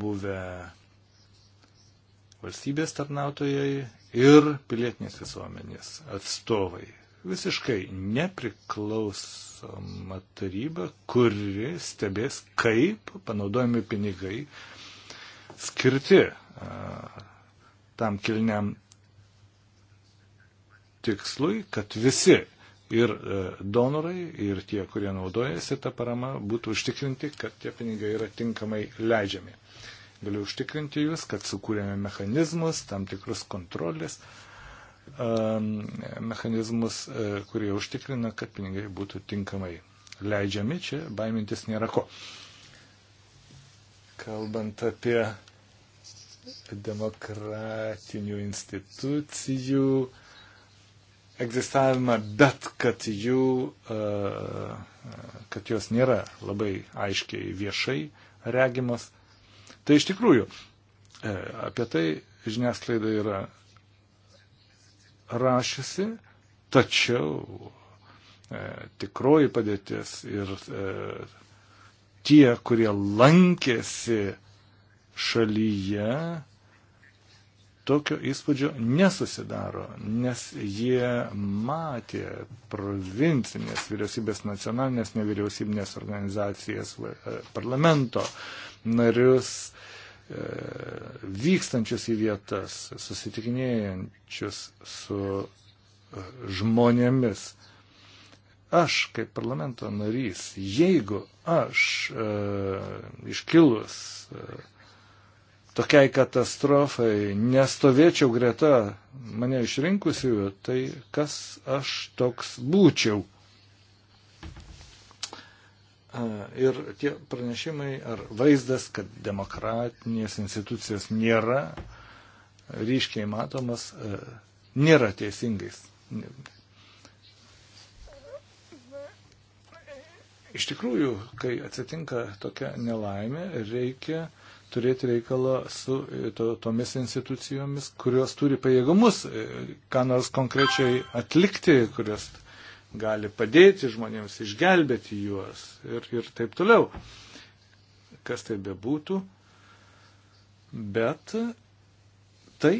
buvę valstybės tarnautojai ir pilietinės visuomenės atstovai. Visiškai nepriklausoma taryba, kuri stebės, kaip panaudojami pinigai skirti tam kilniam tikslui, kad visi ir e, donorai, ir tie, kurie naudojasi tą paramą, būtų užtikrinti, kad tie pinigai yra tinkamai leidžiami. Galiu užtikrinti jūs, kad sukūrėme mechanizmus, tam tikrus kontrolės mechanizmus, e, kurie užtikrina, kad pinigai būtų tinkamai leidžiami. Čia baimintis nėra ko. Kalbant apie demokratinių institucijų, uh, egzistavimą, bet kad, jų, e, e, kad jos nėra labai aiškiai viešai regimas. Tai iš tikrųjų, e, apie tai žiniasklaida yra rašiusi, tačiau tikroji padėtis ir tie, kurie lankėsi šalyje, tokio įspūdžio nesusidaro, nes jie matė provincinės vyriausybės, nacionalinės nevyriausybinės organizacijas, e, parlamento narius e, vykstančius į vietas, susitikinėjančius su e, žmonėmis. Aš kaip parlamento narys, jeigu aš e, iškilus e, tokiai katastrofai nestovėčiau greta mane išrinkusiųjų, tai kas aš toks būčiau. Ir tie pranešimai ar vaizdas, kad demokratinės institucijos nėra ryškiai matomas, e, nėra teisingais. Iš tikrųjų, kai atsitinka tokia nelaimė, reikia uh, turėti reikalą su e, to, tomis institucijomis, kurios turi pajėgumus, e, ką nors konkrečiai atlikti, kurios gali padėti žmonėms, išgelbėti juos ir, ir taip toliau. Kas tai bebūtų. Bet tai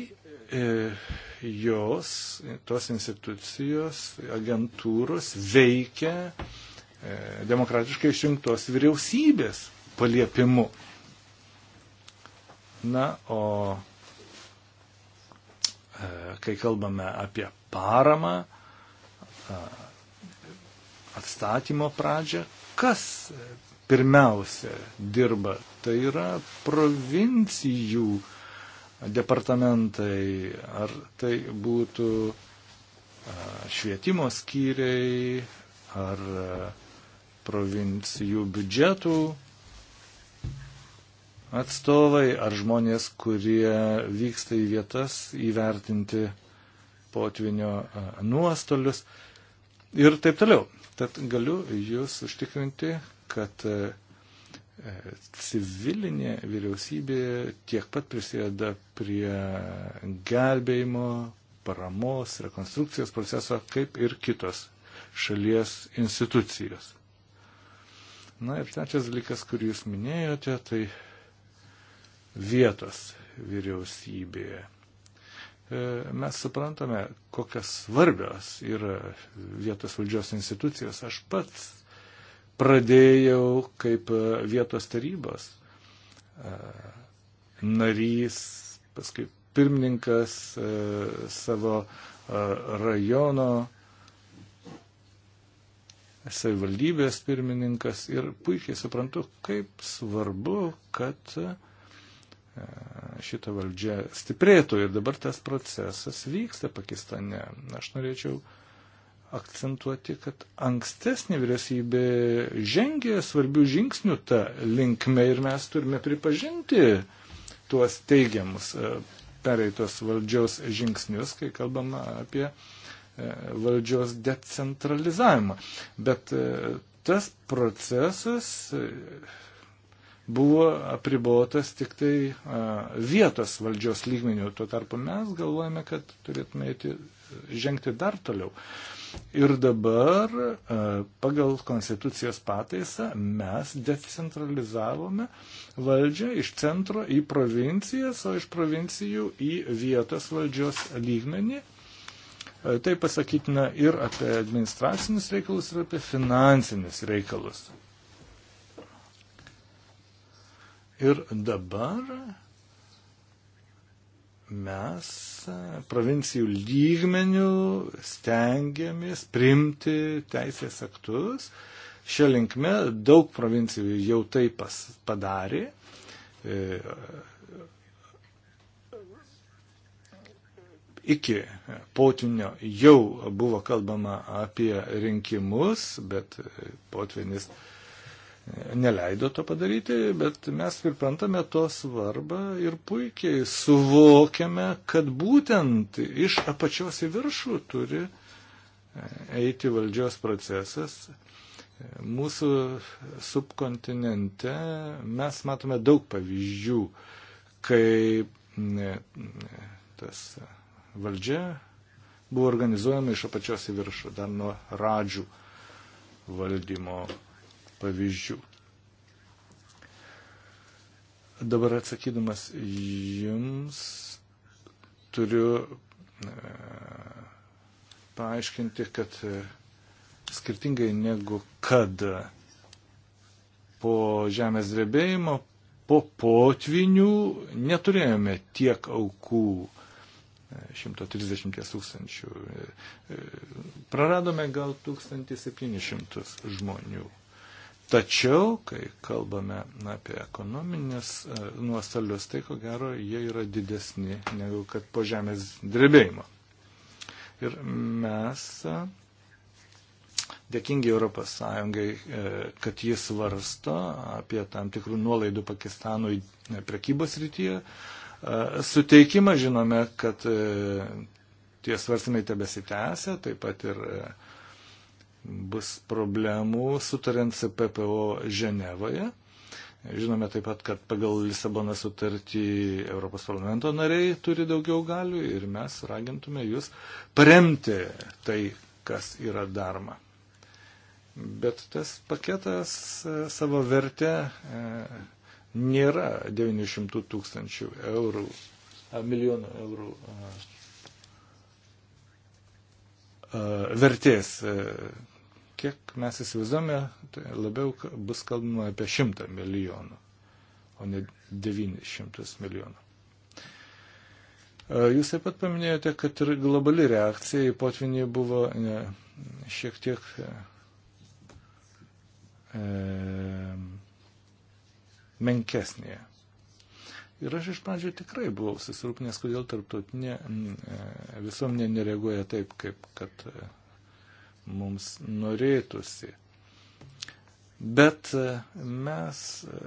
e, jos, tos institucijos, agentūros veikia demokratiškai išrinktos vyriausybės paliepimu. Na, o e, kai kalbame apie paramą, e, atstatymo pradžią, kas pirmiausia dirba, tai yra provincijų departamentai, ar tai būtų e, švietimo skyriai, ar provincijų biudžetų atstovai, ar žmonės, kurie vyksta į vietas įvertinti potvinio nuostolius ir taip toliau. Tad galiu jūs užtikrinti, kad e, e, civilinė vyriausybė tiek pat prisėda prie gelbėjimo, paramos, rekonstrukcijos proceso, kaip ir kitos šalies institucijos. Na ir trečias dalykas, kurį jūs minėjote, tai vietos vyriausybėje. E, mes suprantame, kokias svarbios yra vietos valdžios institucijos. Aš pats pradėjau kaip e, vietos tarybos e, narys, paskui pirmininkas savo rajono savivaldybės pirmininkas ir puikiai suprantu, kaip svarbu, kad šita valdžia stiprėtų ir dabar tas procesas vyksta Pakistane. Aš norėčiau akcentuoti, kad ankstesnė vyriausybė žengė svarbių žingsnių tą linkmę ir mes turime pripažinti tuos teigiamus e, pereitos valdžios žingsnius, kai kalbama apie e, valdžios decentralizavimą. Bet e, tas procesas buvo apribotas tik tai a, vietos valdžios lygmenių. Tuo tarpu mes galvojame, kad turėtume eiti, e, žengti dar toliau. Ir dabar a, pagal konstitucijos pataisą mes decentralizavome valdžią iš centro į provincijas, o iš provincijų į vietos valdžios lygmenį. A, tai pasakytina ir apie administracinius reikalus, ir apie finansinius reikalus. Ir dabar mes provincijų lygmenių stengiamės primti teisės aktus. Šią linkme daug provincijų jau tai pas, padarė. E, iki potvinio jau buvo kalbama apie rinkimus, bet potvinis neleido to padaryti, bet mes priprantame to svarbą ir puikiai suvokiame, kad būtent iš apačios į viršų turi e, eiti valdžios procesas. Mūsų subkontinente mes matome daug pavyzdžių, kai tas valdžia buvo organizuojama iš apačios į viršų, dar nuo radžių valdymo pavyzdžių. Dabar atsakydamas jums turiu e, paaiškinti, kad e, skirtingai negu kad po žemės drebėjimo, po potvinių neturėjome tiek aukų 130 e, tūkstančių. Praradome gal 1700 žmonių. Tačiau, kai kalbame apie ekonominės e, nuostolius, tai ko gero jie yra didesni negu kad po žemės drebėjimo. Ir mes e, dėkingi Europos Sąjungai, e, kad jis svarsto apie tam tikrų nuolaidų Pakistanui prekybos rytyje. Suteikimą žinome, kad tie svarstymai tebesitęsia, taip pat ir bus problemų sutariant su PPO Ženevoje. Žinome taip pat, kad pagal Lisaboną sutartį Europos parlamento nariai turi daugiau galių ir mes ragintume jūs paremti tai, kas yra daroma. Bet tas paketas e, savo vertę e, nėra 900 tūkstančių eurų, milijonų eurų e, vertės kiek mes įsivaizduojame, tai labiau bus kalbama apie 100 milijonų, o ne 900 milijonų. Jūs taip pat paminėjote, kad ir globali reakcija į potvinį buvo ne, šiek tiek e, e, menkesnė. Ir aš iš pradžių tikrai buvau susirūpinęs, kodėl tarptautinė e, visuomenė nereaguoja taip, kaip kad e, mums norėtųsi. Bet e, mes e,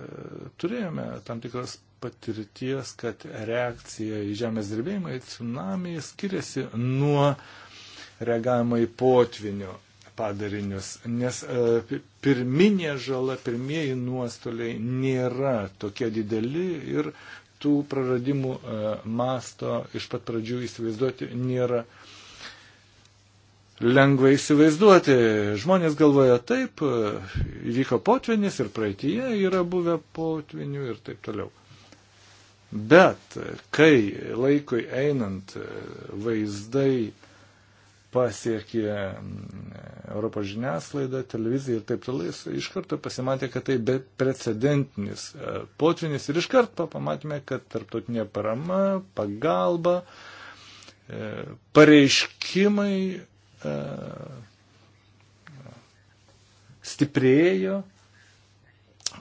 turėjome tam tikros patirties, kad reakcija į žemės drebėjimą, į tsunamį skiriasi nuo reagavimo į potvinio padarinius, nes e, pirminė žala, pirmieji nuostoliai nėra tokie dideli ir tų praradimų masto iš pat pradžių įsivaizduoti nėra lengva įsivaizduoti. Žmonės galvoja taip, įvyko potvinis ir praeitie yra buvę potvinių ir taip toliau. Bet kai laikui einant vaizdai pasiekė mm, Europos žiniasklaidą, televiziją ir taip toliau, jis iš karto pasimatė, kad tai beprecedentinis e, potvinis ir iš karto pamatėme, kad tarptautinė parama, pagalba, e, pareiškimai E, stiprėjo,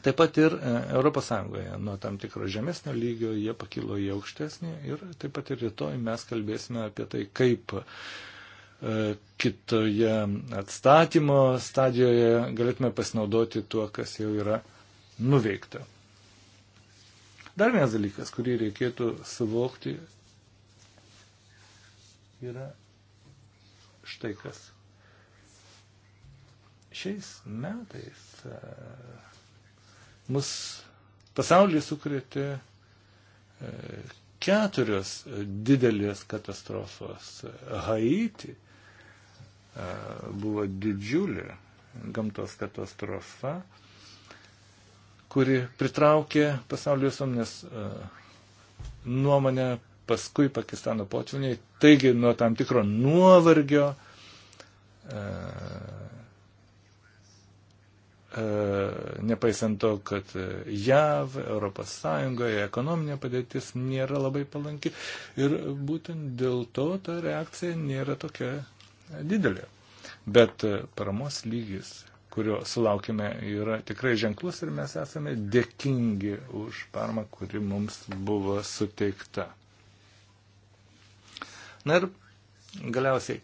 taip pat ir ES nuo tam tikro žemesnio lygio jie pakilo į aukštesnį ir taip pat ir rytoj mes kalbėsime apie tai, kaip e, kitoje atstatymo stadijoje galėtume pasinaudoti tuo, kas jau yra nuveikta. Dar vienas dalykas, kurį reikėtų suvokti, yra štai kas. Šiais metais e, mus pasaulį sukrėtė e, keturios didelės katastrofos. Haiti e, buvo didžiulė gamtos katastrofa, kuri pritraukė pasaulio visuomenės nuomonę paskui Pakistano potviniai, taigi nuo tam tikro nuovargio e, e, nepaisant to, kad JAV, Europos Sąjungoje ekonominė padėtis nėra labai palanki ir būtent dėl to ta reakcija nėra tokia didelė. Bet paramos lygis, kurio sulaukime, yra tikrai ženklus ir mes esame dėkingi už paramą, kuri mums buvo suteikta. Na ir galiausiai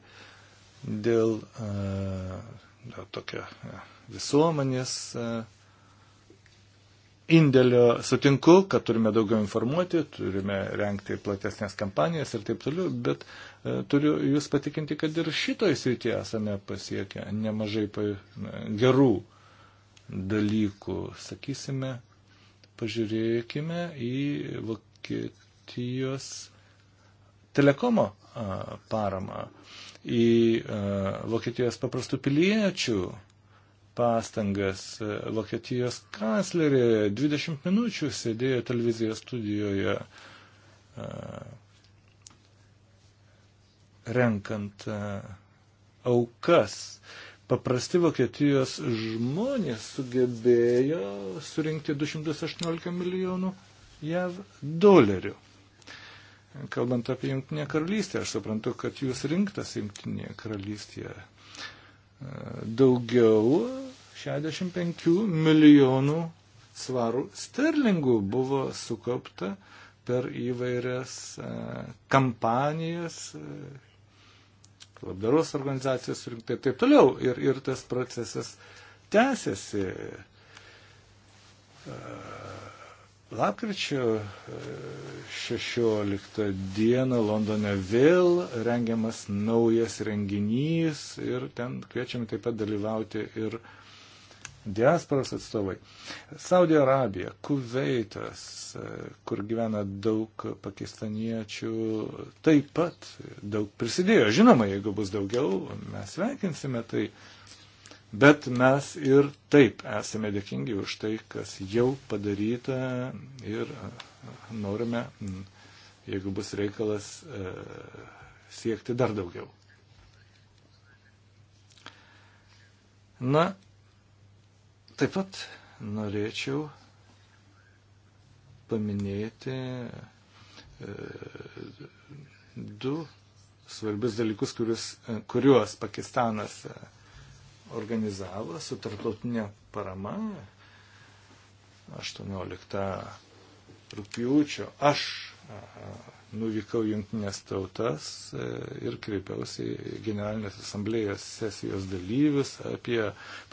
dėl e, tokio e, visuomenės e, indėlio sutinku, kad turime daugiau informuoti, turime renkti platesnės kampanijas ir taip toliau, bet e, turiu jūs patikinti, kad ir šitoje srityje esame pasiekę nemažai pa, gerų dalykų. Sakysime, pažiūrėkime į Vokietijos telekomo paramą, į Vokietijos paprastų piliečių pastangas. Vokietijos kanclerė 20 minučių sėdėjo televizijos studijoje renkant aukas. Paprasti Vokietijos žmonės sugebėjo surinkti 218 milijonų JAV dolerių kalbant apie Junktinę karalystę, aš suprantu, kad jūs rinktas Junktinėje karalystėje daugiau 65 milijonų svarų sterlingų buvo sukaupta per įvairias e, kampanijas, e, labdaros organizacijos surinktai ir taip toliau. Ir, ir tas procesas tęsiasi. Uh, Lapkričio 16 e, dieną Londone vėl rengiamas naujas renginys ir ten kviečiami taip pat dalyvauti ir diasporos atstovai. Saudė Arabija, Kuveitas, e, kur gyvena daug pakistaniečių, taip pat daug prisidėjo. Žinoma, jeigu bus daugiau, mes sveikinsime tai. Uh, Bet mes ir taip esame dėkingi už tai, kas jau padaryta ir e, norime, jeigu bus reikalas, e, siekti dar daugiau. Na, taip pat norėčiau paminėti e, du svarbius dalykus, kuriuos, kuriuos Pakistanas organizavo su tarptautinė parama 18 rūpjūčio. Aš nuvykau jungtinės tautas e, ir kreipiausi generalinės asamblėjos sesijos dalyvius apie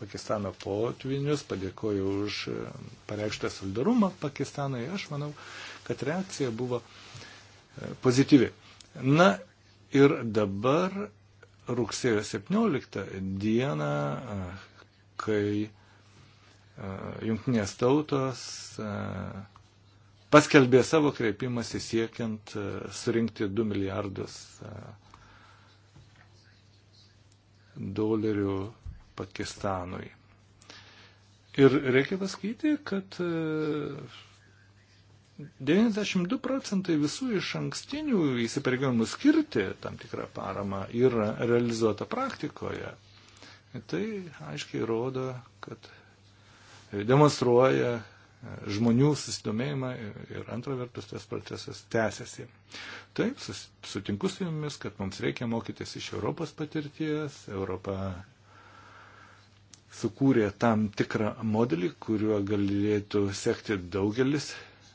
Pakistano potvinius, padėkojau už e, pareikštą solidarumą Pakistanai. Aš manau, kad reakcija buvo e, pozityvi. Na ir dabar rugsėjo 17 dieną, kai jungtinės tautos paskelbė savo kreipimąsi siekiant surinkti 2 milijardus dolerių Pakistanui. Ir reikia pasakyti, kad 92 procentai visų iš ankstinių įsipareigojimų skirti tam tikrą paramą yra realizuota praktikoje. Tai aiškiai rodo, kad demonstruoja žmonių susidomėjimą ir antra vertus tas procesas tęsiasi. Taip, sutinku su jumis, kad mums reikia mokytis iš Europos patirties. Europa sukūrė tam tikrą modelį, kuriuo galėtų sekti daugelis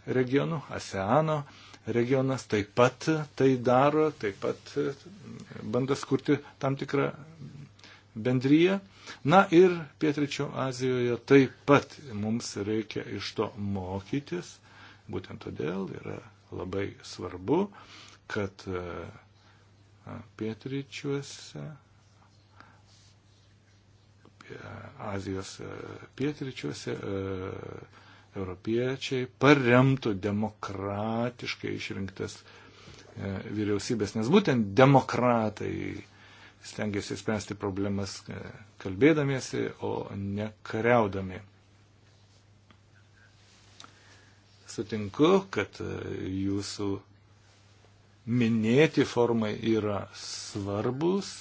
regionu, ASEANO regionas taip pat tai daro, taip pat mm, bandas kurti tam tikrą bendryje. Na ir Pietričio Azijoje taip pat mums reikia iš to mokytis. Būtent todėl yra labai svarbu, kad e, pietryčiuose, e, Azijos e, pietryčiuose europiečiai paremtų demokratiškai išrinktas e, vyriausybės, nes būtent demokratai stengiasi spręsti problemas e, kalbėdamiesi, o ne kariaudami. Sutinku, kad e, jūsų minėti formai yra svarbus.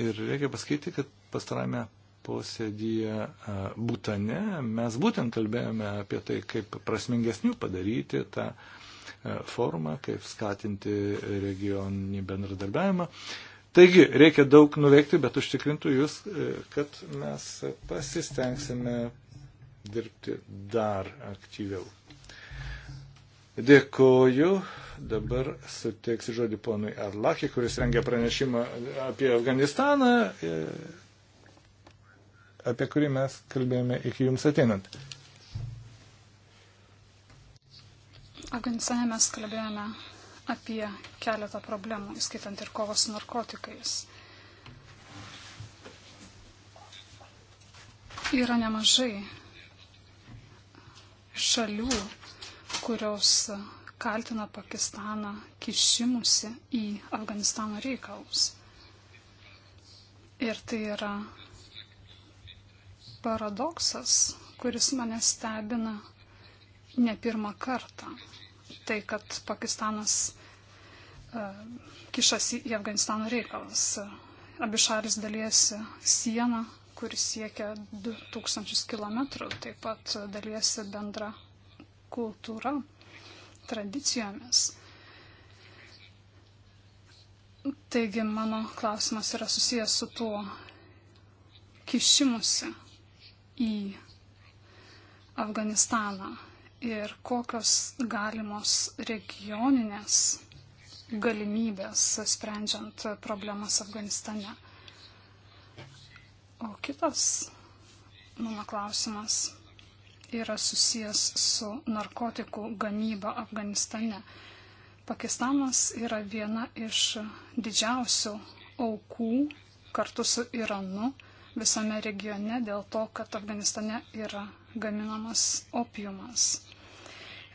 Ir reikia pasakyti, kad pastarame posėdyje Būtane mes būtent kalbėjome apie tai, kaip prasmingesnių padaryti tą forumą, kaip skatinti regioninį bendradarbiavimą. Taigi, reikia daug nuveikti, bet užtikrintų jūs, e, kad mes pasistengsime dirbti dar aktyviau. Dėkoju. Dabar suteiksiu žodį ponui Arlaki, kuris rengia pranešimą apie Afganistaną. E, apie kurį mes kalbėjome iki jums ateinant. Afganistane mes kalbėjome apie keletą problemų, įskaitant ir kovą su narkotikais. Yra nemažai šalių, kurios kaltina Pakistaną kišimusi į Afganistano reikalus. Ir tai yra paradoksas, kuris mane stebina ne pirmą kartą. Tai, kad Pakistanas uh, kišasi į Afganistano reikalus. Abi šalis dalyjasi sieną, kuris siekia 2000 km, taip pat dalyjasi bendra kultūra, tradicijomis. Taigi mano klausimas yra susijęs su tuo kišimusi į Afganistaną ir kokios galimos regioninės galimybės sprendžiant problemas Afganistane. O kitas mano klausimas yra susijęs su narkotikų gamyba Afganistane. Pakistanas yra viena iš didžiausių aukų kartu su Iranu visame regione dėl to, kad Afganistane yra gaminamas opiumas.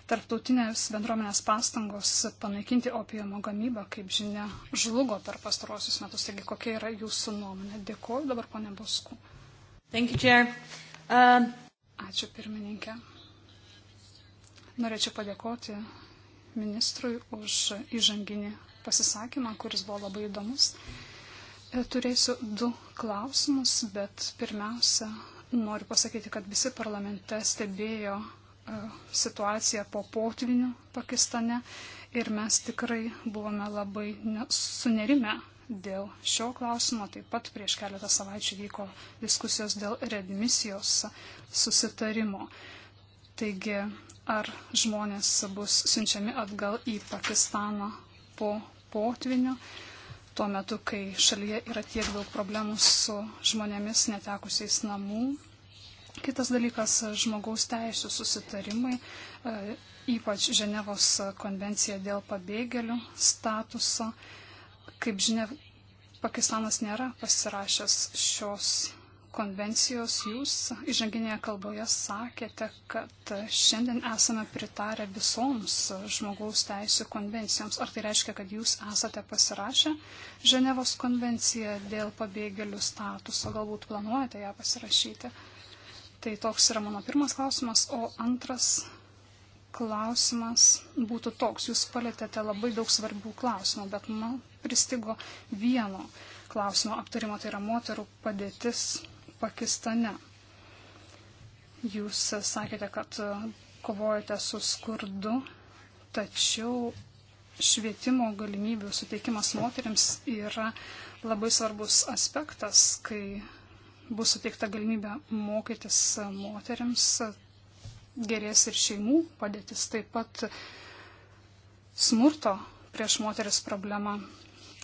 Tarptautinės bendruomenės pastangos panaikinti opiumo gamybą, kaip žinia, žlugo per pastarosius metus. Taigi, kokia yra jūsų nuomonė? Dėkuoju dabar, ponė Busku. Thank you, Chair. Um... Ačiū, pirmininkė. Norėčiau padėkoti ministrui už įžanginį pasisakymą, kuris buvo labai įdomus. Uh, E, turėsiu du klausimus, bet pirmiausia, noriu pasakyti, kad visi parlamente stebėjo e, situaciją po potvinių Pakistane ir mes tikrai buvome labai sunerime dėl šio klausimo. Taip pat prieš keletą savaičių vyko diskusijos dėl redmisijos susitarimo. Taigi, ar žmonės bus siunčiami atgal į Pakistaną po potvinių? tuo metu, kai šalyje yra tiek daug problemų su žmonėmis netekusiais namų. Kitas dalykas - žmogaus teisų susitarimai, e, ypač Ženevos konvencija dėl pabėgėlių statuso. Kaip žinia, Pakistanas nėra pasirašęs šios konvencijos jūs įžanginėje kalboje sakėte, kad šiandien esame pritarę visoms žmogaus teisų konvencijoms. Ar tai reiškia, kad jūs esate pasirašę Ženevos konvenciją dėl pabėgėlių statuso, galbūt planuojate ją pasirašyti? Tai toks yra mano pirmas klausimas, o antras klausimas būtų toks. Jūs palėtėte labai daug svarbių klausimų, bet man pristigo vieno klausimo aptarimo, tai yra moterų padėtis Pakistane. Jūs sakėte, kad kovojate su skurdu, tačiau švietimo galimybių suteikimas moteriams yra labai svarbus aspektas, kai bus suteikta galimybė mokytis moteriams, gerės ir šeimų padėtis, taip pat smurto prieš moteris problema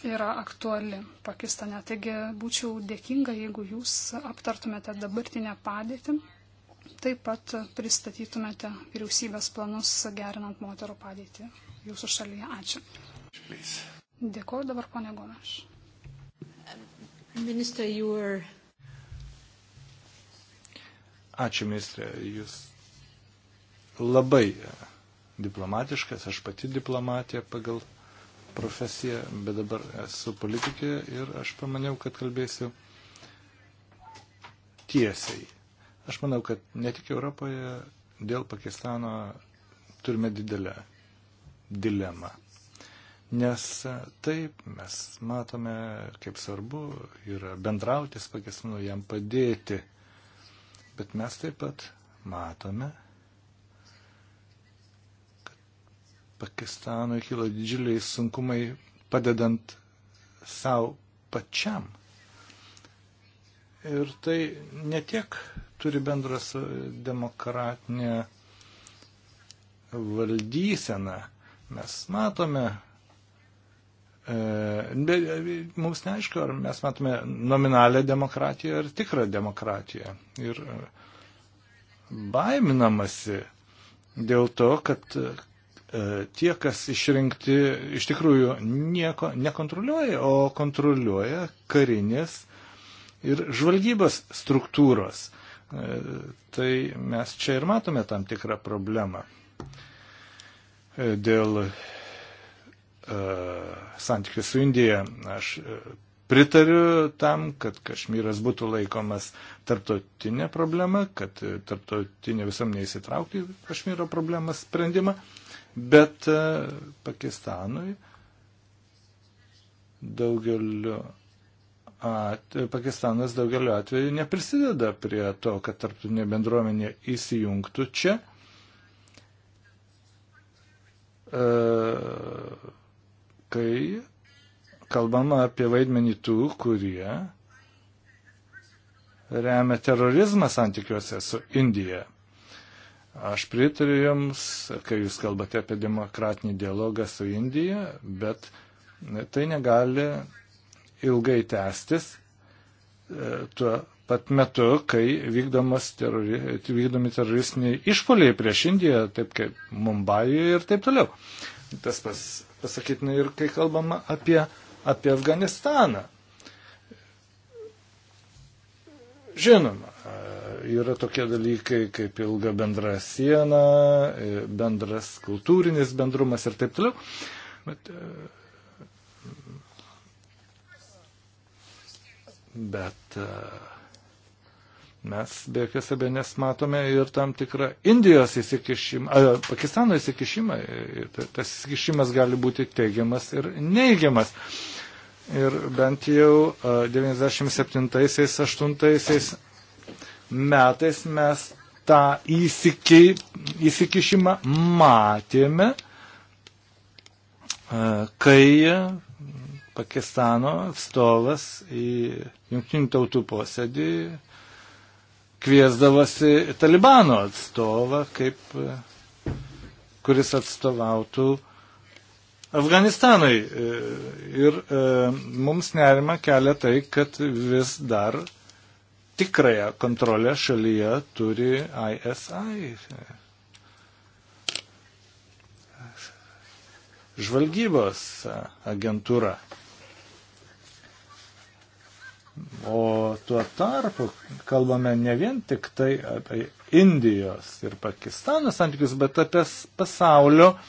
yra aktuali Pakistane. Taigi būčiau dėkinga, jeigu jūs aptartumėte dabartinę padėtį, taip pat pristatytumėte vyriausybės planus gerinant moterų padėtį jūsų šalyje. Ačiū. Dėkuoju dabar, ponė Gomeš. Minister, you were... Ačiū, ministrė. Jūs labai diplomatiškas, aš pati diplomatė pagal profesiją, bet dabar esu politikė ir aš pamaniau, kad kalbėsiu tiesiai. Aš manau, kad ne tik Europoje dėl Pakistano turime didelę dilemą. Nes taip mes matome, kaip svarbu yra bendrauti su Pakistanu, jam padėti. Bet mes taip pat matome, Pakistanui kilo didžiuliai sunkumai padedant savo pačiam. Ir tai netiek turi bendras demokratinė valdysena. Mes matome, e, Be, mums neaišku, ar mes matome nominalią demokratiją ar tikrą demokratiją. Ir baiminamasi dėl to, kad E, tie, kas išrinkti, iš tikrųjų nieko nekontroliuoja, o kontroliuoja karinės ir žvalgybos struktūros. E, tai mes čia ir matome tam tikrą problemą e, dėl santykių su Indija. Aš pritariu tam, kad Kašmyras būtų laikomas tarptautinė problema, kad tarptautinė visuomenė įsitrauktų į Kašmyro problemas sprendimą. Bet e, Pakistanui daugeliu at, Pakistanas daugeliu atveju neprisideda prie to, kad tarptautinė bendruomenė įsijungtų čia. E, kai kalbama apie vaidmenį tų, kurie remia terorizmą santykiuose su Indija. Aš pritariu Jums, kai Jūs kalbate apie demokratinį dialogą su Indija, bet tai negali ilgai tęstis e, tuo pat metu, kai terori, vykdomi teroristiniai išpoliai prieš Indiją, taip kaip Mumbai ir taip toliau. Tas pas, pasakytina ir kai kalbama apie, apie Afganistaną. Žinoma, yra tokie dalykai kaip ilga bendra siena, bendras kultūrinis bendrumas ir taip toliau. Bet, bet mes be jokios abejonės matome ir tam tikrą Indijos įsikišimą, a, Pakistano įsikišimą. Tas įsikišimas gali būti teigiamas ir neigiamas. A, ir bent jau 97-98 metais mes tą įsiki, įsikišimą matėme, kai Pakistano atstovas į jungtinių tautų posėdį kviesdavosi Talibano atstovą, kaip, kuris atstovautų uh, Afganistanui. E, ir e, mums nerima kelia tai, kad vis dar tikrąją kontrolę šalyje turi ISI. Žvalgybos agentūra. O tuo tarpu kalbame ne vien tik tai apie Indijos ir Pakistano santykius, bet apie pasaulio uh,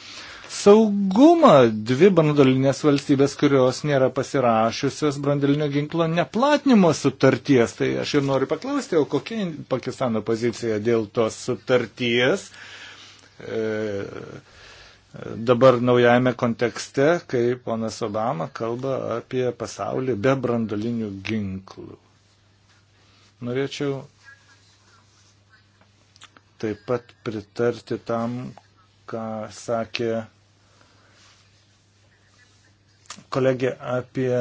saugumą. Dvi brandolinės valstybės, kurios nėra pasirašiusios brandolinio ginklo neplatinimo sutarties. Tai aš ir noriu paklausti, o kokia Pakistano pozicija dėl tos sutarties? E, dabar naujame kontekste, kai ponas Obama kalba apie pasaulį be brandolinių ginklų. Norėčiau taip pat pritarti tam, ką sakė kolegė apie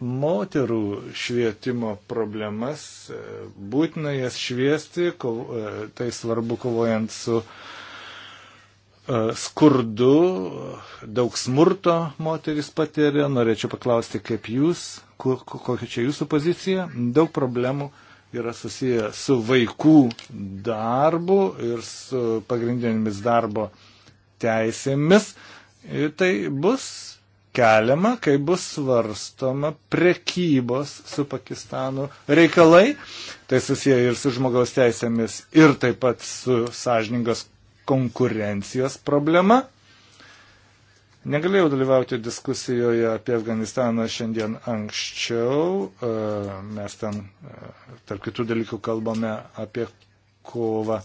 moterų švietimo problemas. E, būtina jas šviesti, e, tai svarbu kovojant su e, skurdu, daug smurto moteris patiria. Norėčiau paklausti, kaip jūs, kokia čia jūsų pozicija. Daug problemų yra susiję su vaikų darbu ir su pagrindinėmis darbo teisėmis. Tai bus keliama, kai bus svarstoma prekybos su Pakistanu reikalai. Tai susiję ir su žmogaus teisėmis, ir taip pat su sąžiningos konkurencijos problema. Negalėjau dalyvauti diskusijoje apie Afganistaną šiandien anksčiau. E, mes ten, e, tarp kitų dalykų, kalbame apie kovą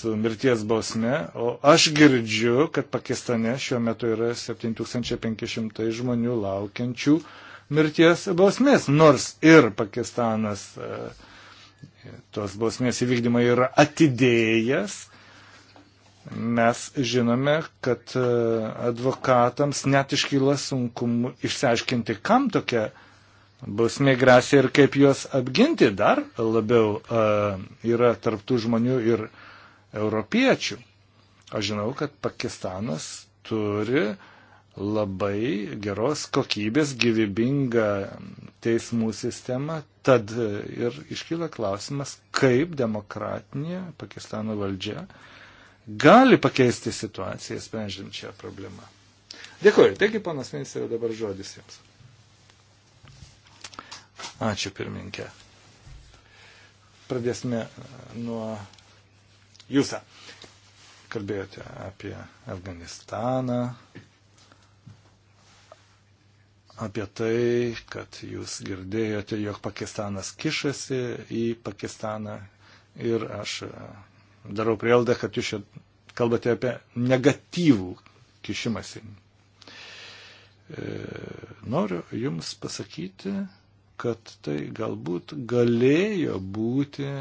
su mirties bausme, o aš girdžiu, kad Pakistane šiuo metu yra 7500 žmonių laukiančių mirties bausmės, nors ir Pakistanas e, tos bausmės įvykdymą yra atidėjęs. Mes žinome, kad e, advokatams net iškyla sunkumų išsiaiškinti, kam tokia bausmė grėsia ir kaip juos apginti dar labiau a, e, yra tarptų žmonių ir europiečių. Aš žinau, kad Pakistanas turi labai geros kokybės gyvybingą teismų sistemą, tad ir iškyla klausimas, kaip demokratinė Pakistano valdžia gali pakeisti situaciją, sprendžiant šią problemą. Dėkuoju. Taigi, panas ministrė, dabar žodis jums. Ačiū pirminkė. Pradėsime nuo Jūs kalbėjote apie Afganistaną, apie tai, kad jūs girdėjote, jog Pakistanas kišasi į Pakistaną ir aš e, darau prielaidą, kad jūs čia kalbate apie negatyvų kišimąsi. E, noriu jums pasakyti, kad tai galbūt galėjo būti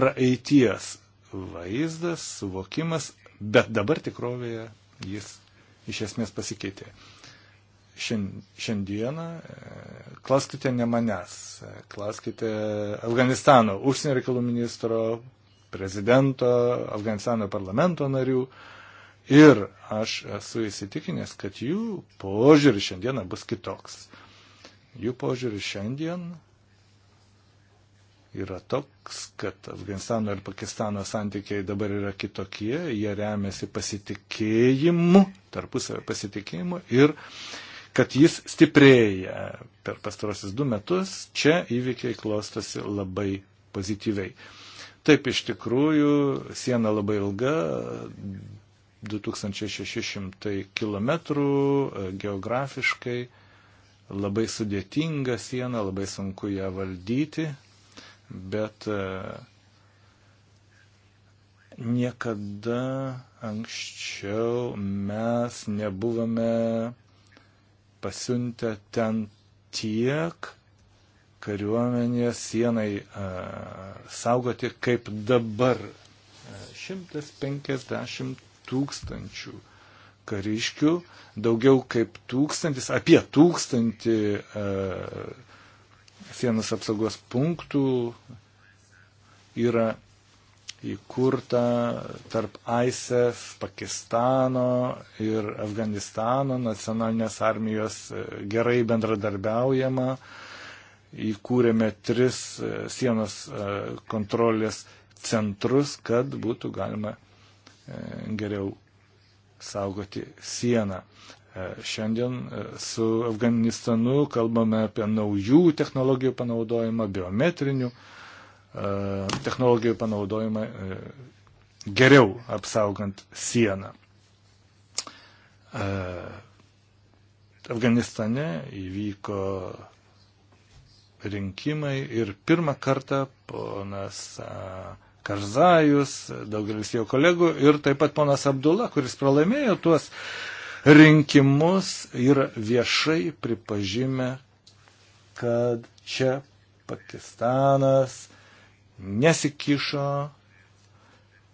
praeities vaizdas, suvokimas, bet dabar tikrovėje jis iš esmės pasikeitė. Šiandieną e, klauskite ne manęs, e, klauskite Afganistano užsienio reikalų ministro, prezidento, Afganistano parlamento narių. Ir aš esu įsitikinęs, kad jų požiūris šiandieną bus kitoks. Jų požiūris šiandien yra toks, kad Afganistano ir Pakistano santykiai dabar yra kitokie, jie remiasi pasitikėjimu, tarpusavio pasitikėjimu ir kad jis stiprėja. Per pastarosius du metus čia įvykiai klostosi labai pozityviai. Taip iš tikrųjų, siena labai ilga, 2600 km e, geografiškai, labai sudėtinga siena, labai sunku ją valdyti, bet e, niekada anksčiau mes nebuvome pasiuntę ten tiek kariuomenės sienai a, e, saugoti kaip dabar. 150 e, tūkstančių kariškių, daugiau kaip tūkstantis, apie tūkstantį a, sienos apsaugos punktų yra įkurta tarp ISEF, Pakistano ir Afganistano nacionalinės armijos e, gerai bendradarbiaujama. Įkūrėme tris e, sienos e, kontrolės centrus, kad būtų galima geriau saugoti sieną. E, šiandien e, su Afganistanu kalbame apie naujų technologijų panaudojimą, biometrinių e, technologijų panaudojimą geriau apsaugant sieną. Afganistane įvyko rinkimai ir pirmą kartą ponas Karzajus, daugelis jo kolegų ir taip pat ponas Abdula, kuris pralaimėjo tuos uh, rinkimus ir viešai pripažime, kad čia Pakistanas nesikišo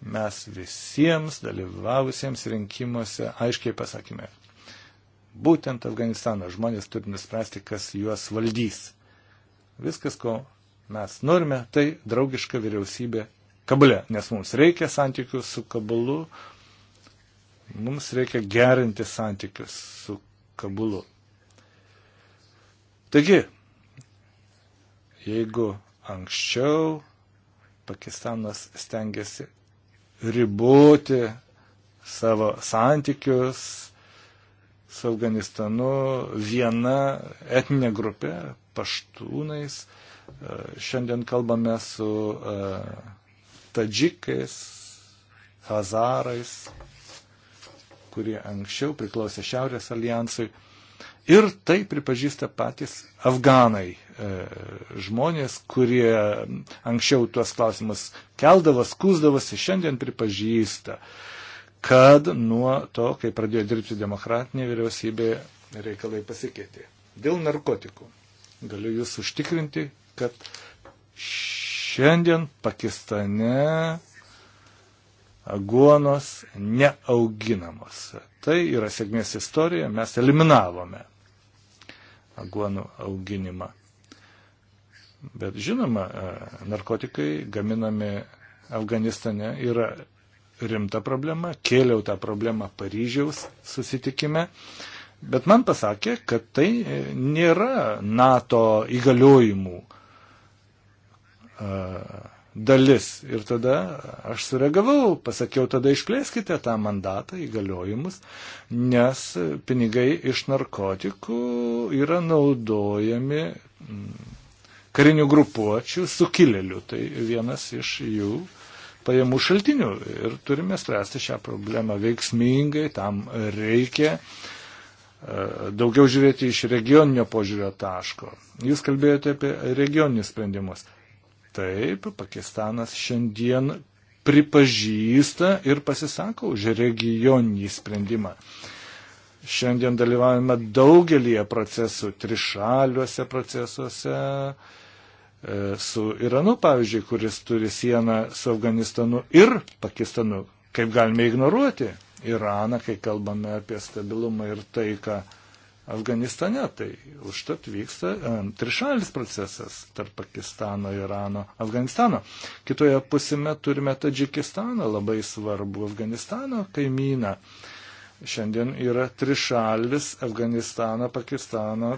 mes visiems dalyvavusiems rinkimuose aiškiai pasakėme. Būtent Afganistano žmonės turi nuspręsti, kas juos valdys. Viskas, ko mes norime, tai draugiška vyriausybė Kabule, nes mums reikia santykių su Kabulu, Mums reikia gerinti santykius su Kabulu. Taigi, jeigu anksčiau Pakistanas stengiasi riboti savo santykius su Afganistanu viena etninė grupė paštūnais, e, šiandien kalbame su e, tadžikais, hazarais, kurie anksčiau priklausė Šiaurės alijansui. Ir tai pripažįsta patys afganai, e, žmonės, kurie anksčiau tuos klausimus keldavo, skūsdavosi, šiandien pripažįsta, kad nuo to, kai pradėjo dirbti demokratinė vyriausybė, reikalai pasikeitė. Dėl narkotikų. Galiu jūs užtikrinti, kad šiandien Pakistane aguonos neauginamos. Tai yra sėkmės istorija, mes eliminavome aguonų auginimą. Bet žinoma, e, narkotikai gaminami Afganistane yra rimta problema, kėliau tą problemą Paryžiaus susitikime, bet man pasakė, kad tai e, nėra NATO įgaliojimų uh, dalis. Ir tada aš sureagavau, pasakiau, tada išplėskite tą mandatą įgaliojimus, nes pinigai iš narkotikų yra naudojami mm, karinių grupuočių sukilėlių. Tai vienas iš jų pajamų šaltinių ir turime spręsti šią problemą veiksmingai, tam reikia e, daugiau žiūrėti iš regioninio požiūrio taško. Jūs kalbėjote apie regioninius sprendimus. Taip, Pakistanas šiandien pripažįsta ir pasisako už regioninį sprendimą. Šiandien dalyvaujame daugelįje procesų, trišaliuose procesuose, e, su Iranu, pavyzdžiui, kuris turi sieną su Afganistanu ir Pakistanu. Kaip galime ignoruoti Iraną, kai kalbame apie stabilumą ir taiką? Afganistane. Tai užtat vyksta e, trišalis procesas tarp Pakistano, Irano, Afganistano. Kitoje pusime turime Tadžikistaną, labai svarbu Afganistano kaimyną. Šiandien yra trišalis Afganistano, Pakistano,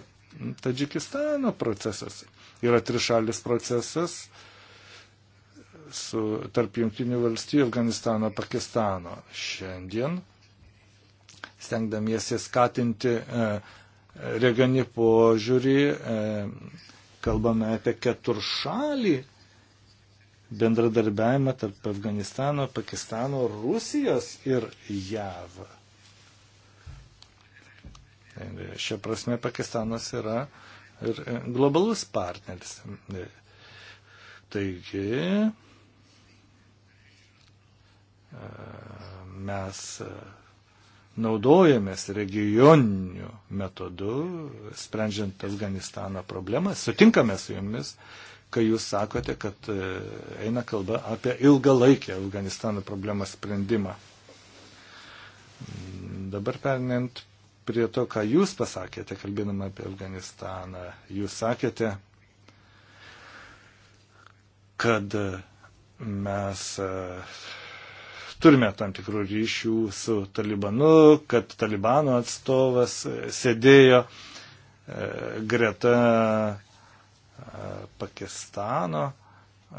Tadžikistano procesas. Yra trišalis procesas su tarp jungtinių valstybių Afganistano, Pakistano. Šiandien stengdamiesi skatinti e, regionį požiūrį, e, kalbame apie keturšalį bendradarbiavimą tarp Afganistano, Pakistano, Rusijos ir JAV. Tai šia prasme Pakistanas yra ir e, globalus partneris. Taigi mes naudojamės regioniniu metodu, sprendžiant Afganistano problemą, sutinkame su jumis, kai jūs sakote, kad e, eina kalba apie ilgalaikį Afganistano problemą sprendimą. Dabar perinant prie to, ką jūs pasakėte, kalbėdama apie Afganistaną, jūs sakėte, kad e, mes e, turime tam tikrų ryšių su Talibanu, kad Talibano atstovas sėdėjo e, greta e, Pakistano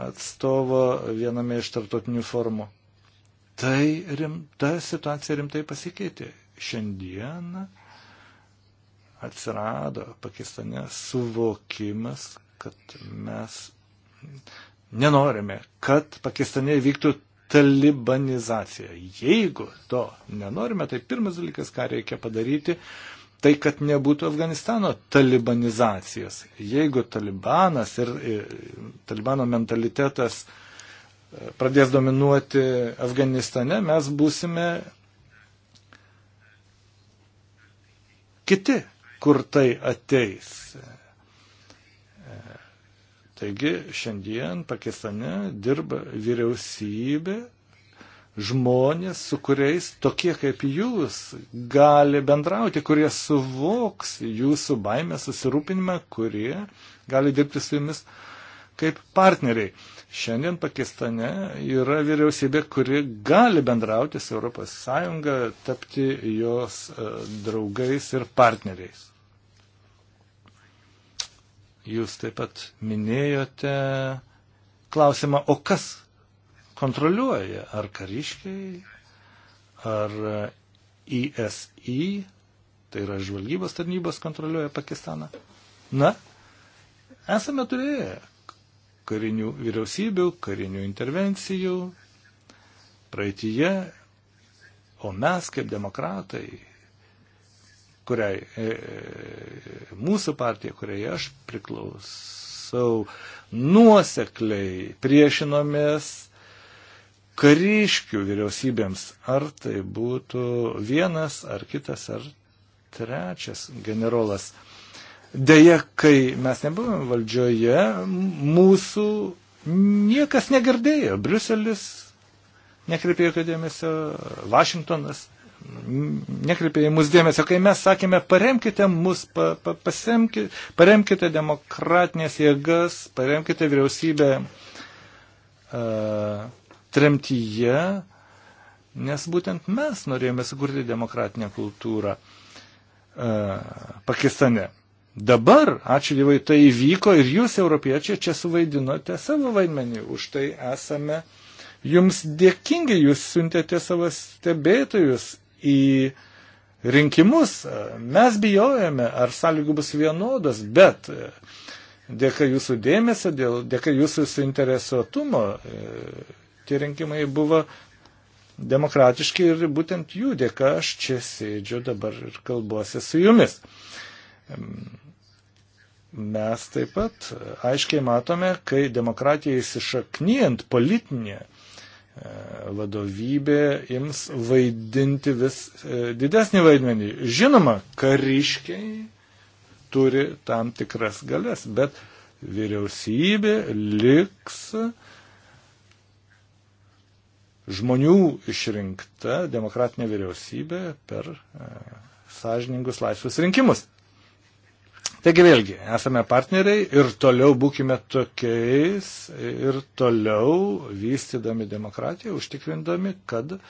atstovo viename iš tartotinių formų. Tai rimta situacija rimtai pasikeitė. Šiandien atsirado Pakistane suvokimas, kad mes nenorime, kad Pakistane vyktų talibanizacija. Jeigu to nenorime, tai pirmas dalykas, ką reikia padaryti, tai kad nebūtų Afganistano talibanizacijos. Jeigu talibanas ir, ir e, talibano mentalitetas e, pradės dominuoti Afganistane, mes būsime kiti, kur tai ateis. Taigi šiandien Pakistane dirba vyriausybė, žmonės, su kuriais tokie kaip jūs gali bendrauti, kurie suvoks jūsų baimę, susirūpinimą, kurie gali dirbti su jumis kaip partneriai. Šiandien Pakistane yra vyriausybė, kuri gali bendrauti su ES, tapti jos e, draugais ir partneriais. Jūs taip pat minėjote klausimą, o kas kontroliuoja, ar kariškiai, ar ISI, tai yra žvalgybos tarnybos kontroliuoja Pakistaną. Na, esame turėję karinių vyriausybių, karinių intervencijų praeitie, o mes kaip demokratai kuriai e, mūsų partija, kuriai aš priklausau, nuosekliai priešinomės kariškių vyriausybėms, ar tai būtų vienas, ar kitas, ar trečias generolas. Deja, kai mes nebuvome valdžioje, mūsų niekas negirdėjo. Briuselis nekreipė jokio dėmesio, Vašingtonas nekreipė į mus dėmesio, kai mes sakėme, paremkite mus, pa, pa, pasemki, paremkite demokratinės jėgas, paremkite vyriausybę uh, tremtyje, nes būtent mes norėjome sukurti demokratinę kultūrą uh, Pakistane. Dabar, ačiū Dievui, tai įvyko ir jūs, europiečiai, čia suvaidinote savo vaidmenį. Už tai esame jums dėkingi, jūs siuntėte savo stebėtojus į rinkimus. Mes bijojame, ar sąlygų bus vienodas, bet dėka jūsų dėmesio, dėka jūsų suinteresuotumo e, tie rinkimai buvo demokratiški ir būtent jų dėka aš čia sėdžiu dabar ir kalbuosi su jumis. Mes taip pat aiškiai matome, kai demokratija įsišaknyjant politinė, vadovybė ims vaidinti vis e, didesnį vaidmenį. Žinoma, kariškiai turi tam tikras galės, bet vyriausybė liks žmonių išrinkta demokratinė vyriausybė per e, sąžiningus laisvus rinkimus. Taigi vėlgi, esame partneriai ir toliau būkime tokiais ir toliau vystydami demokratiją, užtikrindami, kad e,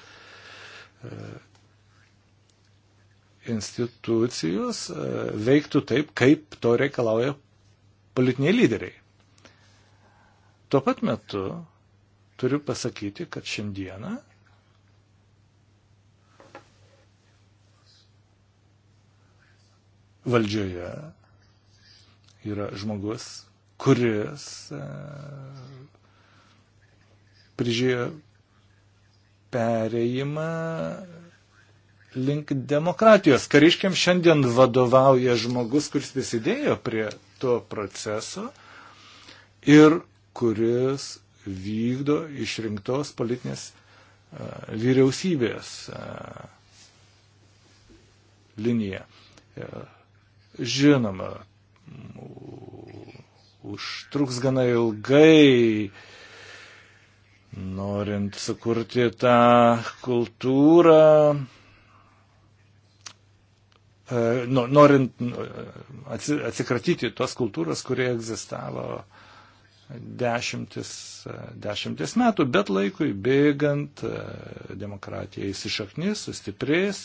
institucijos e, veiktų taip, kaip to reikalauja politiniai lyderiai. Tuo pat metu turiu pasakyti, kad šiandieną valdžioje yra žmogus, kuris e, prižiūrėjo perėjimą link demokratijos. Kariškiam šiandien vadovauja žmogus, kuris prisidėjo prie to proceso ir kuris vykdo išrinktos politinės e, vyriausybės e, liniją. Žinoma, užtruks gana ilgai, norint sukurti tą kultūrą, e, norint e, atsikratyti tos kultūros, kurie egzistavo dešimtis, e, dešimtis metų, bet laikui bėgant demokratija įsišaknis, sustiprės.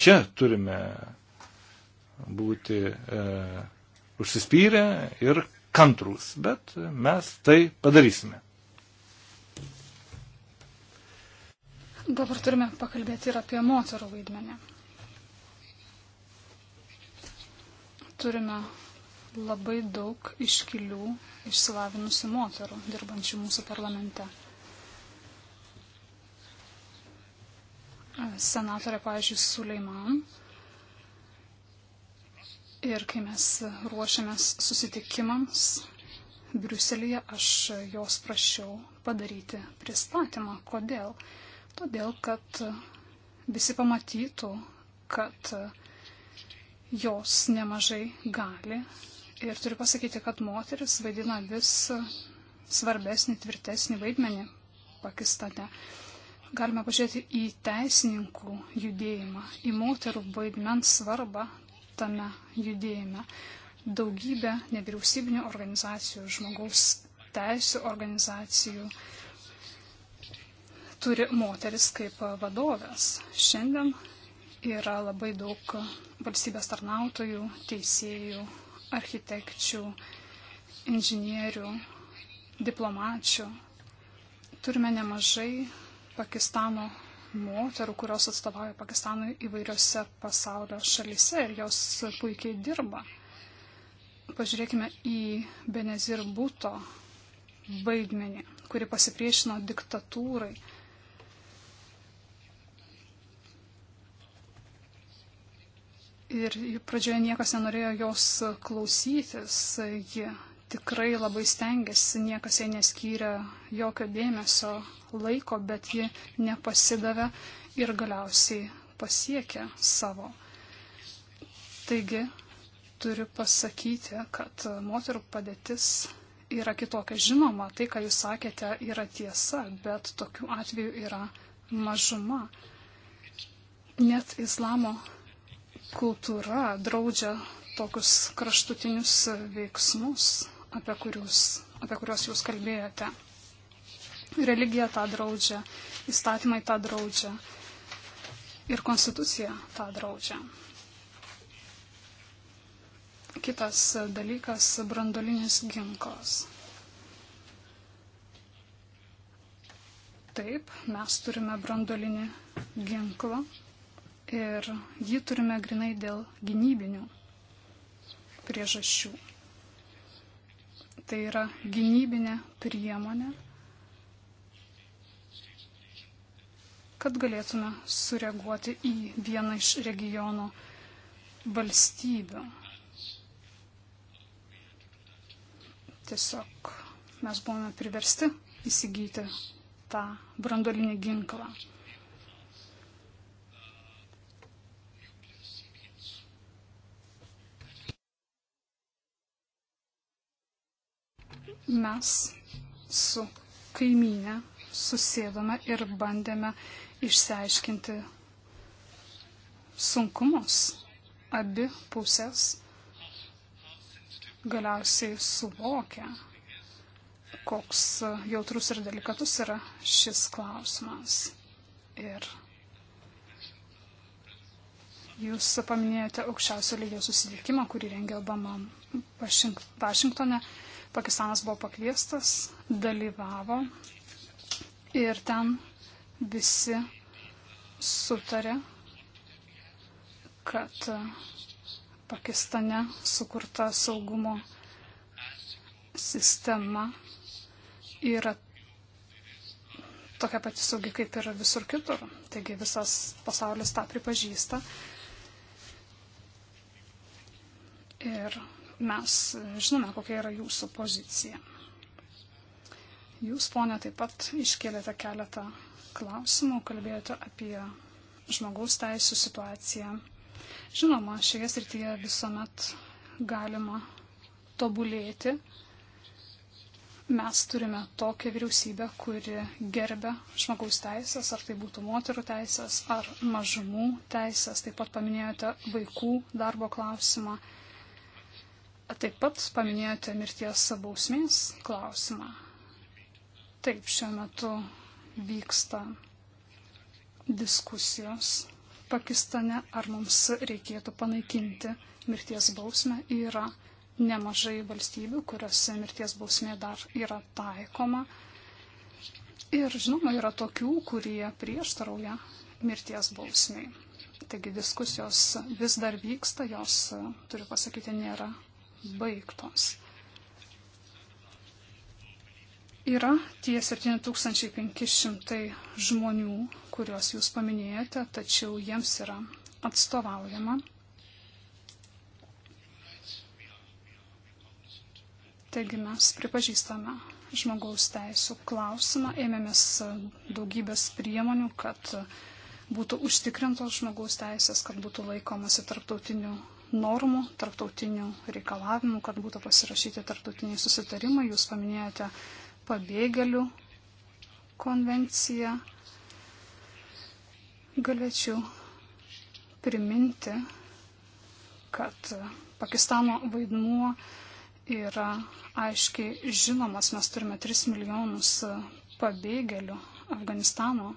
Čia turime būti e, užsispyrę ir kantrus, bet mes tai padarysime. Dabar turime pakalbėti ir apie moterų vaidmenį. Turime labai daug iškilių, išsilavinusių moterų dirbančių mūsų parlamente. Senatorė, pavyzdžiui, Suleiman Ir kai mes ruošiamės susitikimams Briuselėje, aš jos prašiau padaryti pristatymą. Kodėl? Todėl, kad visi pamatytų, kad jos nemažai gali. Ir turiu pasakyti, kad moteris vaidina vis svarbesnį, tvirtesnį vaidmenį Pakistane galime pažiūrėti į teisininkų judėjimą, į moterų vaidmens svarbą tame judėjime. Daugybė nevyriausybinių organizacijų, žmogaus teisų organizacijų turi moteris kaip vadovės. Šiandien yra labai daug valstybės tarnautojų, teisėjų, architekčių, inžinierių, diplomačių. Turime nemažai Pakistano moterų, kurios atstovauja Pakistanui įvairiose pasaulio šalyse ir jos puikiai dirba. Pažiūrėkime į Benezir Buto vaidmenį, kuri pasipriešino diktatūrai. Ir pradžioje niekas nenorėjo jos klausytis, ji tikrai labai stengiasi, niekas jai neskyrė jokio dėmesio laiko, bet ji nepasidavė ir galiausiai pasiekė savo. Taigi turiu pasakyti, kad moterų padėtis yra kitokia. Žinoma, tai, ką jūs sakėte, yra tiesa, bet tokių atvejų yra mažuma. Net islamo kultūra draudžia tokius kraštutinius veiksmus apie, kurius, apie kuriuos jūs kalbėjote. Religija tą draudžia, įstatymai tą draudžia ir konstitucija tą draudžia. Kitas dalykas - brandolinis ginklas. Taip, mes turime brandolinį ginklą ir jį turime grinai dėl gynybinių priežasčių tai yra gynybinė priemonė, kad galėtume sureaguoti į vieną iš regiono valstybių. Tiesiog mes buvome priversti įsigyti tą brandolinį ginklą. mes su kaimynė susėdome ir bandėme išsiaiškinti sunkumus abi pusės galiausiai suvokia, koks jautrus ir delikatus yra šis klausimas. Ir jūs paminėjote aukščiausio lygio susitikimą, kurį rengė Obama Vašingtone. Washington, Pakistanas buvo pakviestas, dalyvavo ir ten visi sutarė, kad Pakistane sukurta saugumo sistema yra tokia pati saugi kaip ir visur kitur. Taigi visas pasaulis tą pripažįsta. Ir Mes žinome, kokia yra jūsų pozicija. Jūs, ponė, taip pat iškėlėte keletą klausimų, kalbėjote apie žmogaus teisų situaciją. Žinoma, šioje srityje visuomet galima tobulėti. Mes turime tokią vyriausybę, kuri gerbia žmogaus teisės, ar tai būtų moterų teisės, ar mažumų teisės. Taip pat paminėjote vaikų darbo klausimą. Taip pat paminėjote mirties bausmės klausimą. Taip, šiuo metu vyksta diskusijos Pakistane, ar mums reikėtų panaikinti mirties bausmę. Yra nemažai valstybių, kuriuose mirties bausmė dar yra taikoma. Ir žinoma, yra tokių, kurie prieštarauja mirties bausmiai. Taigi diskusijos vis dar vyksta, jos, turiu pasakyti, nėra baigtos. Yra tie 7500 žmonių, kuriuos jūs paminėjote, tačiau jiems yra atstovaujama. Taigi mes pripažįstame žmogaus teisų klausimą, ėmėmės daugybės priemonių, kad būtų užtikrintos žmogaus teisės, kad būtų laikomasi tarptautinių normų, tarptautinių reikalavimų, kad būtų pasirašyti tarptautiniai susitarimai. Jūs paminėjote pabėgėlių konvenciją. Galėčiau priminti, kad Pakistano vaidmuo yra aiškiai žinomas. Mes turime 3 milijonus pabėgėlių Afganistano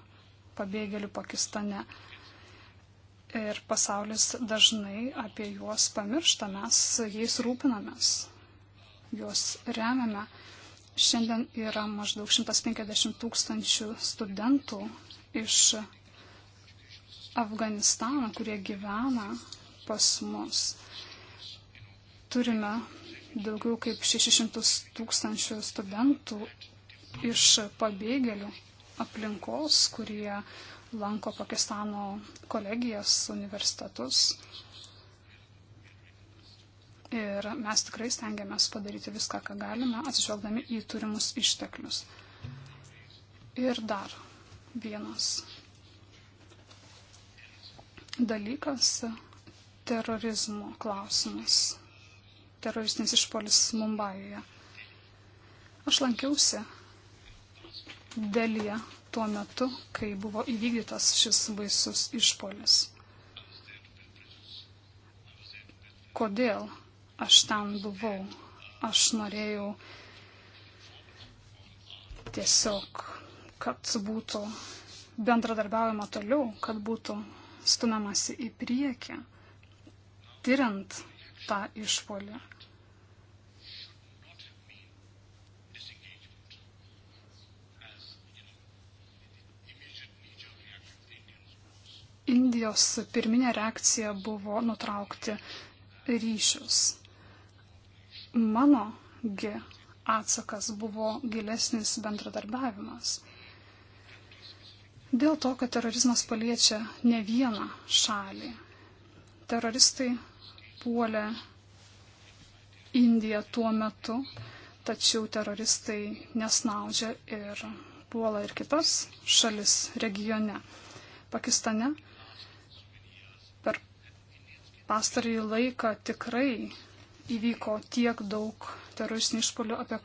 pabėgėlių Pakistane. Ir pasaulis dažnai apie juos pamiršta, mes jais rūpinamės, juos remiame. Šiandien yra maždaug 150 tūkstančių studentų iš Afganistano, kurie gyvena pas mus. Turime daugiau kaip 600 tūkstančių studentų iš pabėgėlių aplinkos, kurie lanko Pakistano kolegijas, universitetus. Ir mes tikrai stengiamės padaryti viską, ką galime, atsižvelgdami į turimus išteklius. Ir dar vienas dalykas - terorizmo klausimas. Teroristinis išpolis Mumbajoje. Aš lankiausi dalyje tuo metu, kai buvo įvykdytas šis baisus išpolis. Kodėl aš ten buvau? Aš norėjau tiesiog, kad būtų bendradarbiaujama toliau, kad būtų stumamasi į priekį, tyrant tą išpolį. Indijos pirminė reakcija buvo nutraukti ryšius. Manogi atsakas buvo gilesnis bendradarbiavimas. Dėl to, kad terorizmas paliečia ne vieną šalį. Teroristai puolė Indiją tuo metu, tačiau teroristai nesnaudžia ir puola ir kitas šalis regione. Pakistane pastarąjį laiką tikrai įvyko tiek daug teroristinių išpolių, apie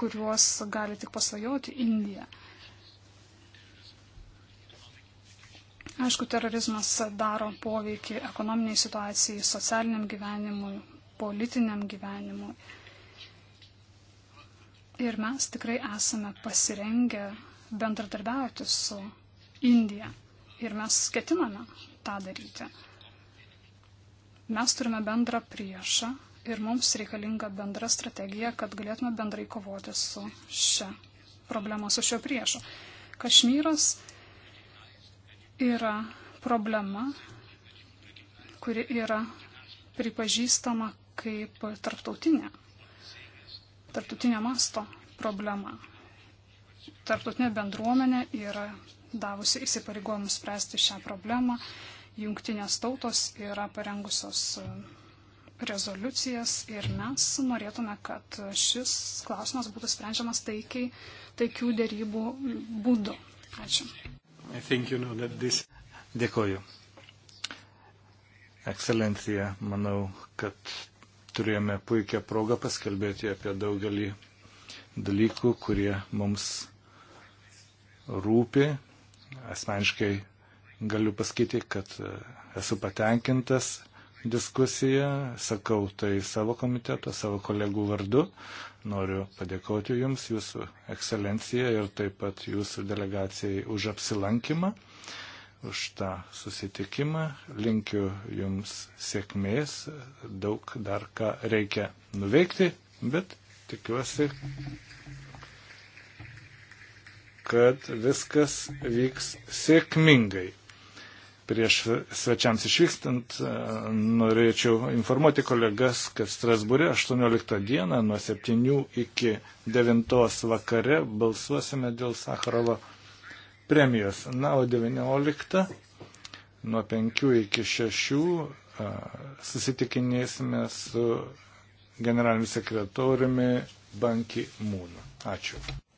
kuriuos gali tik pasvajoti Indija. Aišku, terorizmas daro poveikį ekonominiai situacijai, socialiniam gyvenimui, politiniam gyvenimui. Ir mes tikrai esame pasirengę bendradarbiauti su Indija. Ir mes ketiname tą daryti. Mes turime bendrą priešą ir mums reikalinga bendra strategija, kad galėtume bendrai kovoti su šia problema, su šio priešu. Kašmyras yra problema, kuri yra pripažįstama kaip tarptautinė, tarptautinė masto problema. Tarptautinė bendruomenė yra davusi įsipareigojimus spręsti šią problemą Jungtinės tautos yra parengusios e, rezoliucijas ir mes norėtume, kad šis klausimas būtų sprendžiamas taikiai, taikių dėrybų būdu. Ačiū. You know this... Dėkoju. Ekscelencija, manau, kad turėjome puikią progą paskelbėti apie daugelį dalykų, kurie mums rūpi. Asmeniškai galiu pasakyti, kad e, esu patenkintas diskusiją, sakau tai savo komiteto, savo kolegų vardu. Noriu padėkoti Jums, Jūsų ekscelencija ir taip pat Jūsų delegacijai už apsilankymą, už tą susitikimą. Linkiu Jums sėkmės, daug dar ką reikia nuveikti, bet tikiuosi, kad viskas vyks sėkmingai. Prieš svečiams išvykstant e, norėčiau informuoti kolegas, kad Strasbūrė 18 dieną nuo 7 iki 9 vakare balsuosime dėl Sakarovo premijos. Na, o 19 nuo 5 iki 6 e, susitikinėsime su generaliniu sekretoriumi Banki Mūnu. Ačiū.